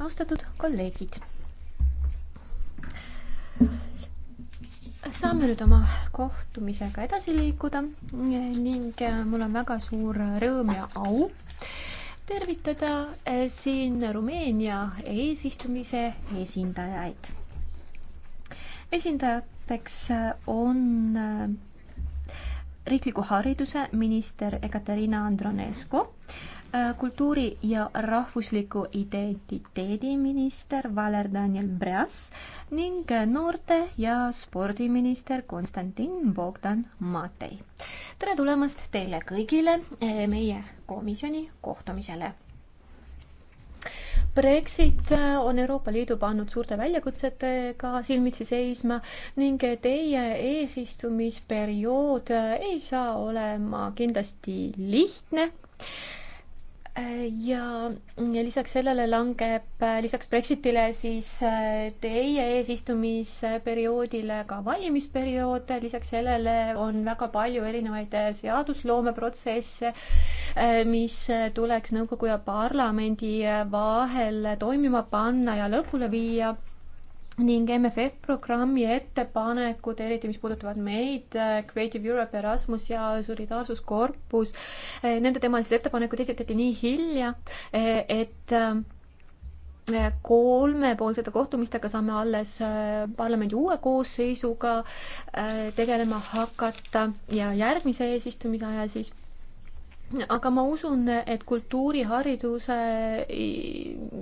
austatud kolleegid. saame nüüd oma kohtumisega edasi liikuda ning mul on väga suur rõõm ja au tervitada eh, siin Rumeenia eesistumise esindajaid. esindajateks eh, on eh, riikliku hariduse minister Ekaterina Andronesko Äh, kultuuri- ja rahvusliku identiteedi minister Valer Daniel Breas ning noorte- ja spordiminister Konstantin Bogdan Matei. tere tulemast teile kõigile äh, meie komisjoni kohtumisele. Brexit äh, on Euroopa Liidu pannud suurte väljakutsetega silmitsi seisma ning teie eesistumisperiood ei saa olema kindlasti lihtne ja, ja lisaks sellele langeb äh, lisaks Brexitile siis äh, teie eesistumisperioodile ka valimisperiood, lisaks sellele on väga palju erinevaid äh, seadusloomeprotsesse, mis tuleks nõukogu ja parlamendi vahel toimima panna ja lõpule viia ning MFF programmi ettepanekud, eriti mis puudutavad meid, äh, Creative Europe, Erasmus ja Solidaarsuskorpus, äh, nende temalised ettepanekud esitati nii hilja, äh, et kolmepoolsete kohtumistega saame alles parlamendi uue koosseisuga tegelema hakata ja järgmise eesistumise ajal siis aga ma usun, et kultuuri, hariduse,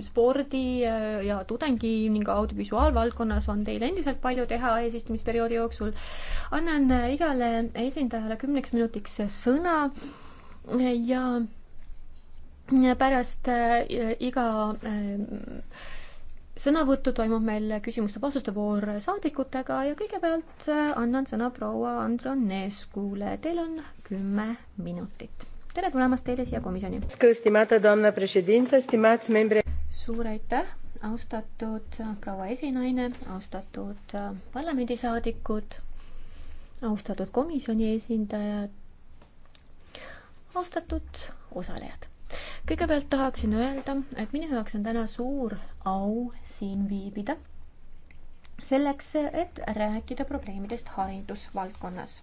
spordi e, ja tudengi ning audiovisuaalvaldkonnas on teil endiselt palju teha eesistumisperioodi jooksul. annan igale esindajale kümneks minutiks sõna ja pärast e, iga e, sõnavõttu toimub meil küsimuste-vastuste voor saadikutega ja kõigepealt annan sõna proua Andronescule, teil on kümme minutit tere tulemast teile siia komisjoni. suur aitäh, austatud proua esinaine, austatud parlamendisaadikud, austatud komisjoni esindajad, austatud osalejad kõigepealt tahaksin öelda, et minu jaoks on täna suur au siin viibida. selleks, et rääkida probleemidest haridusvaldkonnas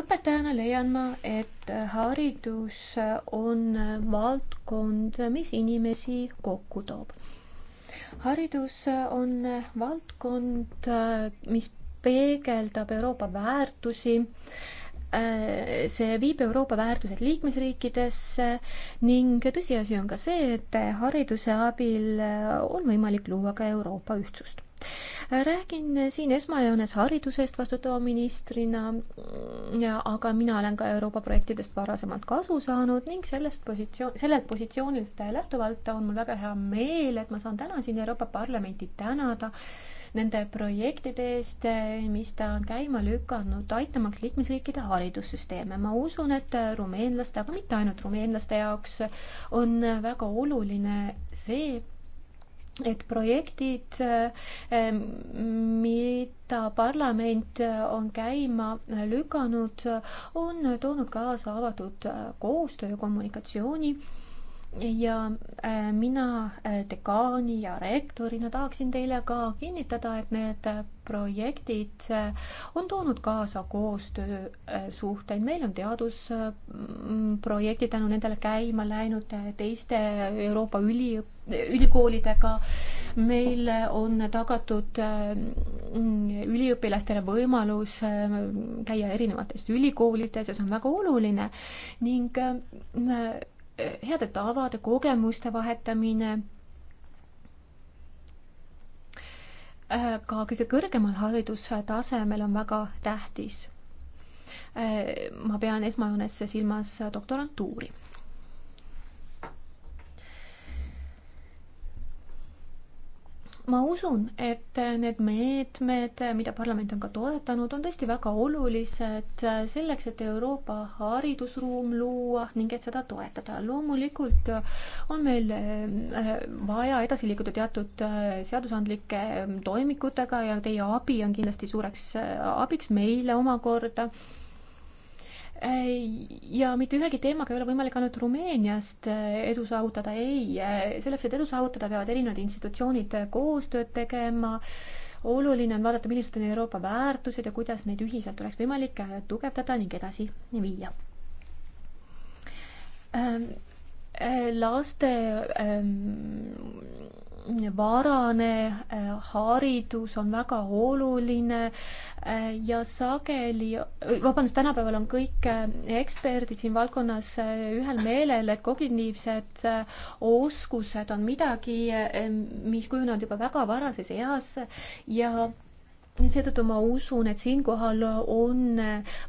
õpetajana leian ma, et haridus on valdkond, mis inimesi kokku toob. haridus on valdkond, mis peegeldab Euroopa väärtusi see viib Euroopa väärtused liikmesriikidesse ning tõsiasi on ka see, et hariduse abil on võimalik luua ka Euroopa ühtsust räägin siin esmajoones hariduse eest vastutava ministrina, aga mina olen ka Euroopa projektidest varasemalt kasu saanud ning sellest positsioon, sellelt positsioonilt lähtuvalt on mul väga hea meel, et ma saan täna siin Euroopa Parlamenti tänada nende projektide eest, mis ta on käima lükanud, aitamaks liikmesriikide haridussüsteeme. ma usun, et rumeenlaste, aga mitte ainult rumeenlaste jaoks on väga oluline see, et projektid, eh, mida parlament eh, on käima lükanud, on toonud kaasa avatud eh, koostöö ja kommunikatsiooni ja äh, mina äh, dekaani ja rektorina tahaksin teile ka kinnitada, et need äh, projektid on toonud kaasa koostöösuhteid, meil on teadusprojektid tänu nendele käima läinud teiste Euroopa üli, ülikoolidega, meil on tagatud üliõpilastele võimalus käia erinevates ülikoolides ja see on väga oluline ning heade tavade, kogemuste vahetamine äh, ka kõige kõrgemal haridustasemel on väga tähtis. Äh, ma pean esmajoones silmas doktorantuuri. ma usun, et need meetmed, mida parlament on ka toetanud, on tõesti väga olulised selleks, et Euroopa haridusruum luua ning et seda toetada. loomulikult on meil äh, vaja edasi liikuda teatud äh, seadusandlike ähm, toimikutega ja teie abi on kindlasti suureks äh, abiks meile omakorda ja mitte ühegi teemaga ei ole võimalik ainult Rumeeniast eh, edu saavutada, ei, eh, selleks, et edu saavutada, peavad erinevad institutsioonid eh, koostööd tegema, oluline on vaadata, millised on Euroopa väärtused ja kuidas neid ühiselt oleks võimalik tugevdada ning edasi viia. Ehm, laste ehm, varane äh, haridus on väga oluline äh, ja sageli, äh, vabandust, tänapäeval on kõik eksperdid siin valdkonnas ühel meelel, et kognitiivsed oskused on midagi, mis kujunevad juba väga varases eas ja seetõttu ma usun, et siinkohal on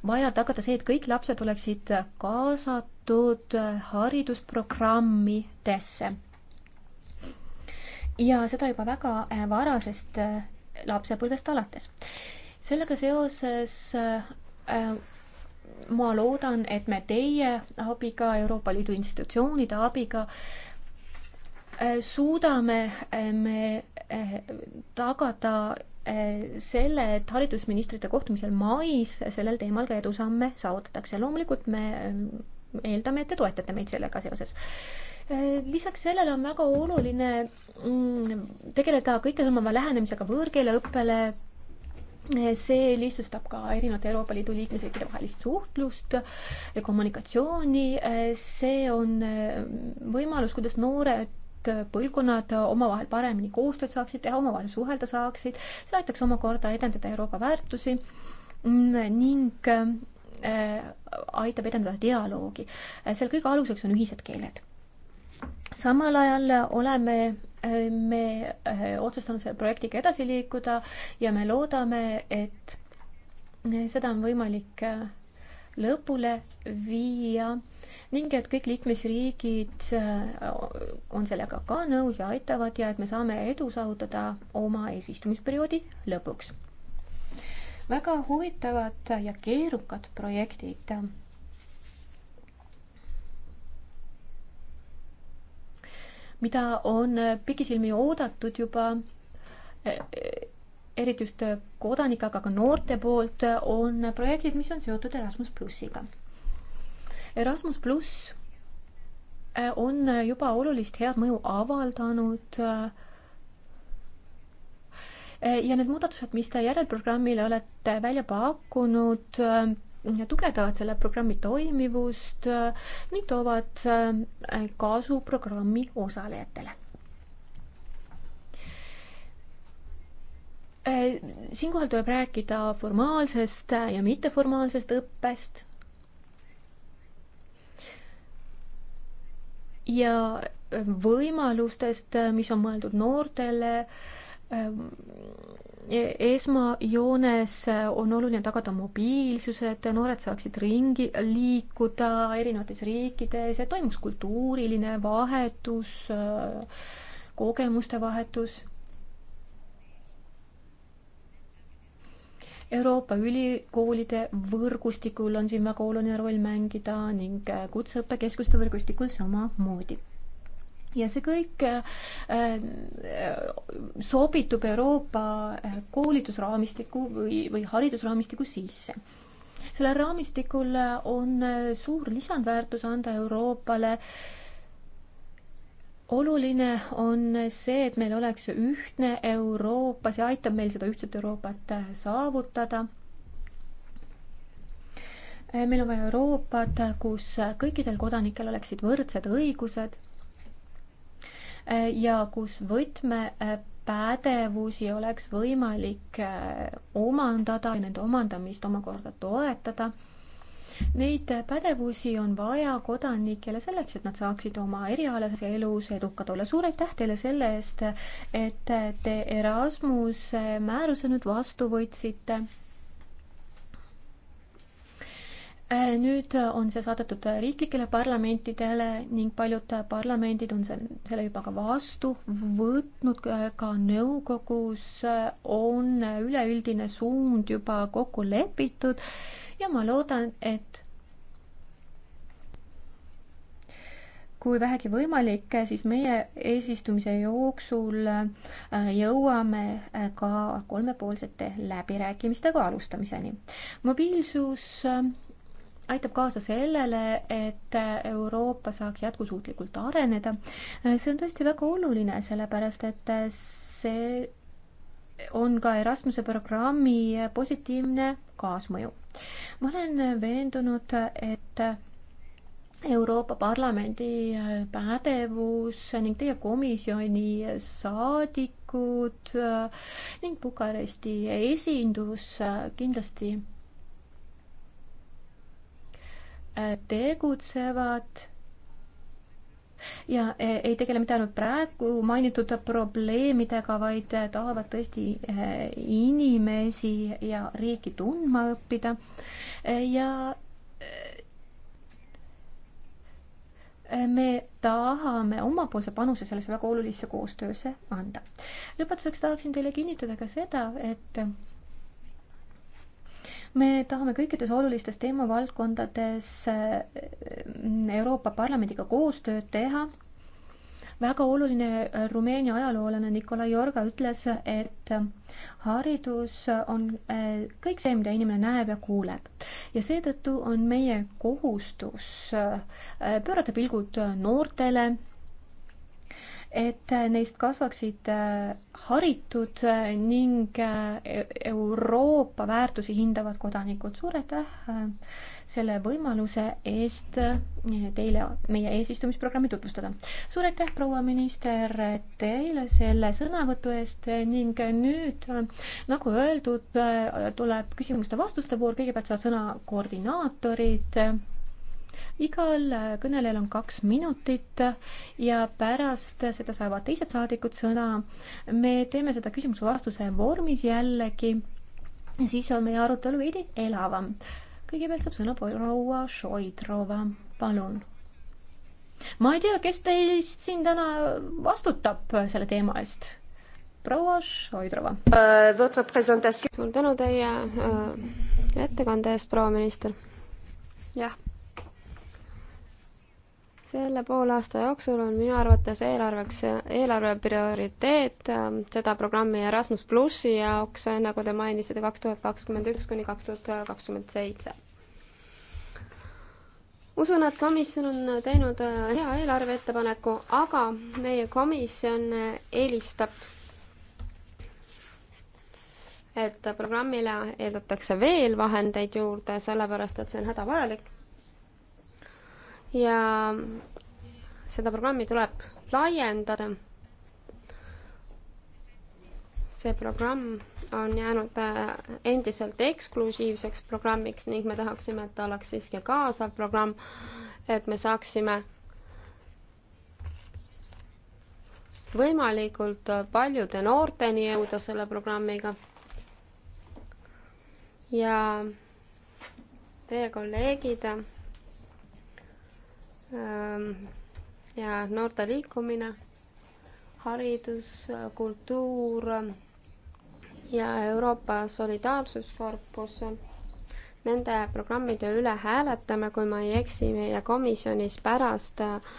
vaja tagada see, et kõik lapsed oleksid kaasatud haridusprogrammidesse ja seda juba väga äh, varasest äh, lapsepõlvest alates. sellega seoses äh, ma loodan, et me teie abiga, Euroopa Liidu institutsioonide abiga suudame me tagada selle, et haridusministrite kohtumisel mais sellel teemal ka edusamme saavutatakse. loomulikult me eeldame, et te toetate meid sellega seoses lisaks sellele on väga oluline mm, tegeleda kõikehõlmava lähenemisega võõrkeeleõppele. see lihtsustab ka erinevate Euroopa Liidu liikmesriikide vahelist suhtlust ja kommunikatsiooni. see on mm, võimalus, kuidas noored põlvkonnad omavahel paremini koostööd saaksid teha, omavahel suhelda saaksid, see aitaks omakorda edendada Euroopa väärtusi mm, ning äh, aitab edendada dialoogi. seal kõige aluseks on ühised keeled samal ajal oleme äh, me äh, otsustanud selle projektiga edasi liikuda ja me loodame, et äh, seda on võimalik lõpule viia ning et kõik liikmesriigid on sellega ka nõus ja aitavad ja et me saame edu saavutada oma eesistumisperioodi lõpuks. väga huvitavad ja keerukad projektid mida on pikisilmi oodatud juba e, e, eriti just kodanike, aga ka noorte poolt, on projektid, mis on seotud Erasmus plussiga. Erasmus pluss e, on juba olulist head mõju avaldanud ja need muudatused, mis te järelprogrammile olete välja pakkunud, tugevdavad selle programmi toimivust äh, ning toovad äh, kasu programmi osalejatele äh, siinkohal tuleb rääkida formaalsest ja mitteformaalsest õppest. ja võimalustest, mis on mõeldud noortele, E-, esmajoones on oluline tagada mobiilsus, et noored saaksid ringi liikuda erinevates riikides, et toimuks kultuuriline vahetus, kogemuste vahetus. Euroopa ülikoolide võrgustikul on siin väga oluline roll mängida ning kutseõppekeskuste võrgustikul samamoodi ja see kõik äh, äh, sobitub Euroopa äh, koolitusraamistiku või, või haridusraamistiku sisse sellel raamistikul on suur lisandväärtus anda Euroopale. oluline on see, et meil oleks ühtne Euroopa, see aitab meil seda ühtset Euroopat saavutada. meil on vaja Euroopat, kus kõikidel kodanikel oleksid võrdsed õigused Äh, ja kus võtmepädevusi oleks võimalik äh, omandada ja nende omandamist omakorda toetada. Neid pädevusi on vaja kodanikele selleks, et nad saaksid oma erialases elus edukad olla. suur aitäh teile selle eest, et te Erasmuse määruse nüüd vastu võtsite Äh, nüüd äh, on see saadetud äh, riiklikele parlamentidele ning paljud parlamendid on selle juba ka vastu võtnud, ka nõukogus on üleüldine suund juba kokku lepitud ja ma loodan, et kui vähegi võimalik, siis meie eesistumise jooksul jõuame ka kolmepoolsete läbirääkimistega alustamiseni. mobiilsus aitab kaasa sellele, et Euroopa saaks jätkusuutlikult areneda. see on tõesti väga oluline, sellepärast et see on ka Erasmuse programmi positiivne kaasmõju. ma olen veendunud, et Euroopa Parlamendi pädevus ning teie komisjoni saadikud ning Bukaresti esindus kindlasti Äh, tegutsevad ja äh, ei tegele mitte ainult praegu mainitud probleemidega, vaid äh, tahavad tõesti inimesi ja riiki tundma õppida ja me tahame omapoolse panuse sellesse väga olulisse koostöösse anda. lõpetuseks tahaksin teile kinnitada ka seda, et me tahame kõikides olulistes teemavaldkondades äh, Euroopa Parlamendiga koostööd teha. väga oluline äh, Rumeenia ajaloolane Nikolai Jorga ütles, et äh, haridus on kõik see, mida inimene näeb ja kuuleb. ja seetõttu on meie kohustus pöörata pilgud noortele et neist kasvaksid äh, haritud äh, ning äh, Euroopa väärtusi hindavad kodanikud. suur aitäh selle võimaluse eest teile meie eesistumisprogrammi tutvustada. suur aitäh, proua minister, teile selle sõnavõtu eest ning nüüd, nagu öeldud, tuleb küsimuste-vastuste voor, kõigepealt saavad sõna koordinaatorid igal äh, kõnelejal on kaks minutit ja pärast seda saavad teised saadikud sõna. me teeme seda küsimuse-vastuse vormis jällegi, siis on meie arutelu veidi elavam. kõigepealt saab sõna proua Šoidrova, palun. ma ei tea, kes teist siin täna vastutab selle teema eest proua Šoidrova. suur tänu teie äh, ettekande eest, proua minister. jah selle poolaasta jooksul on minu arvates eelarveks, eelarve prioriteet, ähm, seda programmi Erasmus plussi jaoks, äh, nagu te mainisite, kaks tuhat kakskümmend üks kuni kaks tuhat kakskümmend seitse. usun, et komisjon on teinud äh, hea eelarveettepaneku, aga meie komisjon äh, eelistab, et programmile eeldatakse veel vahendeid juurde, sellepärast et see on hädavajalik ja seda programmi tuleb laiendada. see programm on jäänud äh, endiselt eksklusiivseks programmiks ning me tahaksime, et ta oleks siiski kaasav programm, et me saaksime võimalikult paljude noorteni jõuda selle programmiga. ja teie kolleegid Ehm, ja noorte liikumine, haridus, kultuur ja Euroopa Solidaarsuskorpus. Nende programmide üle hääletame, kui ma ei eksi, meie komisjonis pärast äh,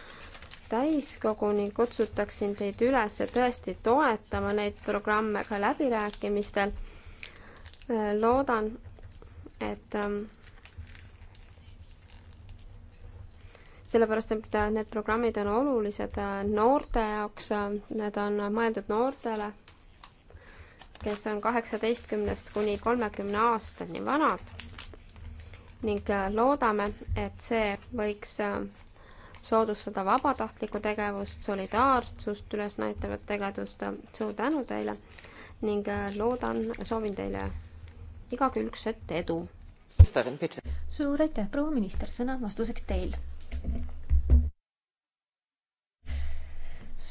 täiskogu ning kutsutaksin teid üles tõesti toetama neid programme ka läbirääkimistel. Äh, loodan, et ähm, sellepärast, et need programmid on olulised äh, noorte jaoks, äh, need on mõeldud noortele, kes on kaheksateistkümnest kuni kolmekümne aastani vanad ning äh, loodame, et see võiks soodustada vabatahtlikku tegevust, solidaarsust üles näitavat tegevust. suur tänu teile ning loodan, soovin teile igakülgset edu. suur aitäh, proua minister, sõna vastuseks teil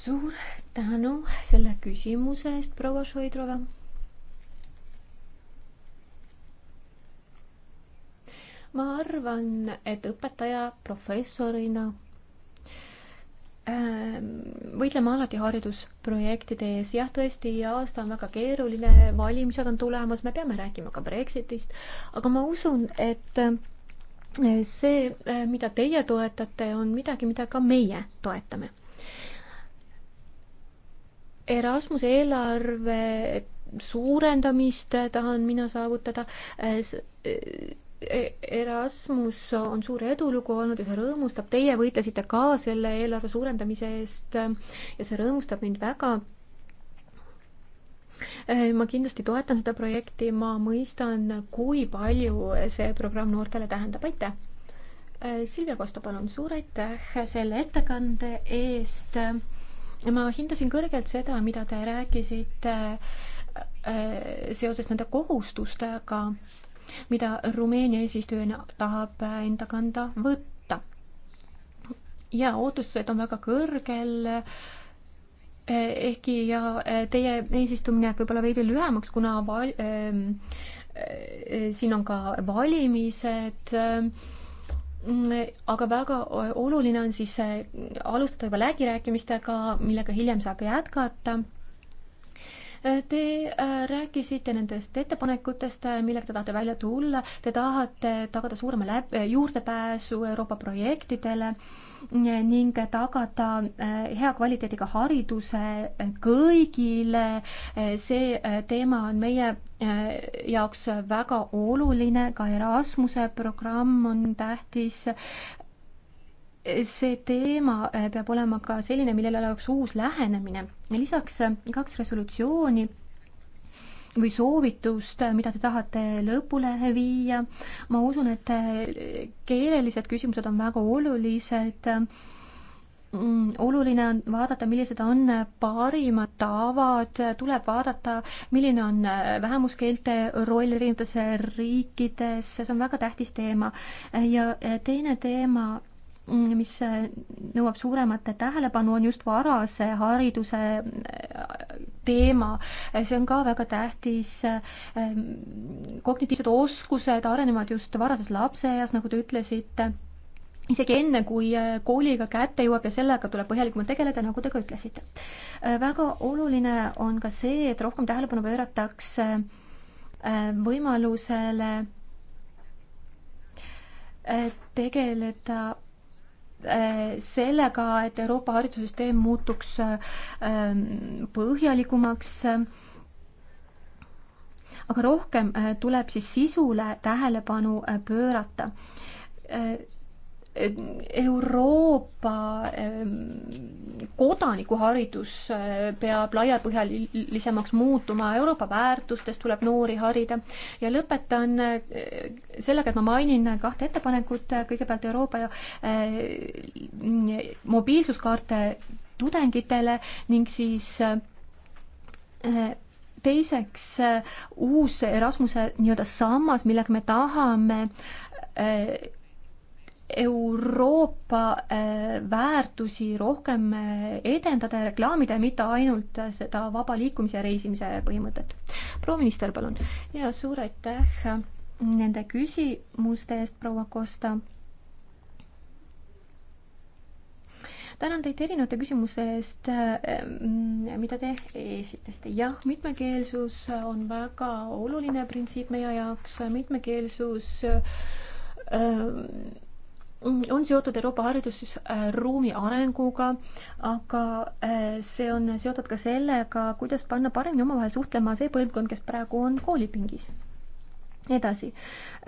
suur tänu selle küsimuse eest, proua Šoidrova. ma arvan, et õpetaja professorina ähm, võitleme alati haridusprojektide ees, jah, tõesti, aasta on väga keeruline, valimised on tulemas, me peame rääkima ka Brexitist, aga ma usun, et see, äh, mida teie toetate, on midagi, mida ka meie toetame. Erasmuse eelarve suurendamist tahan mina saavutada. Äh, äh, Erasmus on suur edulugu olnud ja see rõõmustab, teie võitlesite ka selle eelarve suurendamise eest ja see rõõmustab mind väga Äh, ma kindlasti toetan seda projekti, ma mõistan, kui palju see programm noortele tähendab, aitäh! Äh, Silvia Kosta, palun, suur aitäh selle ettekande eest. ma hindasin kõrgelt seda, mida te rääkisite äh, seoses nende kohustustega, mida Rumeenia eesistujana tahab enda kanda võtta. ja ootused on väga kõrgel äh, ehkki ja eh, teie eesistumine jääb võib-olla veidi lühemaks, kuna val-, ehm, eh, siin on ka valimised, ehm, aga väga eh, oluline on siis alustada juba läbirääkimistega, millega hiljem saab jätkata Te rääkisite nendest ettepanekutest, millega te tahate välja tulla, te tahate tagada suurema läb-, juurdepääsu Euroopa projektidele ning tagada äh, hea kvaliteediga hariduse äh, kõigile. Äh, see teema on meie jaoks väga oluline, ka Erasmuse programm on tähtis see teema peab olema ka selline, millel oleks uus lähenemine. lisaks kaks resolutsiooni või soovitust, mida te tahate lõpule viia. ma usun, et keelelised küsimused on väga olulised. Mm, oluline on vaadata, millised on parimad tavad, tuleb vaadata, milline on vähemuskeelte roll erinevates riikides, see on väga tähtis teema. ja teine teema Mm, mis äh, nõuab suuremat tähelepanu, on just varase hariduse äh, teema. see on ka väga tähtis. Äh, mm, kognitiivsed oskused arenevad just varases lapseeas, nagu te ütlesite, isegi enne, kui kooliga kätte jõuab ja sellega tuleb põhjalikumalt tegeleda, nagu te ka ütlesite. väga oluline on ka see, et rohkem tähelepanu pööratakse võimalusele tegeleda Äh, sellega, et Euroopa haridussüsteem muutuks ähm, põhjalikumaks aga rohkem äh, tuleb siis sisule tähelepanu äh, pöörata. Euroopa ähm, kodanikuharidus äh, peab laiapõhjalisemaks muutuma, Euroopa väärtustest tuleb noori harida ja lõpetan äh, sellega, et ma mainin kahte ettepanekut, äh, kõigepealt Euroopa ja mobiilsuskaarte tudengitele ning siis teiseks uus Erasmuse nii-öelda sammas, millega me tahame Euroopa äh, väärtusi rohkem äh, edendada ja reklaamida ja mitte ainult äh, seda vaba liikumise ja reisimise põhimõtet. proua minister, palun. ja suur aitäh nende küsimuste eest, proua Kosta. tänan teid erinevate küsimuste eest, mida te esitasite. jah, mitmekeelsus on väga oluline printsiip meie jaoks, mitmekeelsus öö, on seotud Euroopa haridusruumi arenguga, aga äh, see on seotud ka sellega, kuidas panna paremini omavahel suhtlema see põlvkond, kes praegu on koolipingis. edasi,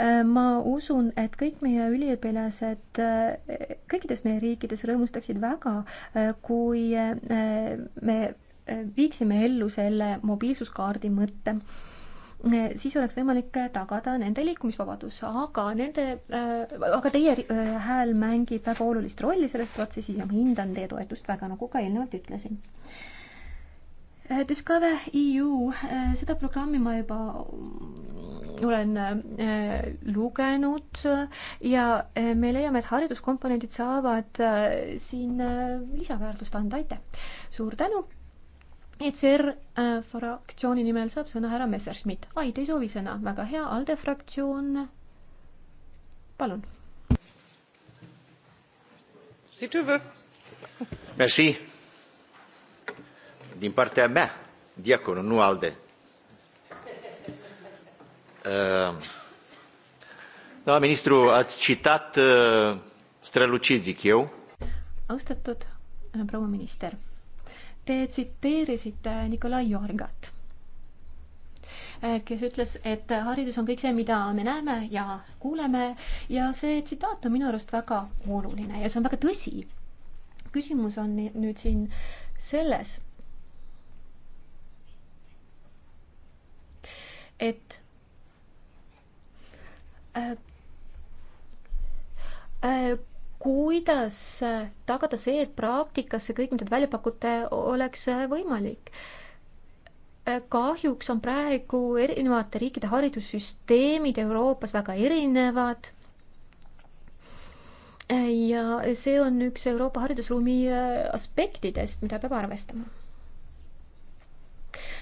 äh, ma usun, et kõik meie üliõpilased äh, kõikides meie riikides rõõmustaksid väga, kui me viiksime ellu selle mobiilsuskaardi mõtte Eh, siis oleks võimalik eh, tagada nende liikumisvabadus, aga nende äh,, aga teie äh, hääl mängib väga olulist rolli selles protsessis ja ma hindan teie toetust väga, nagu ka eelnevalt ütlesin Discover EU, seda programmi ma juba mm, olen lugenud ja me leiame, et hariduskomponendid saavad siin lisaväärtust anda, aitäh! suur tänu ECR äh, fraktsiooni nimel saab sõna härra Messerschmidt. ai, te ei soovi sõna, väga hea, ALDE fraktsioon, palun. Merci. Din partea mea, diaconul, nu ALDE uh,. Doamna ministru, ați citat uh, strălucit, zic eu. Austatud eh, proua minister Te tsiteerisite Nikolai Jorgat, kes ütles, et haridus on kõik see, mida me näeme ja kuuleme ja see tsitaat on minu arust väga oluline ja see on väga tõsi. küsimus on nüüd siin selles, et äh, äh, kuidas äh, tagada see, et praktikas see kõik, mida te välja pakute, oleks äh, võimalik? Äh, kahjuks on praegu erinevate riikide haridussüsteemid Euroopas väga erinevad ja see on üks Euroopa haridusruumi aspektidest, mida peab arvestama.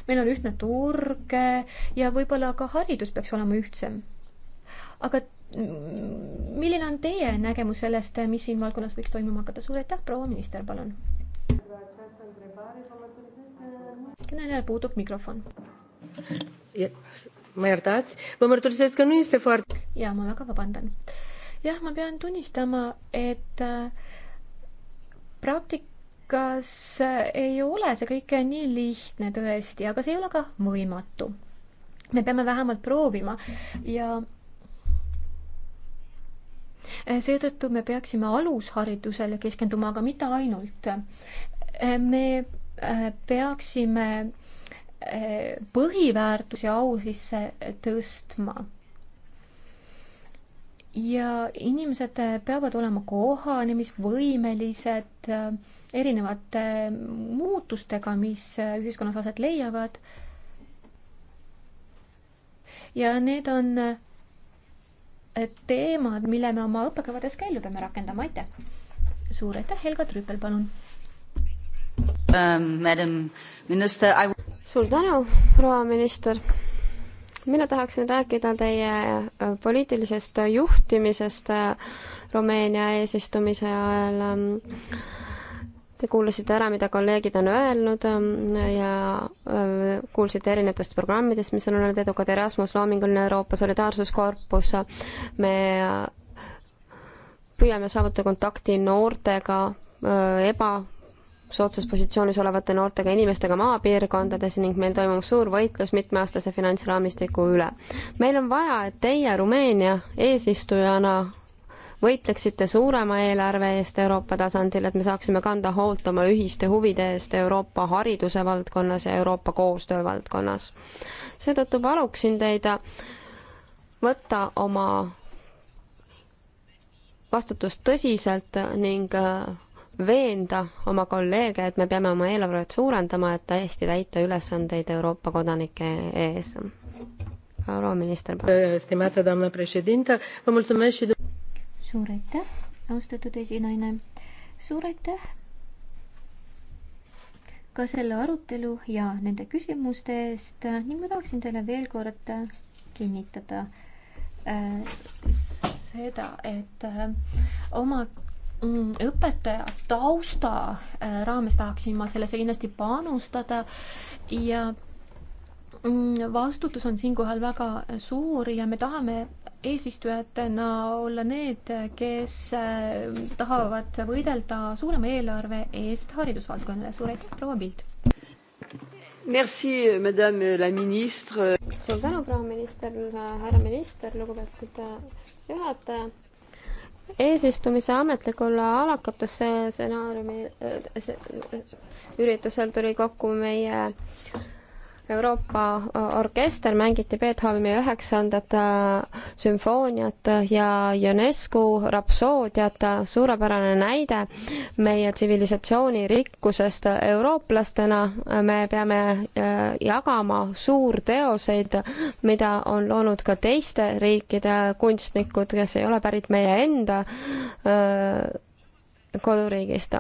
meil on ühtne turg ja võib-olla ka haridus peaks olema ühtsem. aga milline on teie nägemus sellest, mis siin valdkonnas võiks toimuma hakata? suur aitäh, proua minister, palun. kõnelejal puudub mikrofon. ja ma väga vabandan. jah, ma pean tunnistama, et äh, praktik-, kas äh, ei ole see kõik nii lihtne tõesti, aga see ei ole ka võimatu. me peame vähemalt proovima ja Eh, seetõttu me peaksime alusharidusele keskenduma, aga mitte ainult. Eh, me eh, peaksime põhiväärtusi au sisse tõstma. ja inimesed peavad olema kohanemisvõimelised erinevate muutustega, mis ühiskonnas aset leiavad. ja need on teemad, mille me oma õppekavades ka ellu peame rakendama, aitäh! suur aitäh, Helga Trüppel, palun um,! Minister, I... suur tänu, proua minister! mina tahaksin rääkida teie äh, poliitilisest juhtimisest äh, Rumeenia eesistumise ajal ja kuulasite ära, mida kolleegid on öelnud ähm, ja äh, kuulsite erinevatest programmidest, mis on olnud edukad, Erasmus, Loominguline Euroopa, Solidaarsuskorpus, me äh, püüame saavutada kontakti noortega, äh, eba, soodsas positsioonis olevate noortega inimestega maapiirkondades ning meil toimub suur võitlus mitmeaastase finantsraamistiku üle. meil on vaja, et teie Rumeenia eesistujana võitleksite suurema eelarve eest Euroopa tasandil, et me saaksime kanda hoolt oma ühiste huvide eest Euroopa hariduse valdkonnas ja Euroopa koostöö valdkonnas. seetõttu paluksin teid võtta oma vastutust tõsiselt ning äh, veenda oma kolleege, et me peame oma eelarvet suurendama, et tõesti täita ülesandeid Euroopa kodanike ees. proua minister suur aitäh, austatud esinaine. suur aitäh ka selle arutelu ja nende küsimuste eest ning ma tahaksin teile veel kord kinnitada äh, seda, et äh, oma mm, õpetaja tausta äh, raames tahaksin ma sellesse kindlasti panustada ja Mm, vastutus on siinkohal väga suur ja me tahame eesistujatena olla need, kes äh, tahavad võidelda suurema eelarve eest haridusvaldkonnale. suur aitäh, proua Pild! Merci, madame la ministre. suur tänu, proua minister, härra minister, lugupeetud juhataja eesistumise ametlikul alakatuse stsenaariumi äh, äh, üritusel tuli kokku meie Euroopa orkester mängiti Beethoveni üheksandat äh, sümfooniat ja UNESCO rapsoodiat, suurepärane näide meie tsivilisatsiooni rikkusest eurooplastena. me peame äh, jagama suurteoseid, mida on loonud ka teiste riikide kunstnikud, kes ei ole pärit meie enda äh, koduriigist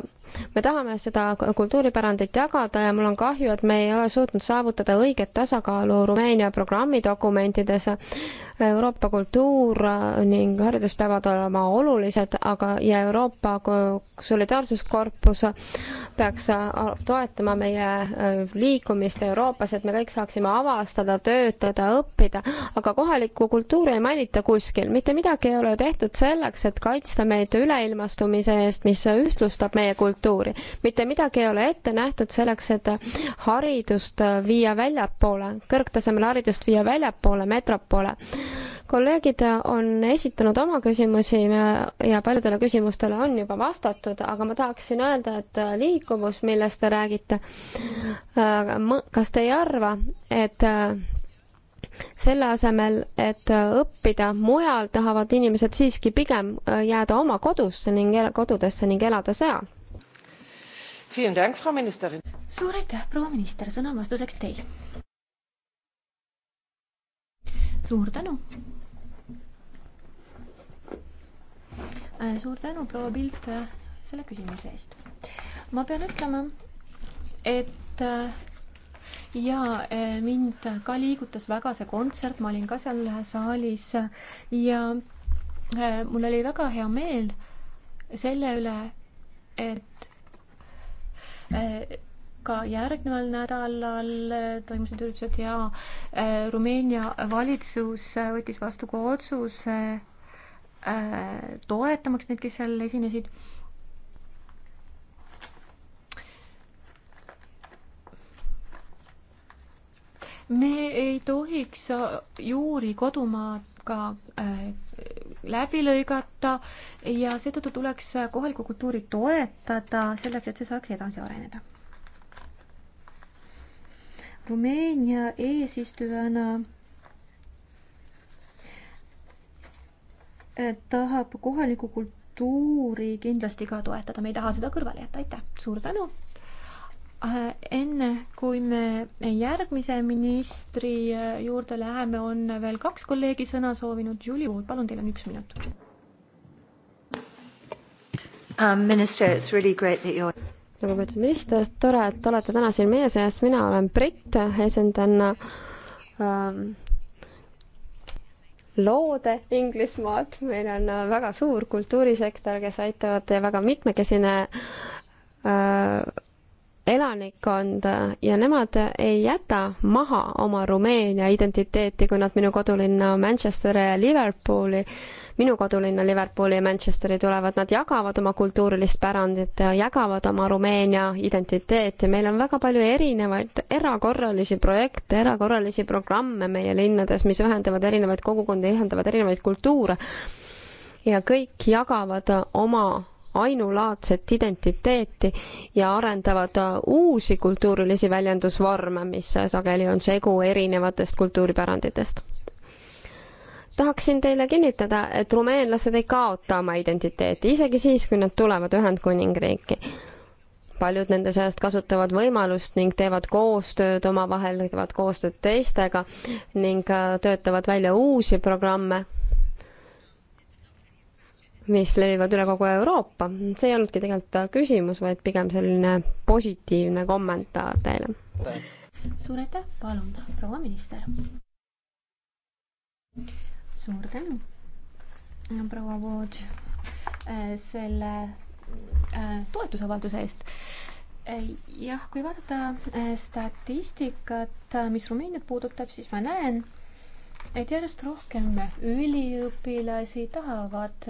me tahame seda kultuuripärandit jagada ja mul on kahju, et me ei ole suutnud saavutada õiget tasakaalu Rumeenia programmi dokumentides Euroopa kultuur ning haridus peavad olema olulised, aga, ja Euroopa solidaarsuskorpus peaks toetama meie äh, liikumist Euroopas, et me kõik saaksime avastada, töötada, õppida, aga kohalikku kultuuri ei mainita kuskil, mitte midagi ei ole tehtud selleks, et kaitsta meid üleilmastumise eest, mis ühtlustab meie kultuuri. mitte midagi ei ole ette nähtud selleks, et haridust viia väljapoole, kõrgtasemel haridust viia väljapoole, metropoole kolleegid on esitanud oma küsimusi ja paljudele küsimustele on juba vastatud, aga ma tahaksin öelda, et liikuvus, millest te räägite, äh, kas te ei arva, et äh, selle asemel, et õppida mujal, tahavad inimesed siiski pigem äh, jääda oma kodusse ning kodudesse ning elada seal? suur aitäh, proua minister, sõna vastuseks teil. suur tänu Äh, suur tänu, proua Pilt, äh, selle küsimuse eest. ma pean ütlema, et äh, jaa, mind ka liigutas väga see kontsert, ma olin ka seal saalis ja mul oli väga hea meel selle üle, et ka järgneval nädalal toimusid üritused ja Rumeenia valitsus võttis vastu ka otsuse Äh, toetamaks neid, kes seal esinesid. me ei tohiks juuri kodumaaga äh, läbi lõigata ja seetõttu tuleks kohalikku kultuuri toetada selleks, et see saaks edasi areneda. Rumeenia eesistujana tahab kohalikku kultuuri kindlasti ka toetada, me ei taha seda kõrvale jätta, aitäh, suur tänu. Äh, enne kui me järgmise ministri äh, juurde läheme, on veel kaks kolleegi sõna soovinud. Julie Wood, palun, teil on üks minut. Um, minister, it's really great that you are lugupeetud minister, tore, et olete täna siin meie seas, mina olen Brit, esindan ähm, loode Inglismaad, meil on äh, väga suur kultuurisektor, kes aitavad väga mitmekesine äh, elanikkond äh, ja nemad ei jäta maha oma Rumeenia identiteeti, kui nad minu kodulinna Manchesteri ja Liverpooli äh, minu kodulinna Liverpooli ja Manchesteri tulevad, nad jagavad oma kultuurilist pärandit, jagavad oma Rumeenia identiteeti, meil on väga palju erinevaid erakorralisi projekte, erakorralisi programme meie linnades, mis ühendavad erinevaid kogukondi, ühendavad erinevaid kultuure ja kõik jagavad oma ainulaadset identiteeti ja arendavad uusi kultuurilisi väljendusvorme, mis sageli on segu erinevatest kultuuripäranditest tahaksin teile kinnitada, et rumeenlased ei kaota oma identiteeti, isegi siis, kui nad tulevad Ühendkuningriiki. paljud nende seast kasutavad võimalust ning teevad koostööd omavahel, teevad koostööd teistega ning äh, töötavad välja uusi programme, mis levivad üle kogu Euroopa. see ei olnudki tegelikult äh, küsimus, vaid pigem selline positiivne kommentaar teile. suur aitäh, palun, proua minister! suur tänu, proua Vood, äh, selle äh, toetusavalduse eest äh, jah, kui vaadata statistikat, mis Rumeeniat puudutab, siis ma näen, et järjest rohkem üliõpilasi tahavad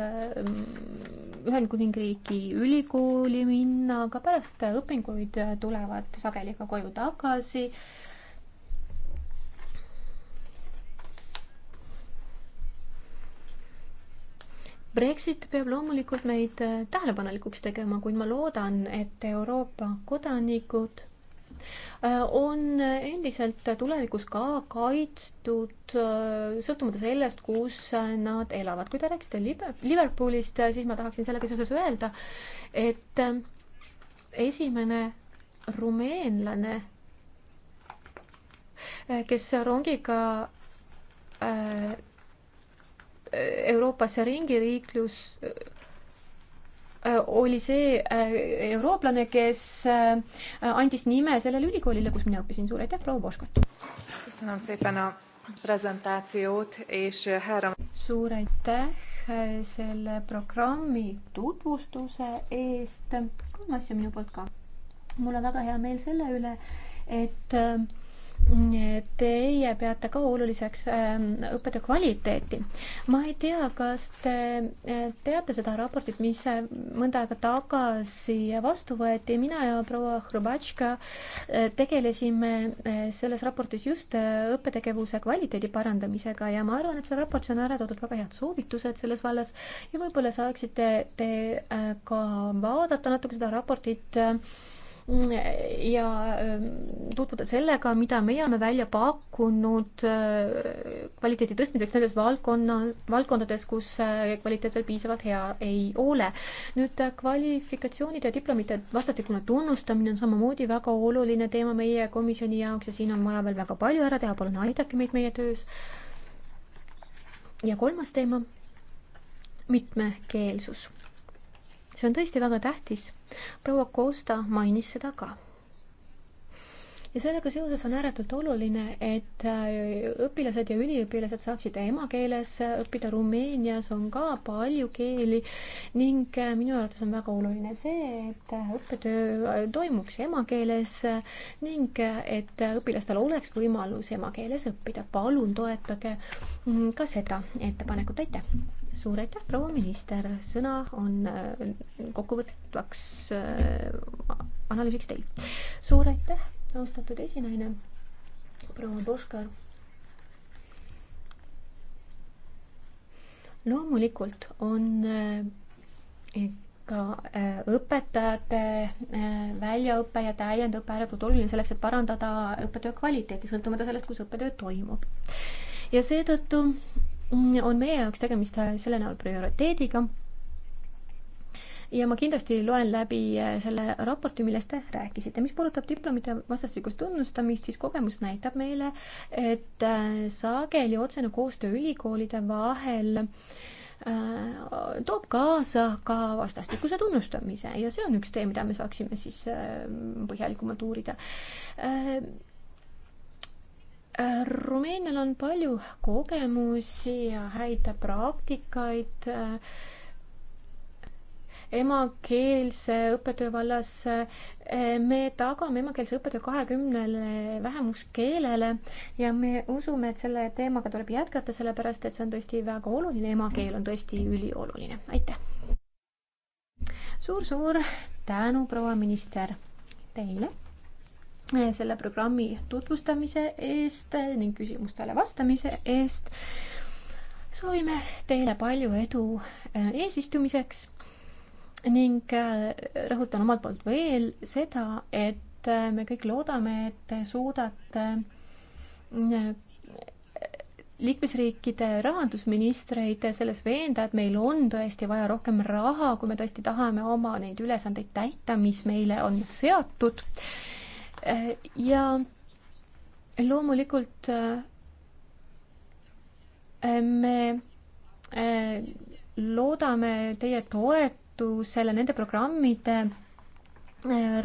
Ühendkuningriigi ülikooli minna, aga pärast õpinguid tulevad sageli ka koju tagasi Brexit peab loomulikult meid äh, tähelepanelikuks tegema, kuid ma loodan, et Euroopa kodanikud äh, on endiselt tulevikus ka kaitstud, äh, sõltumata sellest, kus nad elavad. kui te rääkisite Liverpoolist, siis ma tahaksin sellega seoses öelda, et esimene rumeenlane, kes rongiga Euroopasse ringi riiklus äh, oli see äh, eurooplane, kes äh, andis nime sellele ülikoolile, kus mina õppisin. suur aitäh, proua Boškot! suur aitäh selle programmi tutvustuse eest. kolm asja minu poolt ka. mul on väga hea meel selle üle, et äh, Teie peate ka oluliseks ähm, õppetöö kvaliteeti. ma ei tea, kas te äh, teate seda raportit, mis äh, mõnda aega tagasi vastu võeti, mina ja proua Hrubatška äh, tegelesime selles raportis just õppetegevuse kvaliteedi parandamisega ja ma arvan, et seal raportis on ära toodud väga head soovitused selles vallas ja võib-olla saaksite te ka vaadata natuke seda raportit Mm, ja ähm, tutvuda sellega, mida meie oleme välja pakkunud äh, kvaliteedi tõstmiseks nendes valdkonna, valdkondades, kus äh, kvaliteet veel piisavalt hea ei ole. nüüd äh, kvalifikatsioonide ja diplomite vastastikune tunnustamine on samamoodi väga oluline teema meie komisjoni jaoks ja siin on vaja veel väga palju ära teha, palun aidake meid meie töös. ja kolmas teema, mitmekeelsus see on tõesti väga tähtis. proua Costa mainis seda ka ja sellega seoses on ääretult oluline, et äh, õpilased ja üliõpilased saaksid emakeeles äh, õppida. Rumeenias on ka palju keeli ning äh, minu arvates on väga oluline see, et õppetöö toimuks emakeeles ning et õpilastel oleks võimalus emakeeles õppida. palun toetage mm, ka seda ettepanekut, aitäh! suur aitäh, proua minister, sõna on äh, kokkuvõtvaks äh, analüüsiks teil. suur aitäh, austatud esinaine, proua Puškar. loomulikult on äh, ka õpetajate väljaõpe ja täiendõpe ääretult oluline selleks, et parandada õppetöö kvaliteeti, sõltumata sellest, kus õppetöö toimub. ja seetõttu Mm, on meie jaoks tegemist äh, selle näol prioriteediga. ja ma kindlasti loen läbi äh, selle raporti, millest te rääkisite. mis puudutab diplomite vastastikust tunnustamist, siis kogemus näitab meile, et äh, sageli otsene koostöö ülikoolide vahel toob kaasa ka vastastikuse tunnustamise ja see on üks tee, mida me saaksime siis põhjalikumalt uurida. Rumeenial on palju kogemusi ja häid praktikaid emakeelse õppetöö vallas. Eh, me tagame emakeelse õppetöö kahekümnele vähemuskeelele ja me usume, et selle teemaga tuleb jätkata, sellepärast et see on tõesti väga oluline, emakeel on tõesti ülioluline. aitäh suur,! suur-suur tänu, proua minister, teile selle programmi tutvustamise eest ning küsimustele vastamise eest. soovime teile palju edu äh, eesistumiseks ning äh, rõhutan omalt poolt veel seda, et äh, me kõik loodame, et te suudate liikmesriikide rahandusministreid selles veenda, et meil on tõesti vaja rohkem raha, kui me tõesti tahame oma neid ülesandeid täita, mis meile on seatud Äh, ja loomulikult äh, me äh, loodame teie toetusele nende programmide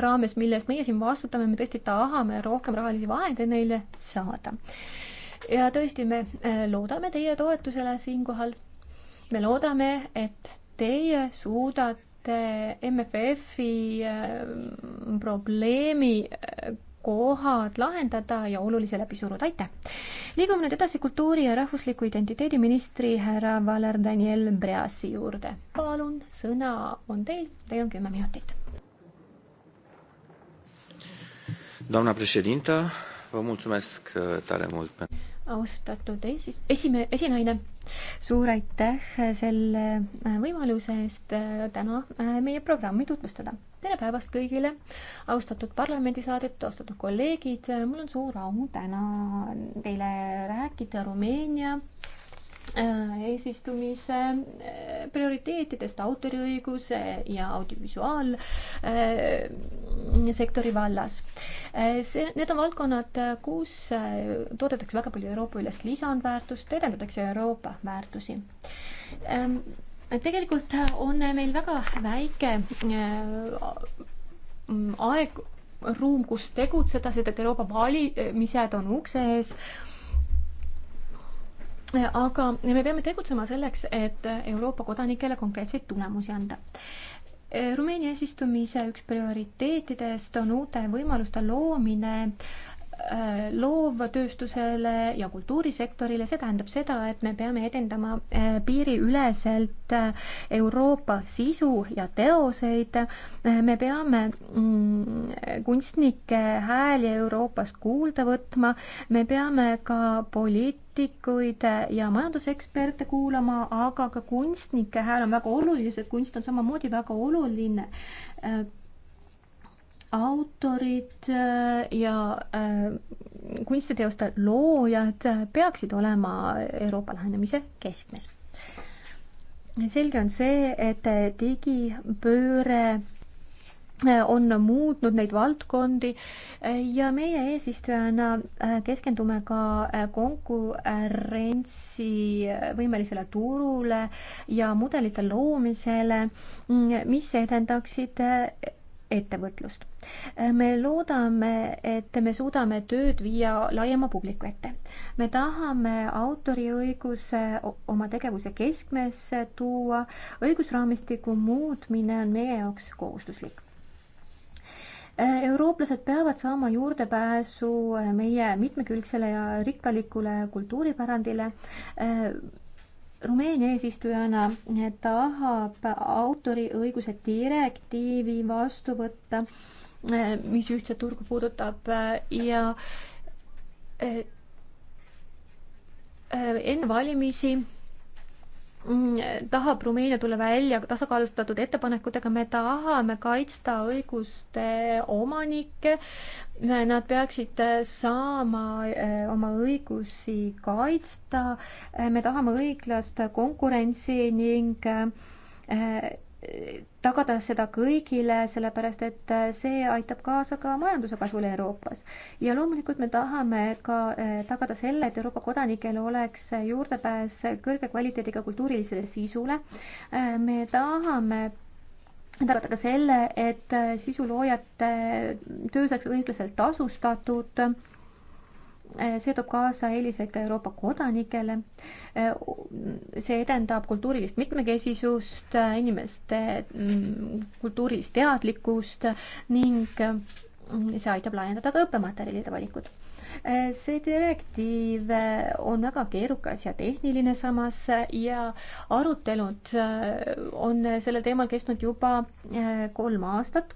raames, mille eest meie siin vastutame, me tõesti tahame rohkem rahalisi vahendeid neile saada. ja tõesti, me loodame teie toetusele siinkohal. me loodame, et teie suudate Eh, MFF-i eh, probleemi eh, kohad lahendada ja olulisi läbi suruda, aitäh! liigume nüüd edasi kultuuri ja rahvusliku identiteedi ministri härra Valer Daniel Breasi juurde. palun, sõna on teil, teil on kümme minutit. Doamna președintă, vă mulțumesc tare mult pentru austatud esi-, esime-, esinaine, suur aitäh selle äh, võimaluse eest äh, täna äh, meie programmi tutvustada. tere päevast kõigile, austatud parlamendisaadikud, austatud kolleegid, mul on suur au täna teile rääkida Rumeenia Äh, eesistumise äh, prioriteetidest autoriõiguse ja audiovisuaalsektori äh, vallas. see, need on valdkonnad, kus toodetakse väga palju Euroopa-ülest lisandväärtust, edendatakse Euroopa väärtusi ähm, tegelikult on meil väga väike aeg, ruum, kus tegutseda, sest et Euroopa valimised on ukse ees aga me peame tegutsema selleks, et Euroopa kodanikele konkreetseid tulemusi anda. Rumeenia eesistumise üks prioriteetidest on uute võimaluste loomine Äh, loovtööstusele ja kultuurisektorile, see tähendab seda, et me peame edendama äh, piiriüleselt äh, Euroopa sisu ja teoseid, me peame mm, kunstnike hääli Euroopas kuulda võtma, me peame ka poliit-, poliitikuid ja majanduseksperte kuulama, aga ka kunstnike hääl on väga oluline, sest kunst on samamoodi väga oluline autorid äh, ja äh, kunstiteoste loojad peaksid olema Euroopa lähenemise keskmes. selge on see, et digipööre äh, on muutnud neid valdkondi ja meie eesistujana keskendume ka konkurentsivõimelisele turule ja mudelite loomisele, mm, mis edendaksid ettevõtlust. me loodame, et me suudame tööd viia laiema publiku ette. me tahame autoriõiguse oma tegevuse keskmesse tuua, õigusraamistiku muutmine on meie jaoks kohustuslik eurooplased peavad saama juurdepääsu meie mitmekülgsele ja rikkalikule kultuuripärandile. Rumeenia eesistujana tahab autoriõiguse direktiivi vastu võtta, eh, mis ühtset turgu puudutab eh, ja eh, enne valimisi Mm, tahab Rumeenia tulla välja tasakaalustatud ettepanekutega, me tahame kaitsta õiguste omanikke, nad peaksid äh, saama äh, oma õigusi kaitsta, äh, me tahame õiglast konkurentsi ning tagada seda kõigile, sellepärast et äh, see aitab kaasa ka majanduse kasvule Euroopas. ja loomulikult me tahame ka äh, tagada selle, et Euroopa kodanikel oleks juurdepääs kõrge kvaliteediga kultuurilisele sisule. Äh, me tahame tagada ka selle, et sisuloojate töö saaks õiglaselt tasustatud Eh, see toob kaasa eeliseid ka Euroopa kodanikele. Eh, see edendab kultuurilist mitmekesisust, eh, inimeste mm, kultuurilist teadlikkust ning mm, see aitab laiendada ka õppematerjalide valikut see direktiiv on väga keerukas ja tehniline samas ja arutelud on sellel teemal kestnud juba kolm aastat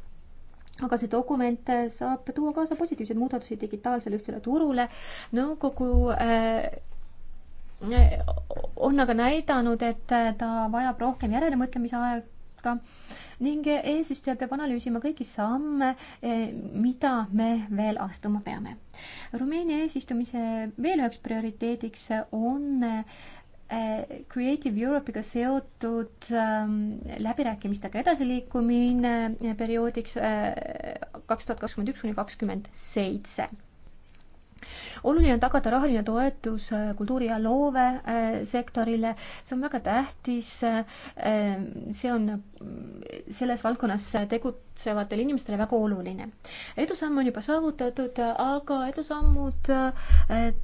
aga see dokument äh, saab tuua kaasa positiivseid muudatusi digitaalsele ühtsele turule. nõukogu äh, äh, on aga näidanud, et ta vajab rohkem järelemõtlemise aega ning eesistuja peab analüüsima kõiki samme, mida me veel astuma peame. Rumeenia eesistumise veel üheks prioriteediks on Eh, Creative Europe'iga seotud ähm, läbirääkimistega edasiliikumine eh, perioodiks äh, kaks tuhat kakskümmend üks kuni kakskümmend seitse oluline on tagada rahaline toetus äh, kultuuri- ja loovesektorile, see on väga tähtis, äh, see on mm, selles valdkonnas tegutsevatele inimestele väga oluline. edusamm on juba saavutatud, aga edusammud äh,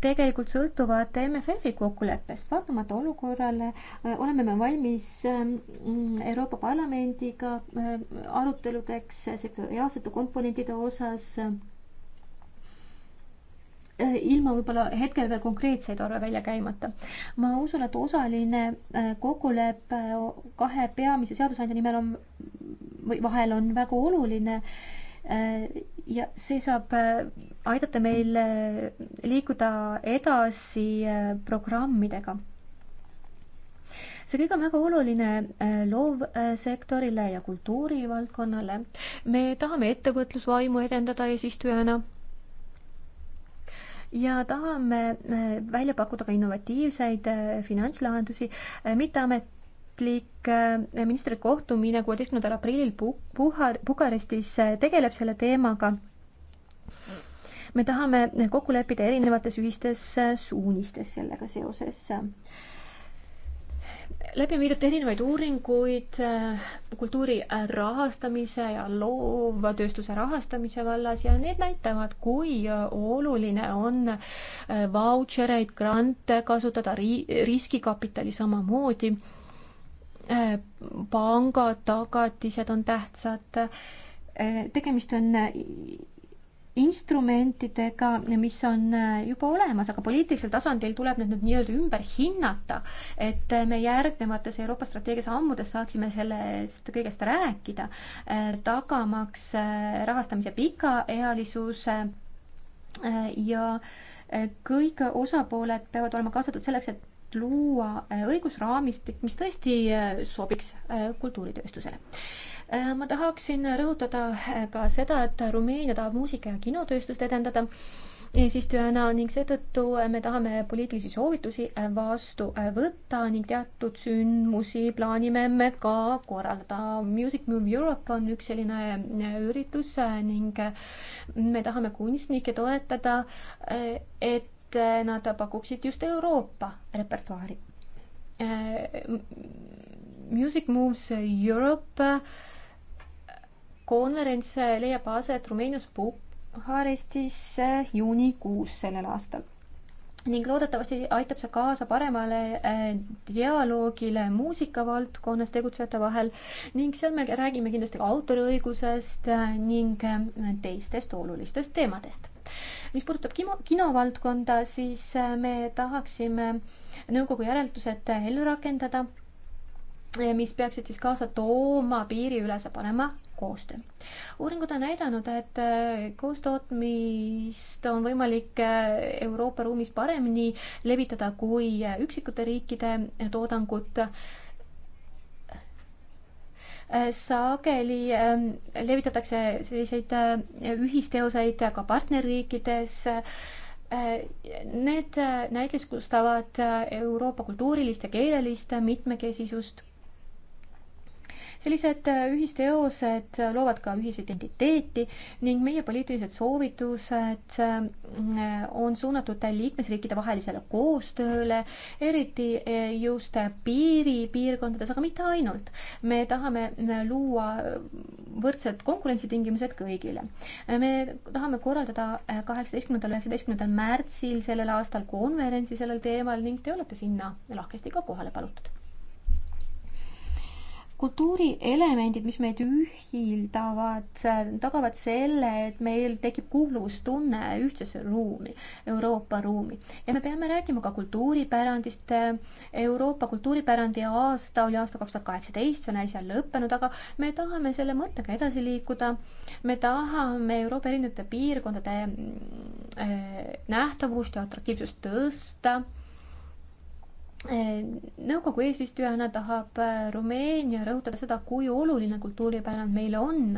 tegelikult sõltuvad MFF-i kokkuleppest, vaatamata olukorrale oleme me valmis ähm, Euroopa Parlamendiga aruteludeks sektoriaalsete komponentide osas Eh, ilma võib-olla hetkel veel konkreetseid arve välja käimata. ma usun, et osaline eh, kokkulepe eh, kahe peamise seadusandja nimel on või vahel on väga oluline ja see saab aidata meil liikuda edasi programmidega see kõik on väga oluline loovsektorile ja kultuurivaldkonnale. me tahame ettevõtlusvaimu edendada eesistujana ja tahame äh, välja pakkuda ka innovatiivseid äh, finantslahendusi, äh, mitteamet-, riiklik ministrite kohtumine kuueteistkümnendal aprillil Puhar, Bukarestis tegeleb selle teemaga. me tahame kokku leppida erinevates ühistes suunistes sellega seoses läbi on viidud erinevaid uuringuid äh, kultuuri rahastamise ja loovtööstuse rahastamise vallas ja need näitavad, kui äh, oluline on äh, vautšereid, grante kasutada, ri-, riskikapitali samamoodi, pangad, tagatised on tähtsad, tegemist on instrumentidega, mis on äh, juba olemas, aga poliitilisel tasandil tuleb need nüüd nii-öelda ümber hinnata, et äh, me järgnevates Euroopa strateegia sammudes saaksime sellest kõigest rääkida, äh, tagamaks rahastamise pikaealisuse ja kõik osapooled peavad olema kaasatud selleks, et luua õigusraamistik, mis tõesti sobiks kultuuritööstusele Äh, ma tahaksin rõhutada äh, ka seda, et Rumeenia tahab muusika- ja kinotööstust edendada eesistujana ning seetõttu äh, me tahame poliitilisi soovitusi vastu võtta ning teatud sündmusi plaanime me ka korraldada. Music Move Europe on üks selline üritus ning me tahame kunstnikke toetada, et nad pakuksid just Euroopa repertuaari. Music Moves Europe konverents eh, leiab aset Rumeenias Bukarestis eh, juunikuus sellel aastal ning loodetavasti aitab see kaasa paremale eh, dialoogile muusikavaldkonnas tegutsejate vahel ning seal me räägime kindlasti ka autoriõigusest ning teistest olulistest teemadest. mis puudutab kino, kinovaldkonda, siis me tahaksime nõukogu järeldused ellu rakendada mis peaksid siis kaasa tooma piiriülese parema koostöö. uuringud on näidanud, et äh, koostootmist on võimalik äh, Euroopa ruumis paremini levitada kui äh, üksikute riikide toodangut sageli ähm, levitatakse selliseid ühisteoseid ka partnerriikides. Need näitlikustavad Euroopa kultuurilist ja keelelist mitmekesisust sellised äh, ühisteosed loovad ka ühisidentiteeti ning meie poliitilised soovitused äh, on suunatud liikmesriikide vahelisele koostööle, eriti äh, just piiripiirkondades, aga mitte ainult. me tahame luua võrdsed konkurentsitingimused kõigile. me tahame korraldada kaheksateistkümnendal, üheksateistkümnendal märtsil sellel aastal konverentsi sellel teemal ning te olete sinna lahkesti ka kohale palutud kultuurielemendid, mis meid ühildavad, tagavad selle, et meil tekib kuuluvustunne ühtsesse ruumi, Euroopa ruumi. ja me peame rääkima ka kultuuripärandist. Euroopa kultuuripärandi aasta oli aasta kaks tuhat kaheksateist, see on äsja lõppenud, aga me tahame selle mõttega edasi liikuda. me tahame Euroopa erinevate piirkondade äh, nähtavust ja atraktiivsust tõsta Eh, nõukogu eesistujana tahab eh, Rumeenia rõhutada seda, kui oluline kultuuripärand meile on.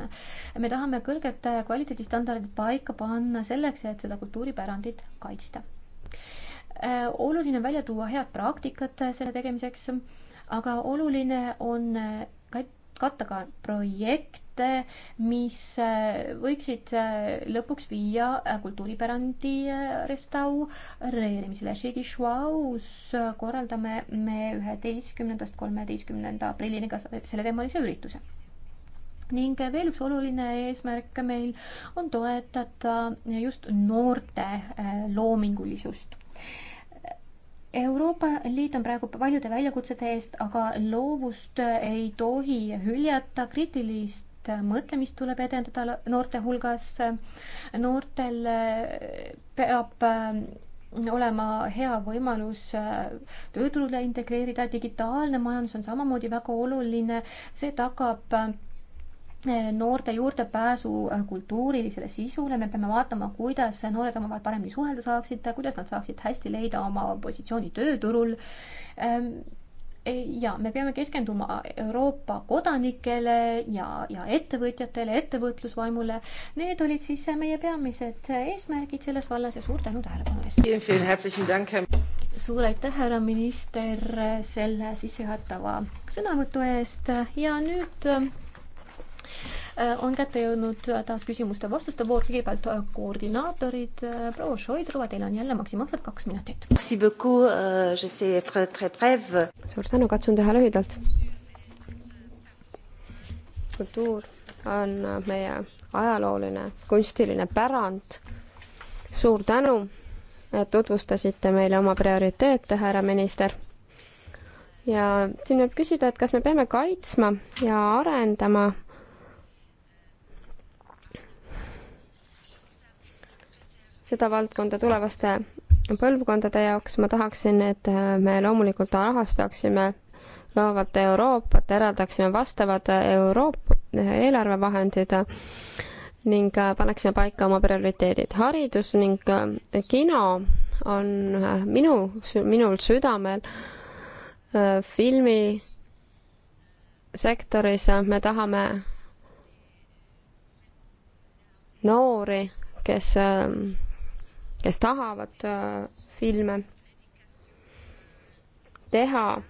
me tahame kõrged eh, kvaliteedistandardid paika panna selleks, et seda kultuuripärandit kaitsta. oluline on välja tuua head praktikat selle tegemiseks, aga oluline on katta ka projekt, ette, mis äh, võiksid äh, lõpuks viia äh, kultuuripärandi restaureerimisele. Shigishuaus korraldame me üheteistkümnendast kolmeteistkümnenda aprillini ka selleteemalise ürituse ning veel üks oluline eesmärk meil on toetada just noorte loomingulisust. Euroopa Liit on praegu paljude väljakutsete eest, aga loovust ei tohi hüljata, kriitilist mõte, mis tuleb edendada noorte hulgas. noortel eh, peab eh, olema hea võimalus eh, tööturule integreerida, digitaalne majandus on samamoodi väga oluline, see tagab noorte juurdepääsu kultuurilisele sisule, me peame vaatama, kuidas noored omavahel paremini suhelda saaksid, kuidas nad saaksid hästi leida oma positsiooni tööturul. Ehm, ja me peame keskenduma Euroopa kodanikele ja, ja ettevõtjatele, ettevõtlusvaimule. Need olid siis meie peamised eesmärgid selles vallas ja suur tänu tähelepanu eest. suur aitäh, härra minister, selle sissejuhatava sõnavõtu eest ja nüüd Äh, on kätte jõudnud äh, taas küsimuste-vastuste voor, kõigepealt äh, koordinaatorid, proua Šoidrova, teil on jälle maksimaalselt kaks minutit. suur tänu, katsun teha lühidalt. kultuur on meie ajalooline kunstiline pärand. suur tänu, et tutvustasite meile oma prioriteete, härra minister ja siin võib küsida, et kas me peame kaitsma ja arendama seda valdkonda tulevaste põlvkondade jaoks. ma tahaksin, et me loomulikult rahastaksime loovat Euroopat, eraldaksime vastavad Euroopa eelarvevahendid ning paneksime paika oma prioriteedid. haridus ning kino on minu, minul südamel filmi sektoris me tahame noori, kes kes tahavad äh, filme teha,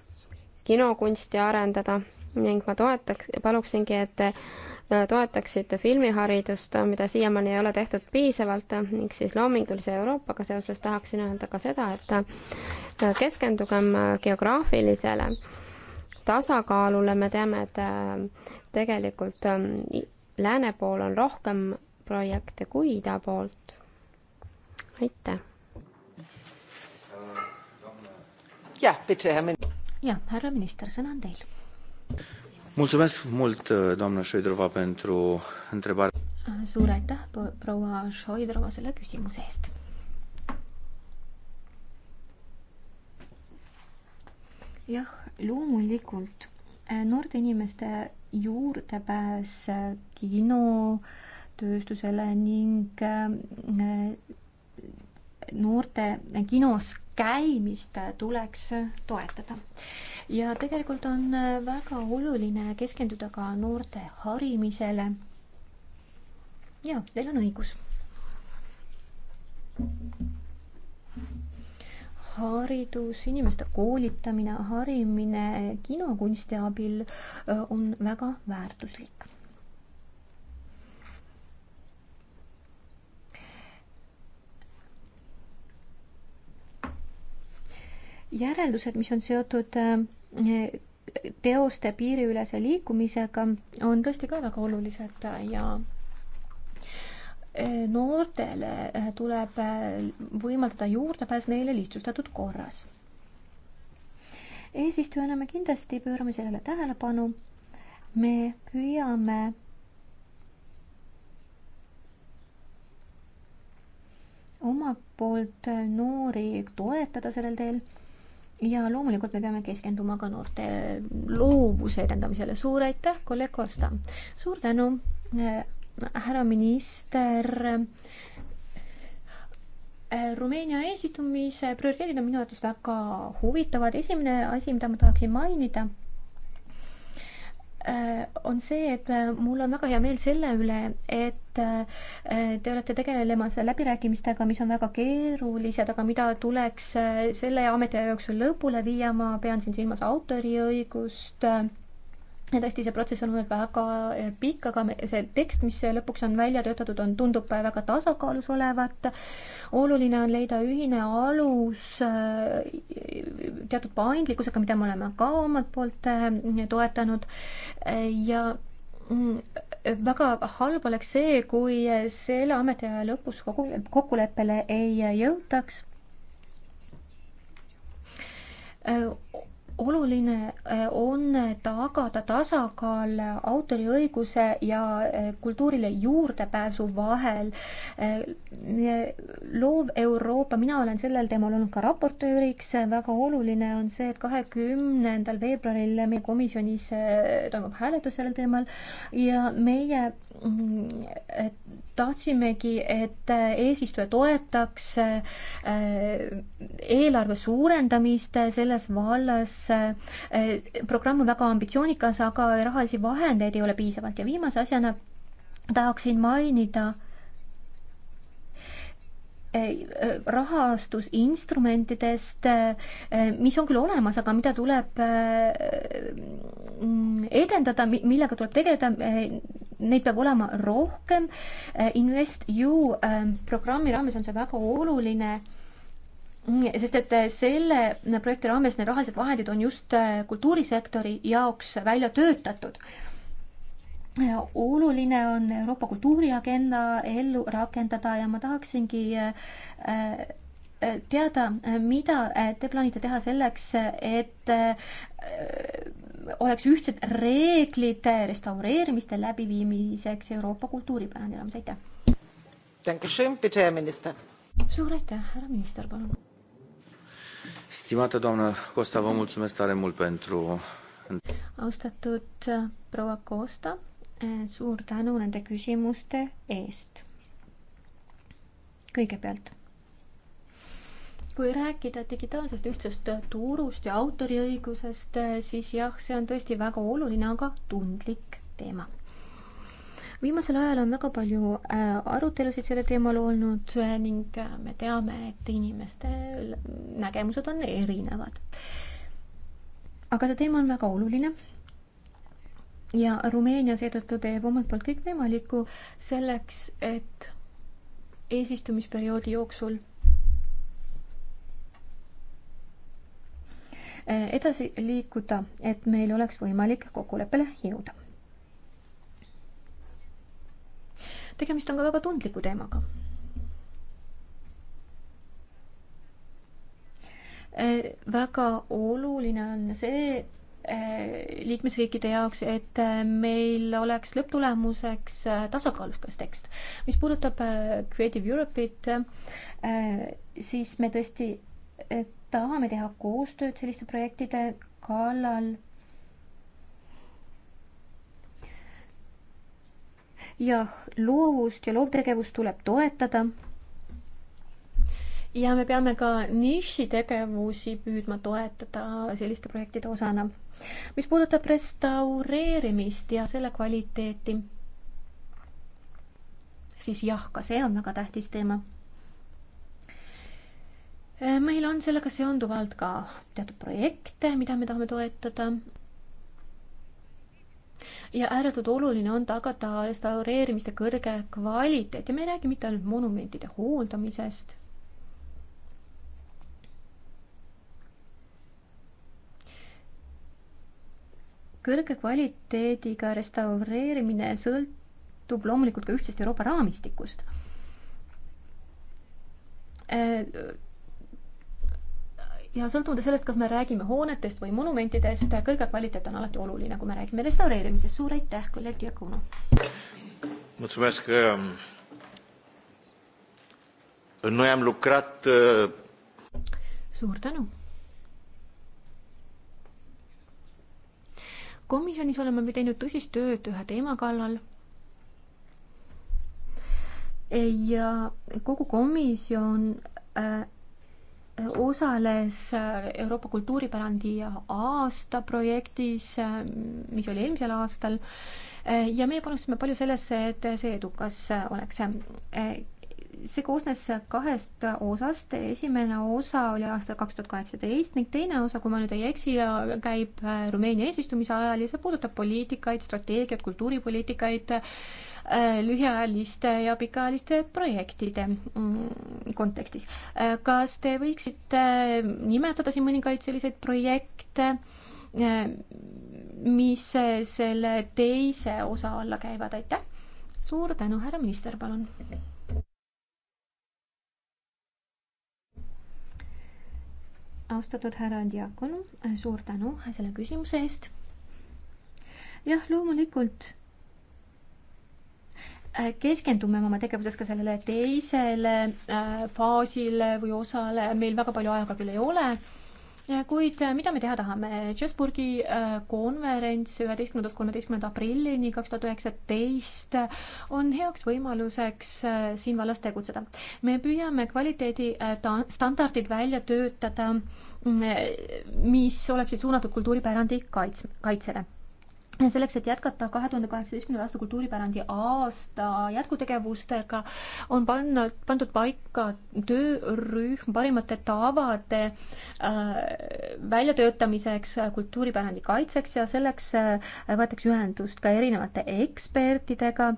kinokunsti arendada ning ma toetaks, paluksingi, et te äh, toetaksite filmiharidust, mida siiamaani ei ole tehtud piisavalt ning siis loomingulise Euroopaga seoses tahaksin öelda ka seda, et äh, keskendugem geograafilisele tasakaalule, me teame, et tegelikult ähm, lääne pool on rohkem projekte kui ida poolt aitäh. jah, härra minister, sõna on teil. Mulțumesc mult, doamnă Șoidrova, pentru întrebare. Suur aitäh, proua Šoidrova, selle küsimuse eest. jah, loomulikult eh, noorte inimeste juurdepääs kinotööstusele ning eh, noorte kinos käimist tuleks toetada. ja tegelikult on väga oluline keskenduda ka noorte harimisele. ja, teil on õigus. haridus, inimeste koolitamine, harimine kinokunsti abil äh, on väga väärtuslik järeldused, mis on seotud eh, teoste piiriülese liikumisega, on tõesti ka väga olulised ja eh, noortele eh, tuleb võimaldada juurdepääs neile lihtsustatud korras. eesistujana me kindlasti pöörame sellele tähelepanu. me püüame omalt poolt noori toetada sellel teel ja loomulikult me peame keskenduma ka noorte loovuse edendamisele. suur aitäh, kolleeg Kosta! suur tänu, äh, härra minister! Äh, Rumeenia eesistumise prioriteedid on minu arvates väga huvitavad. esimene asi, mida ma tahaksin mainida Äh, on see, et äh, mul on väga hea meel selle üle, et äh, te olete tegelemas läbirääkimistega, mis on väga keerulised, aga mida tuleks selle ametiaja jooksul lõpule viia, ma pean siin silmas autoriõigust äh,, ja tõesti, see protsess on olnud väga eh, pikk, aga see tekst, mis lõpuks on välja töötatud, on, tundub väga tasakaalus olevat. oluline on leida ühine alus eh, teatud paindlikkusega, mida me oleme ka omalt poolt eh, toetanud ja mm, väga halb oleks see, kui selle ametiaja lõpus kogu, kokkuleppele ei jõutaks oluline äh, on tagada tasakaal autoriõiguse ja äh, kultuurile juurdepääsu vahel. Äh, loov Euroopa, mina olen sellel teemal olnud ka raportööriks, väga oluline on see, et kahekümnendal veebruaril meie komisjonis toimub hääletus sellel teemal ja meie Mm, tahtsimegi, et äh, eesistuja toetaks äh, eelarve suurendamist selles vallas. Äh, programm on väga ambitsioonikas, aga rahalisi vahendeid ei ole piisavalt ja viimase asjana tahaksin mainida rahastusinstrumentidest, mis on küll olemas, aga mida tuleb mm, edendada, millega tuleb tegeleda, neid peab olema rohkem. InvestEU programmi raames on see väga oluline, mm, sest et selle projekti raames need rahalised vahendid on just kultuurisektori jaoks välja töötatud oluline on Euroopa kultuuriagenda ellu rakendada ja ma tahaksingi äh, äh, teada, mida äh, te plaanite teha selleks, et oleks ühtsed reeglid restaureerimiste läbiviimiseks Euroopa kultuuripärandi raames, aitäh! suur aitäh, härra minister, palun! Stimată doamnă Costa, vă mulțumesc tare mult pentru... Austatud proua Costa, suur tänu nende küsimuste eest. kõigepealt kui rääkida digitaalsest ühtsest turust ja autoriõigusest, siis jah, see on tõesti väga oluline, aga tundlik teema. viimasel ajal on väga palju äh, arutelusid sellel teemal olnud äh, ning äh, me teame, et inimeste nägemused on erinevad. aga see teema on väga oluline ja Rumeenia seetõttu teeb omalt poolt kõik võimalikku selleks, et eesistumisperioodi jooksul äh, edasi liikuda, et meil oleks võimalik kokkuleppele jõuda. tegemist on ka väga tundliku teemaga äh, väga oluline on see, Eh, liikmesriikide jaoks, et eh, meil oleks lõpptulemuseks eh, tasakaalukas tekst. mis puudutab Creative Europe'it, siis me tõesti tahame teha koostööd selliste projektide kallal. jah, loovust ja loovtegevust tuleb toetada ja me peame ka nišitegevusi püüdma toetada selliste projektide osana. mis puudutab restaureerimist ja selle kvaliteeti, siis jah, ka see on väga tähtis teema. meil on sellega seonduvalt ka teatud projekte, mida me tahame toetada ja ääretult oluline on tagada restaureerimiste kõrge kvaliteet ja me ei räägi mitte ainult monumentide hooldamisest kõrge kvaliteediga restaureerimine sõltub loomulikult ka ühtsest Euroopa raamistikust ja sõltumata sellest, kas me räägime hoonetest või monumentidest, kõrge kvaliteet on alati oluline, kui me räägime restaureerimisest. suur aitäh, kolleeg Diakono. Um, uh, suur tänu komisjonis oleme me teinud tõsist tööd ühe teema kallal. ja kogu komisjon äh, osales äh, Euroopa kultuuripärandi aasta projektis, äh, mis oli eelmisel aastal, äh, ja meie panustasime palju sellesse, et see edukas oleks see koosnes kahest osast, esimene osa oli aastal kaks tuhat kaheksateist ning teine osa, kui ma nüüd ei eksi, käib äh, Rumeenia eesistumise ajal ja see puudutab poliitikaid, strateegiat, kultuuripoliitikaid, äh, lühiajaliste ja pikaajaliste projektide mm, kontekstis. Äh, kas te võiksite nimetada siin mõningaid selliseid projekte, mis selle teise osa alla käivad, aitäh! suur tänu, härra minister, palun! austatud härra Diakonu, suur tänu selle küsimuse eest. jah, loomulikult äh, keskendume oma tegevuses ka sellele teisele äh, faasile või osale, meil väga palju aega küll ei ole kuid äh, mida me teha tahame? Chessburgi äh, konverents üheteistkümnendast kolmeteistkümnenda aprillini kaks tuhat üheksateist on heaks võimaluseks äh, siin vallas tegutseda. me püüame kvaliteedi standardid välja töötada, mm, mis oleksid suunatud kultuuripärandi kaits-, kaitsele selleks, et jätkata kahe tuhande kaheksateistkümnenda aasta kultuuripärandi aasta jätkutegevustega, on panna, pandud paika töörühm parimate tavade äh, väljatöötamiseks äh, kultuuripärandi kaitseks ja selleks äh, võetakse ühendust ka erinevate ekspertidega.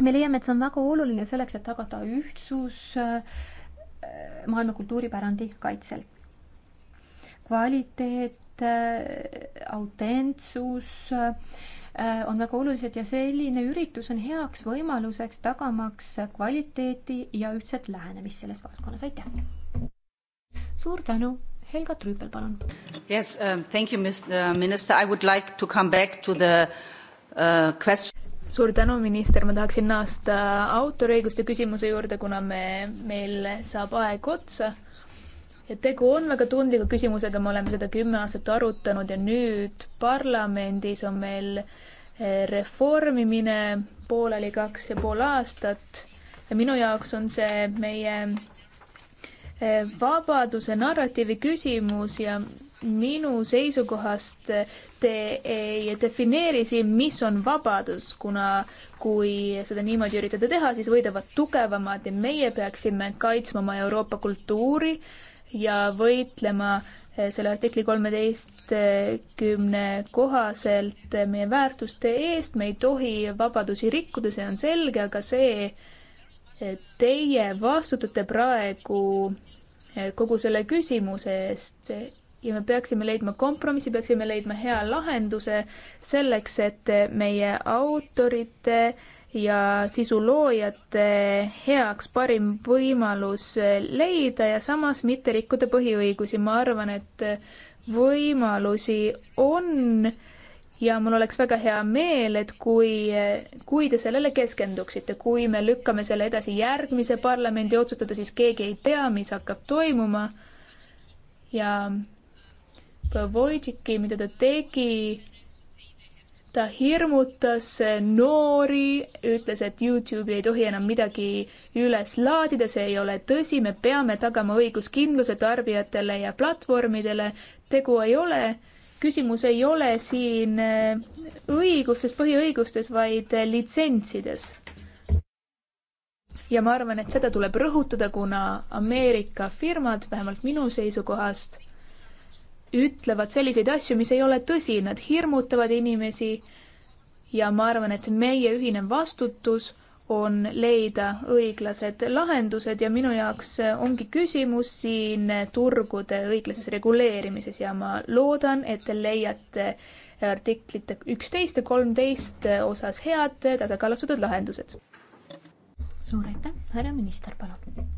me leiame, et see on väga oluline selleks, et tagada ühtsus äh, maailma kultuuripärandi kaitsel. kvaliteet Äh, autentsus äh, on väga olulised ja selline üritus on heaks võimaluseks tagamaks kvaliteeti ja ühtset lähenemist selles valdkonnas, aitäh! suur tänu! Helga Trüüpel, palun. Yes um,, thank you, uh, minister, I would like to come back to the uh, question suur tänu, minister, ma tahaksin naasta autoriõiguste küsimuse juurde, kuna me, meil saab aeg otsa tegu on väga tundliku küsimusega, me oleme seda kümme aastat arutanud ja nüüd parlamendis on meil eh, reformimine pooleli kaks ja pool aastat. minu jaoks on see meie eh, vabaduse narratiivi küsimus ja minu seisukohast eh, te ei defineeri siin, mis on vabadus, kuna kui seda niimoodi üritada teha, siis võidavad tugevamad ja meie peaksime kaitsma oma Euroopa kultuuri äh, ja võitlema eh, selle artikli kolmeteistkümne kohaselt eh, meie väärtuste eest, me ei tohi vabadusi rikkuda, see on selge, aga see, eh, teie vastutate praegu kogu selle küsimuse eest ja me peaksime leidma kompromissi, peaksime leidma hea lahenduse selleks, et meie autorite äh, ja sisuloojate heaks parim võimalus leida ja samas mitte rikkuda põhiõigusi. ma arvan, et võimalusi on ja mul oleks väga hea meel, et kui, kui te sellele keskenduksite, kui me lükkame selle edasi järgmise parlamendi otsustada, siis keegi ei tea, mis hakkab toimuma. ja Vojtšiki, mida ta tegi ta hirmutas noori, ütles, et Youtube'i ei tohi enam midagi üles laadida, see ei ole tõsi, me peame tagama õiguskindluse tarbijatele ja platvormidele. tegu ei ole, küsimus ei ole siin äh, õigustes, põhiõigustes, vaid äh, litsentsides. ja ma arvan, et seda tuleb rõhutada, kuna Ameerika firmad, vähemalt minu seisukohast, ütlevad selliseid asju, mis ei ole tõsi, nad hirmutavad inimesi ja ma arvan, et meie ühine vastutus on leida õiglased lahendused ja minu jaoks ongi küsimus siin turgude õiglases reguleerimises ja ma loodan, et te leiate artiklite üksteist ja kolmteist osas head tasakaalustatud lahendused. suur aitäh, härra minister, palun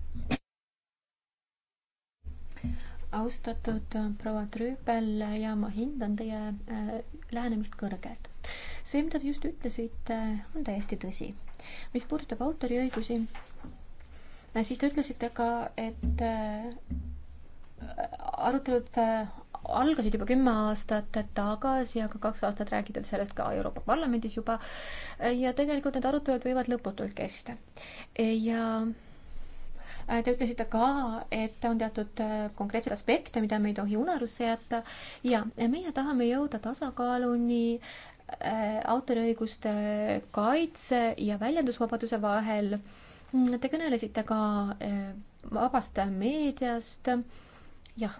austatud äh, proua Trüübel äh, ja ma hindan teie äh, lähenemist kõrgelt. see, mida te just ütlesite, on täiesti tõsi. mis puudutab autoriõigusi, äh, siis te ütlesite ka, et äh, arutelud äh, algasid juba kümme aastat tagasi, aga kaks aastat räägiti sellest ka Euroopa Parlamendis juba. ja tegelikult need arutelud võivad lõputult kesta. ja Äh, te ütlesite ka, et on teatud äh, konkreetseid aspekte, mida me ei tohi unarusse jätta ja meie tahame jõuda tasakaaluni äh, autoriõiguste kaitse ja väljendusvabaduse vahel. Mm, te kõnelesite ka vabast meediast. jah,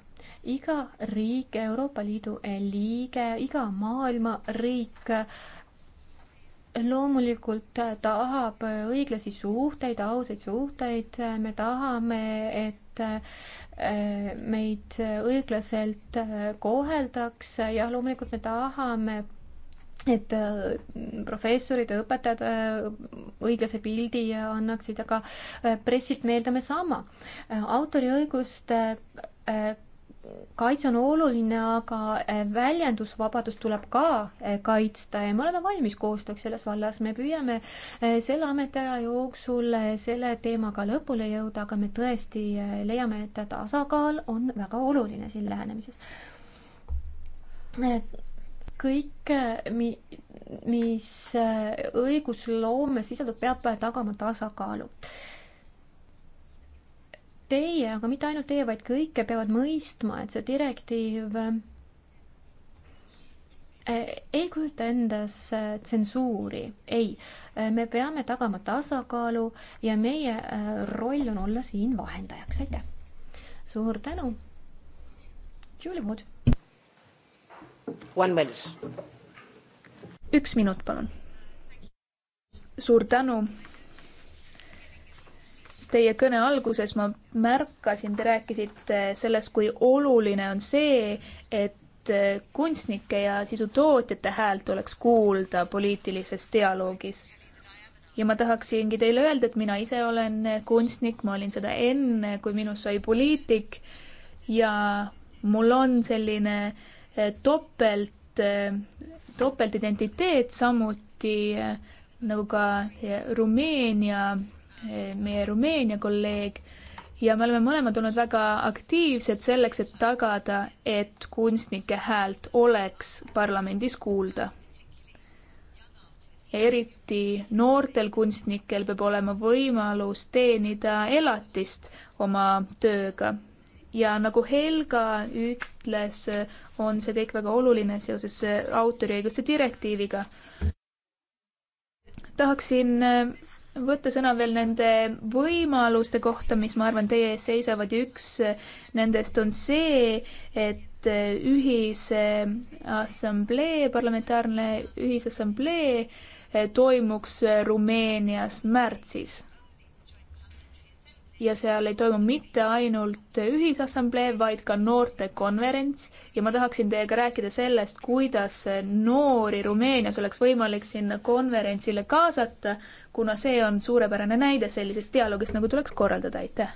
iga riik, Euroopa Liidu liige, iga maailma riik loomulikult tahab õiglasi suhteid, ausaid suhteid, me tahame, et äh, meid õiglaselt äh, koheldaks, jah, loomulikult me tahame, et äh, professorid ja õpetajad õiglase pildi annaksid, aga pressilt me eeldame sama. autoriõiguste kaitse on oluline, aga eh, väljendusvabadust tuleb ka eh, kaitsta ja me oleme valmis koostööks selles vallas, me püüame eh, selle ametiaja jooksul selle teemaga lõpule jõuda, aga me tõesti leiame, et tasakaal on väga oluline siin lähenemises. kõik, mi-, mis õigusloomes sisaldub, peab tagama tasakaalu teie, aga mitte ainult teie, vaid kõike peavad mõistma, et see direktiiv eh, ei kujuta endas tsensuuri, ei. Eh, me peame tagama tasakaalu ja meie eh, roll on olla siin vahendajaks, aitäh. suur tänu. Julie Wood. One minute. üks minut, palun. suur tänu Teie kõne alguses ma märkasin, te rääkisite sellest, kui oluline on see, et kunstnike ja sisutootjate häält oleks kuulda poliitilises dialoogis. ja ma tahaksingi teile öelda, et mina ise olen kunstnik, ma olin seda enne, kui minust sai poliitik ja mul on selline eh, topelt, eh, topeltidentiteet, samuti eh, nagu ka Rumeenia meie Rumeenia kolleeg ja me oleme mõlemad olnud väga aktiivsed selleks, et tagada, et kunstnike häält oleks parlamendis kuulda. eriti noortel kunstnikel peab olema võimalus teenida elatist oma tööga. ja nagu Helga ütles, on see kõik väga oluline seoses autoriõiguste direktiiviga. tahaksin võtta sõna veel nende võimaluste kohta, mis ma arvan, teie ees seisavad ja üks nendest on see, et ühise assamblee, parlamentaarne ühisassamblee toimuks Rumeenias märtsis. ja seal ei toimu mitte ainult ühisassamblee, vaid ka noortekonverents ja ma tahaksin teiega rääkida sellest, kuidas noori Rumeenias oleks võimalik sinna konverentsile kaasata kuna see on suurepärane näide sellisest dialoogist, nagu tuleks korraldada, aitäh!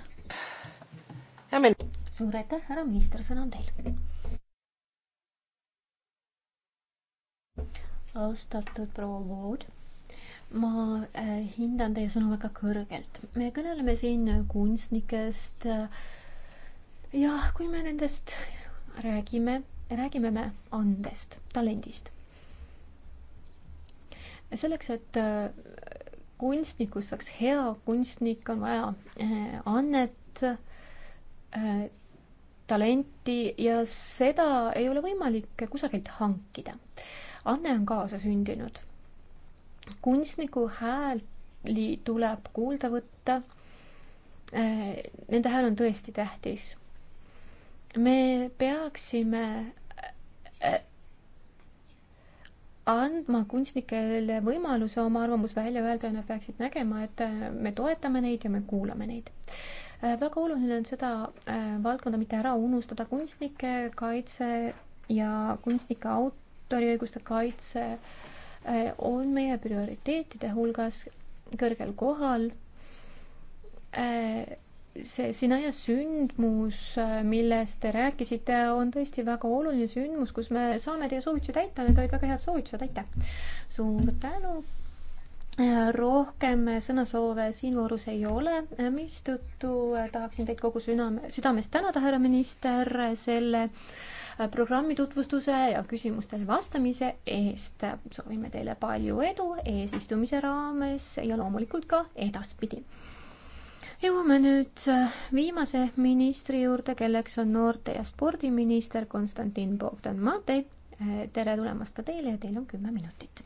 suur aitäh, härra minister, sõna on teil. austatud proua Vood ma äh, hindan teie sõnu väga kõrgelt. me kõneleme siin kunstnikest. Äh, jah, kui me nendest räägime, räägime me andest, talendist. selleks, et äh, kunstnikust saaks hea kunstnik, on vaja eh, annet, eh, talenti ja seda ei ole võimalik kusagilt hankida. anne on kaasasündinud. kunstniku hääli tuleb kuulda võtta. Eh, nende hääl on tõesti tähtis. me peaksime andma kunstnikele võimaluse oma arvamus välja öelda ja nad peaksid nägema, et äh, me toetame neid ja me kuulame neid. Äh, väga oluline on seda äh, valdkonda mitte ära unustada, kunstnike kaitse ja kunstnike autoriõiguste kaitse on meie prioriteetide hulgas kõrgel kohal see Sinaia sündmus, äh, millest te rääkisite, on tõesti väga oluline sündmus, kus me saame teie soovitusi täita, need olid väga head soovitused, aitäh! suur tänu! Äh, rohkem sõnasoove siin voorus ei ole, äh, mistõttu tahaksin teid kogu südame, südamest tänada, härra minister, selle programmi tutvustuse ja küsimustele vastamise eest. soovime teile palju edu eesistumise raames ja loomulikult ka edaspidi jõuame nüüd äh, viimase ministri juurde, kelleks on noorte- ja spordiminister Konstantin Bogdan Mate. Äh, tere tulemast ka teile ja teil on kümme minutit.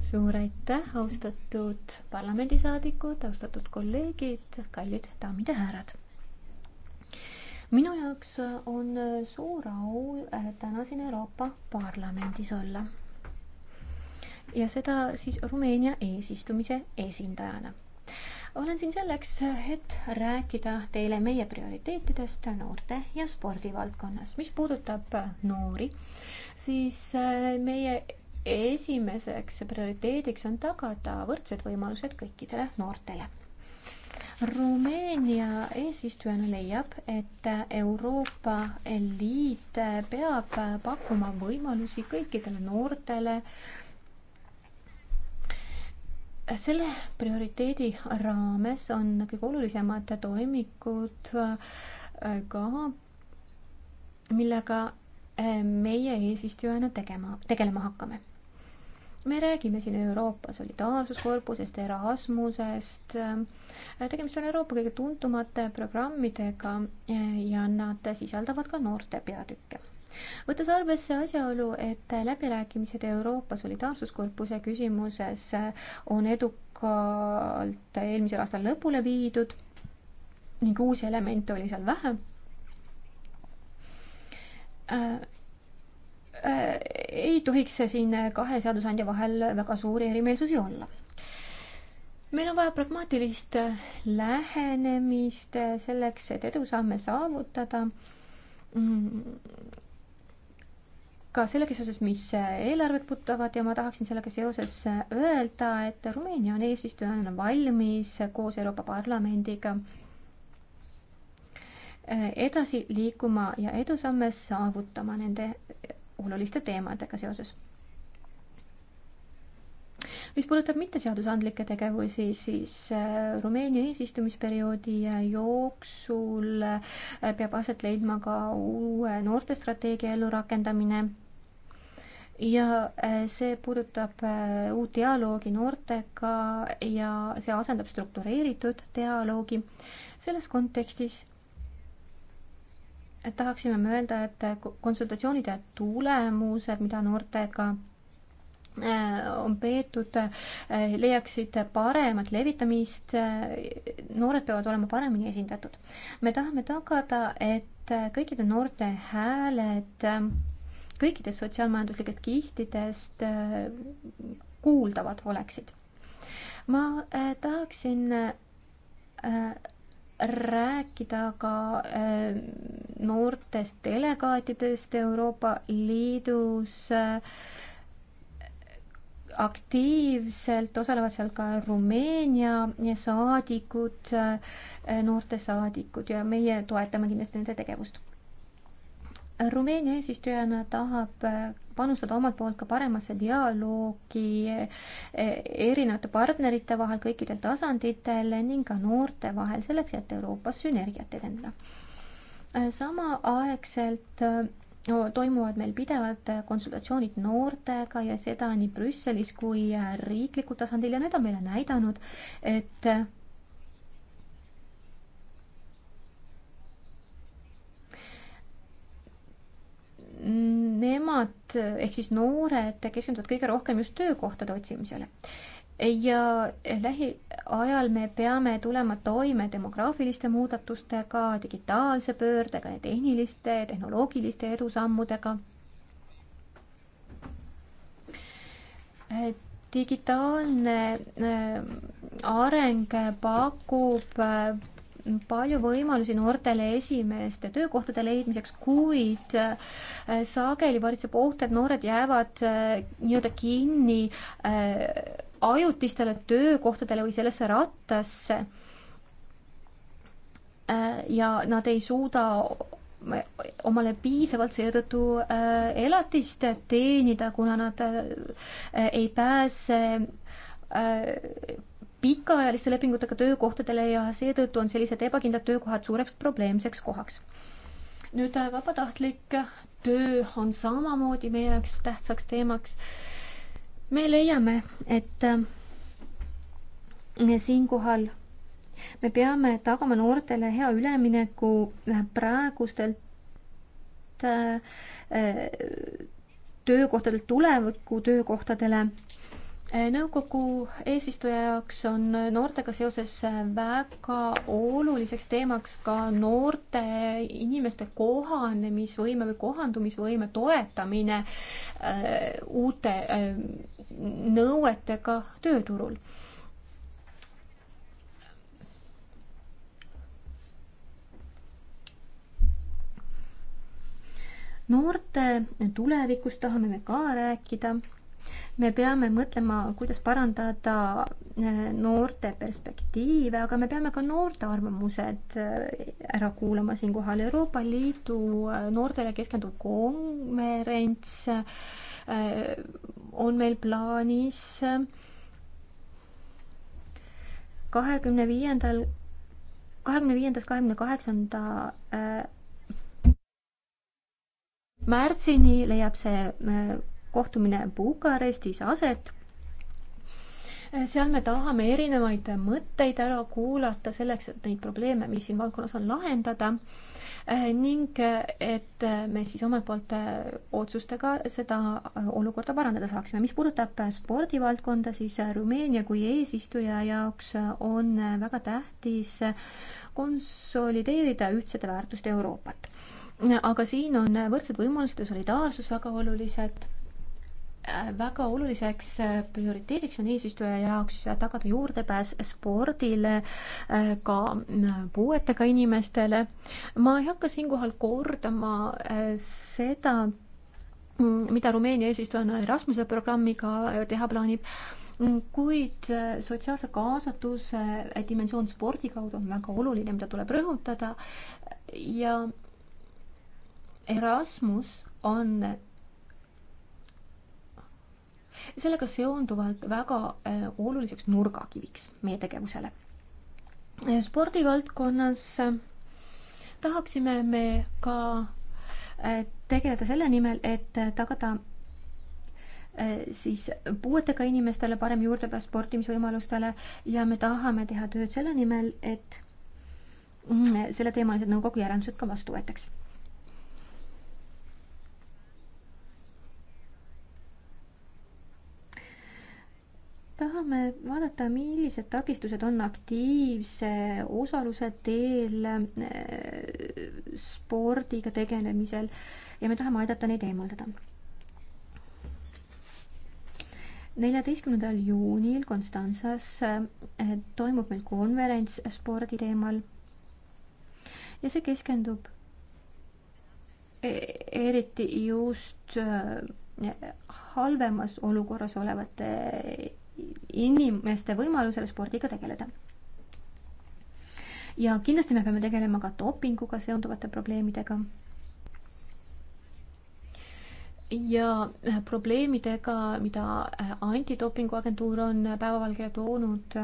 suur aitäh, austatud parlamendisaadikud, austatud kolleegid, kallid daamid ja härrad minu jaoks on suur au äh, täna siin Euroopa Parlamendis olla ja seda siis Rumeenia eesistumise esindajana. olen siin selleks, et rääkida teile meie prioriteetidest noorte ja spordivaldkonnas. mis puudutab noori, siis äh, meie esimeseks prioriteediks on tagada võrdsed võimalused kõikidele noortele Rumeenia eesistujana leiab, et Euroopa Liit peab pakkuma võimalusi kõikidele noortele selle prioriteedi raames on kõige olulisemad toimikud äh, ka, millega äh, meie eesistujana tegema, tegelema hakkame. me räägime siin Euroopa Solidaarsuskorpusest, Erasmusest, äh, tegemist on Euroopa kõige tuntumate programmidega ja nad sisaldavad ka noorte peatükke võttes arvesse asjaolu, et läbirääkimised Euroopa Solidaarsuskorpuse küsimuses on edukalt eelmisel aastal lõpule viidud ning uusi elemente oli seal vähe äh,, äh, ei tohiks siin kahe seadusandja vahel väga suuri erimeelsusi olla meil on vaja pragmaatilist lähenemist selleks, et edusamme saavutada mm, ka sellega seoses, mis eelarvet puudutavad ja ma tahaksin sellega seoses öelda, et Rumeenia on eesistujana valmis koos Euroopa Parlamendiga äh, edasi liikuma ja edusamme saavutama nende oluliste teemadega seoses mis puudutab mitteseadusandlikke tegevusi, siis äh, Rumeenia eesistumisperioodi äh, jooksul äh, peab aset leidma ka uue noortestrateegia ellurakendamine. ja see puudutab uut dialoogi noortega ja see asendab struktureeritud dialoogi. selles kontekstis tahaksime me öelda, et konsultatsioonide tulemused, mida noortega Äh, on peetud, äh, leiaksid paremat levitamist, äh, noored peavad olema paremini esindatud. me tahame tagada, et kõikide noorte hääled kõikidest sotsiaalmajanduslikest kihtidest kuuldavad oleksid. ma tahaksin rääkida ka noortest delegaatidest Euroopa Liidus äh, aktiivselt osalevad seal ka Rumeenia saadikud, eh, noortesaadikud ja meie toetame kindlasti nende tegevust. Rumeenia eesistujana tahab eh, panustada omalt poolt ka paremasse dialoogi eh, erinevate partnerite vahel kõikidel tasanditel ning ka noorte vahel, selleks et Euroopas sünergiat edendada. samaaegselt toimuvad meil pidevalt äh, konsultatsioonid noortega ja seda nii Brüsselis kui äh, riiklikul tasandil ja need on meile näidanud, et äh, nemad ehk siis noored keskenduvad kõige rohkem just töökohtade otsimisele ja lähiajal me peame tulema toime demograafiliste muudatustega, digitaalse pöördega ja tehniliste, tehnoloogiliste edusammudega. et digitaalne äh, areng pakub äh, palju võimalusi noortele esimeste töökohtade leidmiseks, kuid äh, sageli varitseb oht, et noored jäävad nii-öelda kinni ajutistele töökohtadele või sellesse rattasse. Äh, ja nad ei suuda omale piisavalt seetõttu äh, elatist teenida, kuna nad äh, ei pääse pikaajaliste lepingutega töökohtadele ja seetõttu on sellised ebakindlad töökohad suureks probleemseks kohaks. nüüd vabatahtlik töö on samamoodi meie jaoks tähtsaks teemaks me leiame, et äh, siinkohal me peame tagama noortele hea ülemineku äh, praegustelt äh, töökohtadelt tuleviku töökohtadele Eh, nõukogu eesistuja jaoks on noortega seoses väga oluliseks teemaks ka noorte inimeste kohanemisvõime või kohandumisvõime toetamine eh, uute eh, nõuetega tööturul. noorte tulevikust tahame me ka rääkida me peame mõtlema, kuidas parandada eh, noorte perspektiive, aga me peame ka noorte arvamused eh, ära kuulama siinkohal. Euroopa Liidu eh, noortele keskenduv konverents on meil plaanis kahekümne viiendal, kahekümne viiendast kahekümne kaheksanda märtsini leiab see kohtumine Bukarestis aset seal me tahame erinevaid mõtteid ära kuulata selleks, et neid probleeme, mis siin valdkonnas on, lahendada ning et me siis omalt poolt otsustega seda olukorda parandada saaksime. mis puudutab spordivaldkonda, siis Rumeenia kui eesistuja jaoks on väga tähtis konsolideerida ühtsete väärtuste Euroopat. aga siin on võrdsed võimalused ja solidaarsus väga olulised Äh, väga oluliseks äh, prioriteediks on eesistuja jaoks äh, tagada juurdepääs spordile ka puuetega inimestele. ma ei hakka siinkohal kordama seda, mm, mida Rumeenia eesistujana Erasmuse programmiga teha plaanib, mm, kuid sotsiaalse kaasatuse dimensioon spordi kaudu on väga oluline, mida tuleb rõhutada ja Erasmus on sellega seonduvalt väga äh, oluliseks nurgakiviks meie tegevusele. Äh, spordivaldkonnas äh, tahaksime me ka tegeleda selle nimel, et tagada siis puuetega inimestele parem juurdepääs sportimisvõimalustele ja me tahame teha tööd selle nimel, et mm, selleteemalised nõukogu järeldused ka vastu võetaks tahame vaadata, millised takistused on aktiivse osaluse teel eh, spordiga tegelemisel ja me tahame aidata neid eemaldada. neljateistkümnendal juunil Konstantsas eh, toimub meil konverents spordi teemal ja see keskendub e-, eriti just eh, halvemas olukorras olevate inimeste võimalusele spordiga tegeleda. ja kindlasti me peame tegelema ka dopinguga seonduvate probleemidega. ja äh, probleemidega, mida äh, antidopingu agentuur on äh, päevavalgele toonud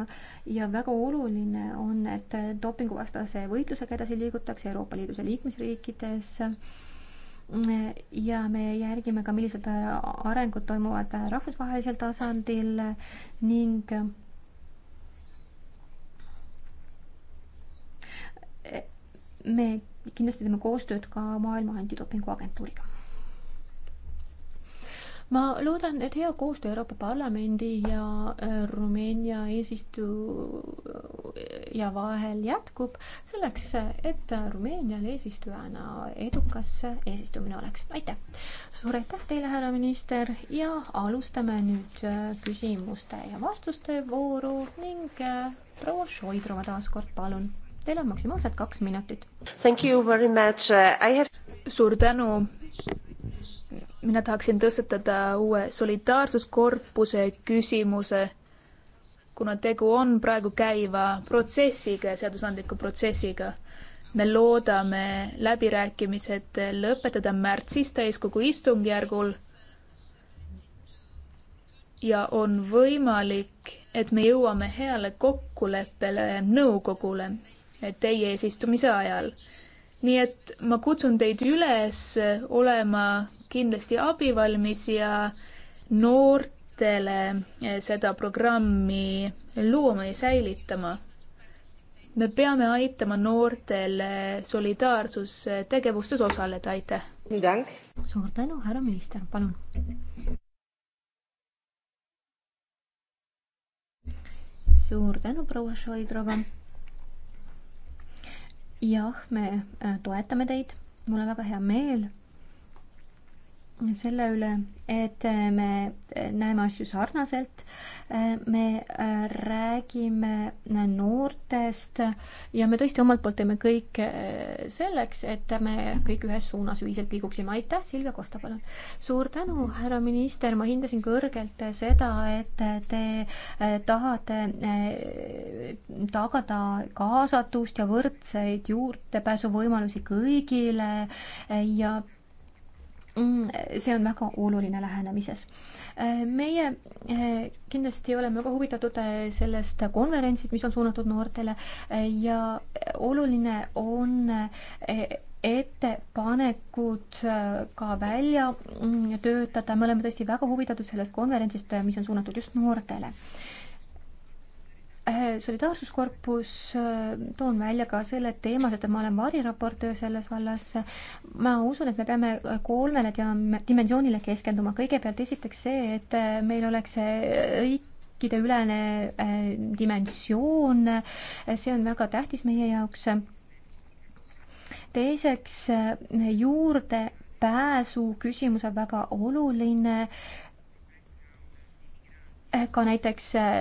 ja väga oluline on, et dopinguvastase võitlusega edasi liigutakse Euroopa Liidus ja liikmesriikides ja me järgime ka, millised äh, arengud toimuvad äh, rahvusvahelisel tasandil ning äh, me kindlasti teeme koostööd ka Maailma Antidopinguagentuuriga ma loodan, et hea koostöö Euroopa Parlamendi ja äh, Rumeenia eesistuja vahel jätkub selleks, et Rumeenial eesistujana edukas eesistumine oleks. aitäh! suur aitäh teile, härra minister, ja alustame nüüd äh, küsimuste ja vastuste vooru ning äh, proua Šoidrova taas kord, palun. Teil on maksimaalselt kaks minutit. Have... suur tänu mina tahaksin tõstatada uue solidaarsuskorpuse küsimuse, kuna tegu on praegu käiva protsessiga, seadusandliku protsessiga. me loodame läbirääkimised lõpetada märtsis täiskogu istungjärgul. ja on võimalik, et me jõuame heale kokkuleppele nõukogule teie eesistumise ajal nii et ma kutsun teid üles olema kindlasti abivalmis ja noortele eh, seda programmi looma ja säilitama. me peame aitama noortel solidaarsustegevustes osaleda, aitäh! suur tänu, härra minister, palun! suur tänu, proua Šoidrova! jah, me äh, toetame teid, mul on väga hea meel selle üle, et äh, me äh, näeme asju sarnaselt. Äh, me räägime noortest ja me tõesti omalt poolt teeme kõik selleks, et me kõik ühes suunas ühiselt liiguksime. aitäh, Silvia Kosta, palun. suur tänu, härra minister, ma hindasin kõrgelt seda, et te tahate tagada kaasatust ja võrdseid juurdepääsuvõimalusi kõigile ja Mm, see on väga oluline lähenemises. Äh, meie äh, kindlasti oleme ka huvitatud äh, sellest konverentsist, mis on suunatud noortele ja oluline on ettepanekud ka välja mm, töötada, me oleme tõesti väga huvitatud sellest konverentsist, mis on suunatud just noortele solidaarsuskorpus, äh, toon välja ka selle teema, seda ma olen variraportöör selles vallas, ma usun, et me peame kolmele dimensioonile keskenduma, kõigepealt esiteks see, et äh, meil oleks äh, riikide ülene dimensioon, see on väga tähtis meie jaoks, teiseks juurdepääsu küsimus on väga oluline, ka näiteks äh,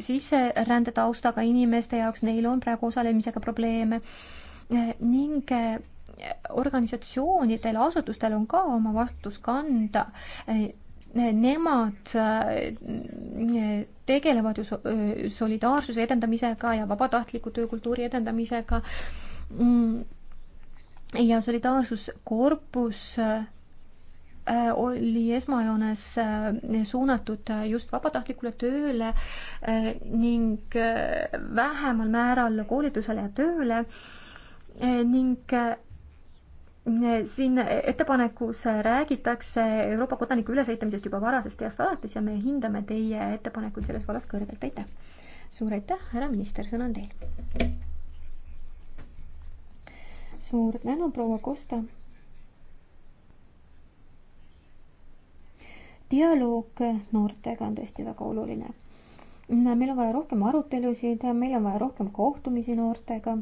sisserände taustaga inimeste jaoks, neil on praegu osalemisega probleeme äh, ning äh, organisatsioonidel, asutustel on ka oma vastutus kanda. Nemad tegelevad ju solidaarsuse edendamisega ja vabatahtliku töökultuuri edendamisega. Mm, ja solidaarsuskorpus Äh, oli esmajoones äh, suunatud äh, just vabatahtlikule tööle ning vähemal määral koolitusele ja tööle ning siin ettepanekus räägitakse Euroopa kodaniku ülesehitamisest juba varasest east alates ja me hindame teie ettepanekuid selles vallas kõrgelt, aitäh! suur aitäh, härra minister, sõna on teil. suur tänu, proua Kosta dialoog noortega on tõesti väga oluline. meil on vaja rohkem arutelusid, meil on vaja rohkem kohtumisi noortega.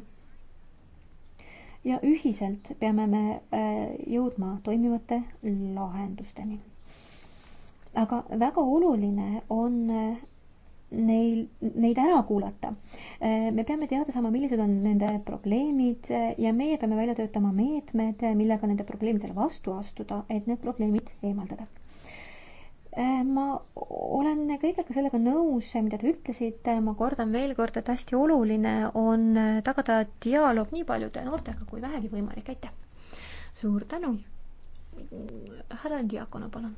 ja ühiselt peame me äh, jõudma toimivate lahendusteni. aga väga oluline on äh, neil, neid ära kuulata. Äh, me peame teada saama, millised on nende probleemid ja meie peame välja töötama meetmed, millega nende probleemidele vastu astuda, et need probleemid eemaldada Äh, ma olen kõigega sellega nõus, mida te ütlesite, ma kordan veel kord, et hästi oluline on äh, tagada dialoog nii paljude noortega kui vähegi võimalik, aitäh! suur tänu! härra Diakonu, palun!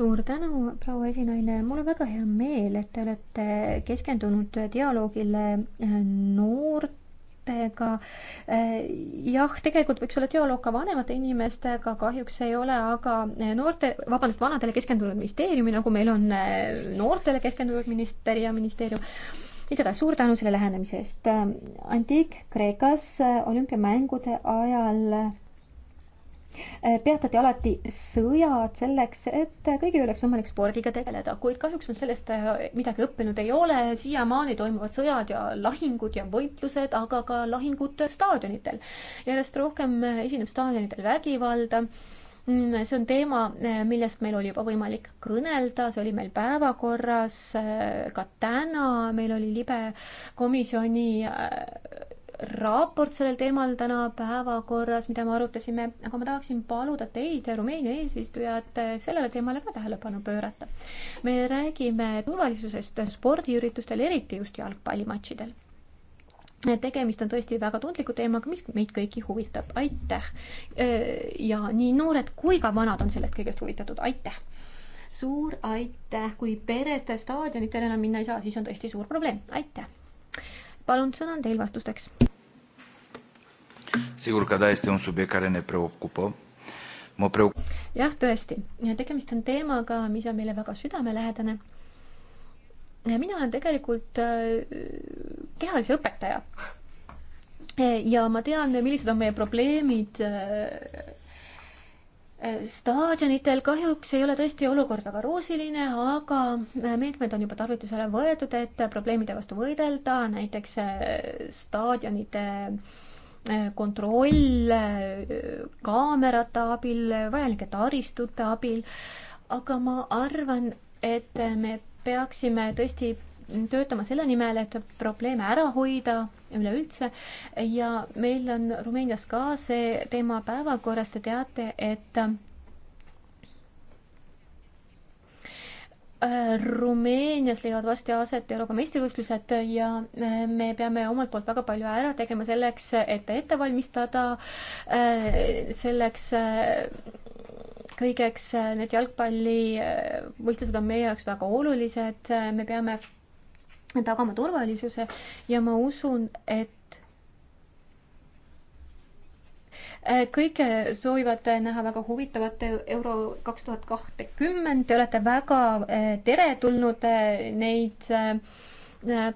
suur tänu, proua esinaine, mul on väga hea meel, et te olete keskendunud dialoogile äh, noorte lastega. Äh, jah, tegelikult võiks olla dialoog ka vanemate inimestega, kahjuks ei ole aga äh, noorte, vabandust, vanadele keskendunud ministeeriumi, nagu meil on äh, noortele keskendunud minister ja ministeerium igatahes suur tänu selle lähenemise eest. antiik Kreekas olümpiamängude ajal Eh, peatati alati sõjad selleks, et kõigil oleks võimalik spordiga tegeleda, kuid kahjuks me sellest eh, midagi õppinud ei ole, siiamaani toimuvad sõjad ja lahingud ja võitlused, aga ka lahingud staadionitel. järjest rohkem eh, esineb staadionitel vägivalda mm, see on teema, millest meil oli juba võimalik kõnelda, see oli meil päevakorras ka täna, meil oli libe komisjoni raport sellel teemal täna päevakorras, mida me arutasime, aga ma tahaksin paluda teid, Rumeenia eesistujad, sellele teemale ka tähelepanu pöörata. me räägime turvalisusest spordiüritustel, eriti just jalgpallimatšidel tegemist on tõesti väga tundliku teemaga, mis meid kõiki huvitab, aitäh. ja nii noored kui ka vanad on sellest kõigest huvitatud, aitäh. suur aitäh, kui pered staadionitele enam minna ei saa, siis on tõesti suur probleem, aitäh palun, sõna on teil vastusteks. Sigur că da, este un subiect care ne preocupă. Mă preocup... jah, tõesti, tegemist on teemaga, mis on meile väga südamelähedane. mina olen tegelikult äh, kehalise õpetaja. ja ma tean, millised on meie probleemid äh, staadionitel kahjuks ei ole tõesti olukord väga roosiline, aga meetmed on juba tarvitusele võetud, et probleemide vastu võidelda, näiteks äh, staadionite äh, kontroll äh, kaamerate abil, vajalike taristute abil, aga ma arvan, et me peaksime tõesti töötama selle nimel, et probleeme ära hoida üleüldse ja meil on Rumeenias ka see teema päevakorras, te teate, et äh, Rumeenias leiavad varsti aset Euroopa meistrivõistlused ja äh, me peame omalt poolt väga palju ära tegema selleks, et ette valmistada äh, selleks kõigeks need jalgpallivõistlused on meie jaoks väga olulised, me peame tagama turvalisuse ja ma usun, et kõike soovivad näha väga huvitavat Euro kaks tuhat kahtekümmend, te olete väga eh, teretulnud eh, neid eh,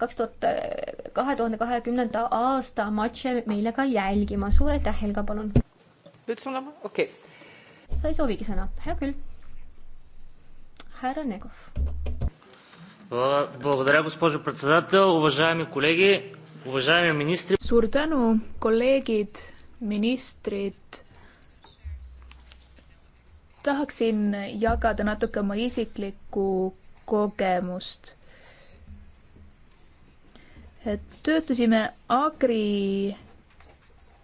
kaks tuhat, kahe tuhande kahekümnenda aasta matše meile ka jälgima. suur aitäh, Helga, palun. nüüd sul on, okei okay.. sa ei soovigi sõna, hea küll. härra Negov Благодаря, госпожо председател. Уважаеми колеги, уважаеми министри. Suur tänu, kolleegid, ministrid. Tahaksin jagada natuke oma isiklikku kogemust. Et töötasime Agri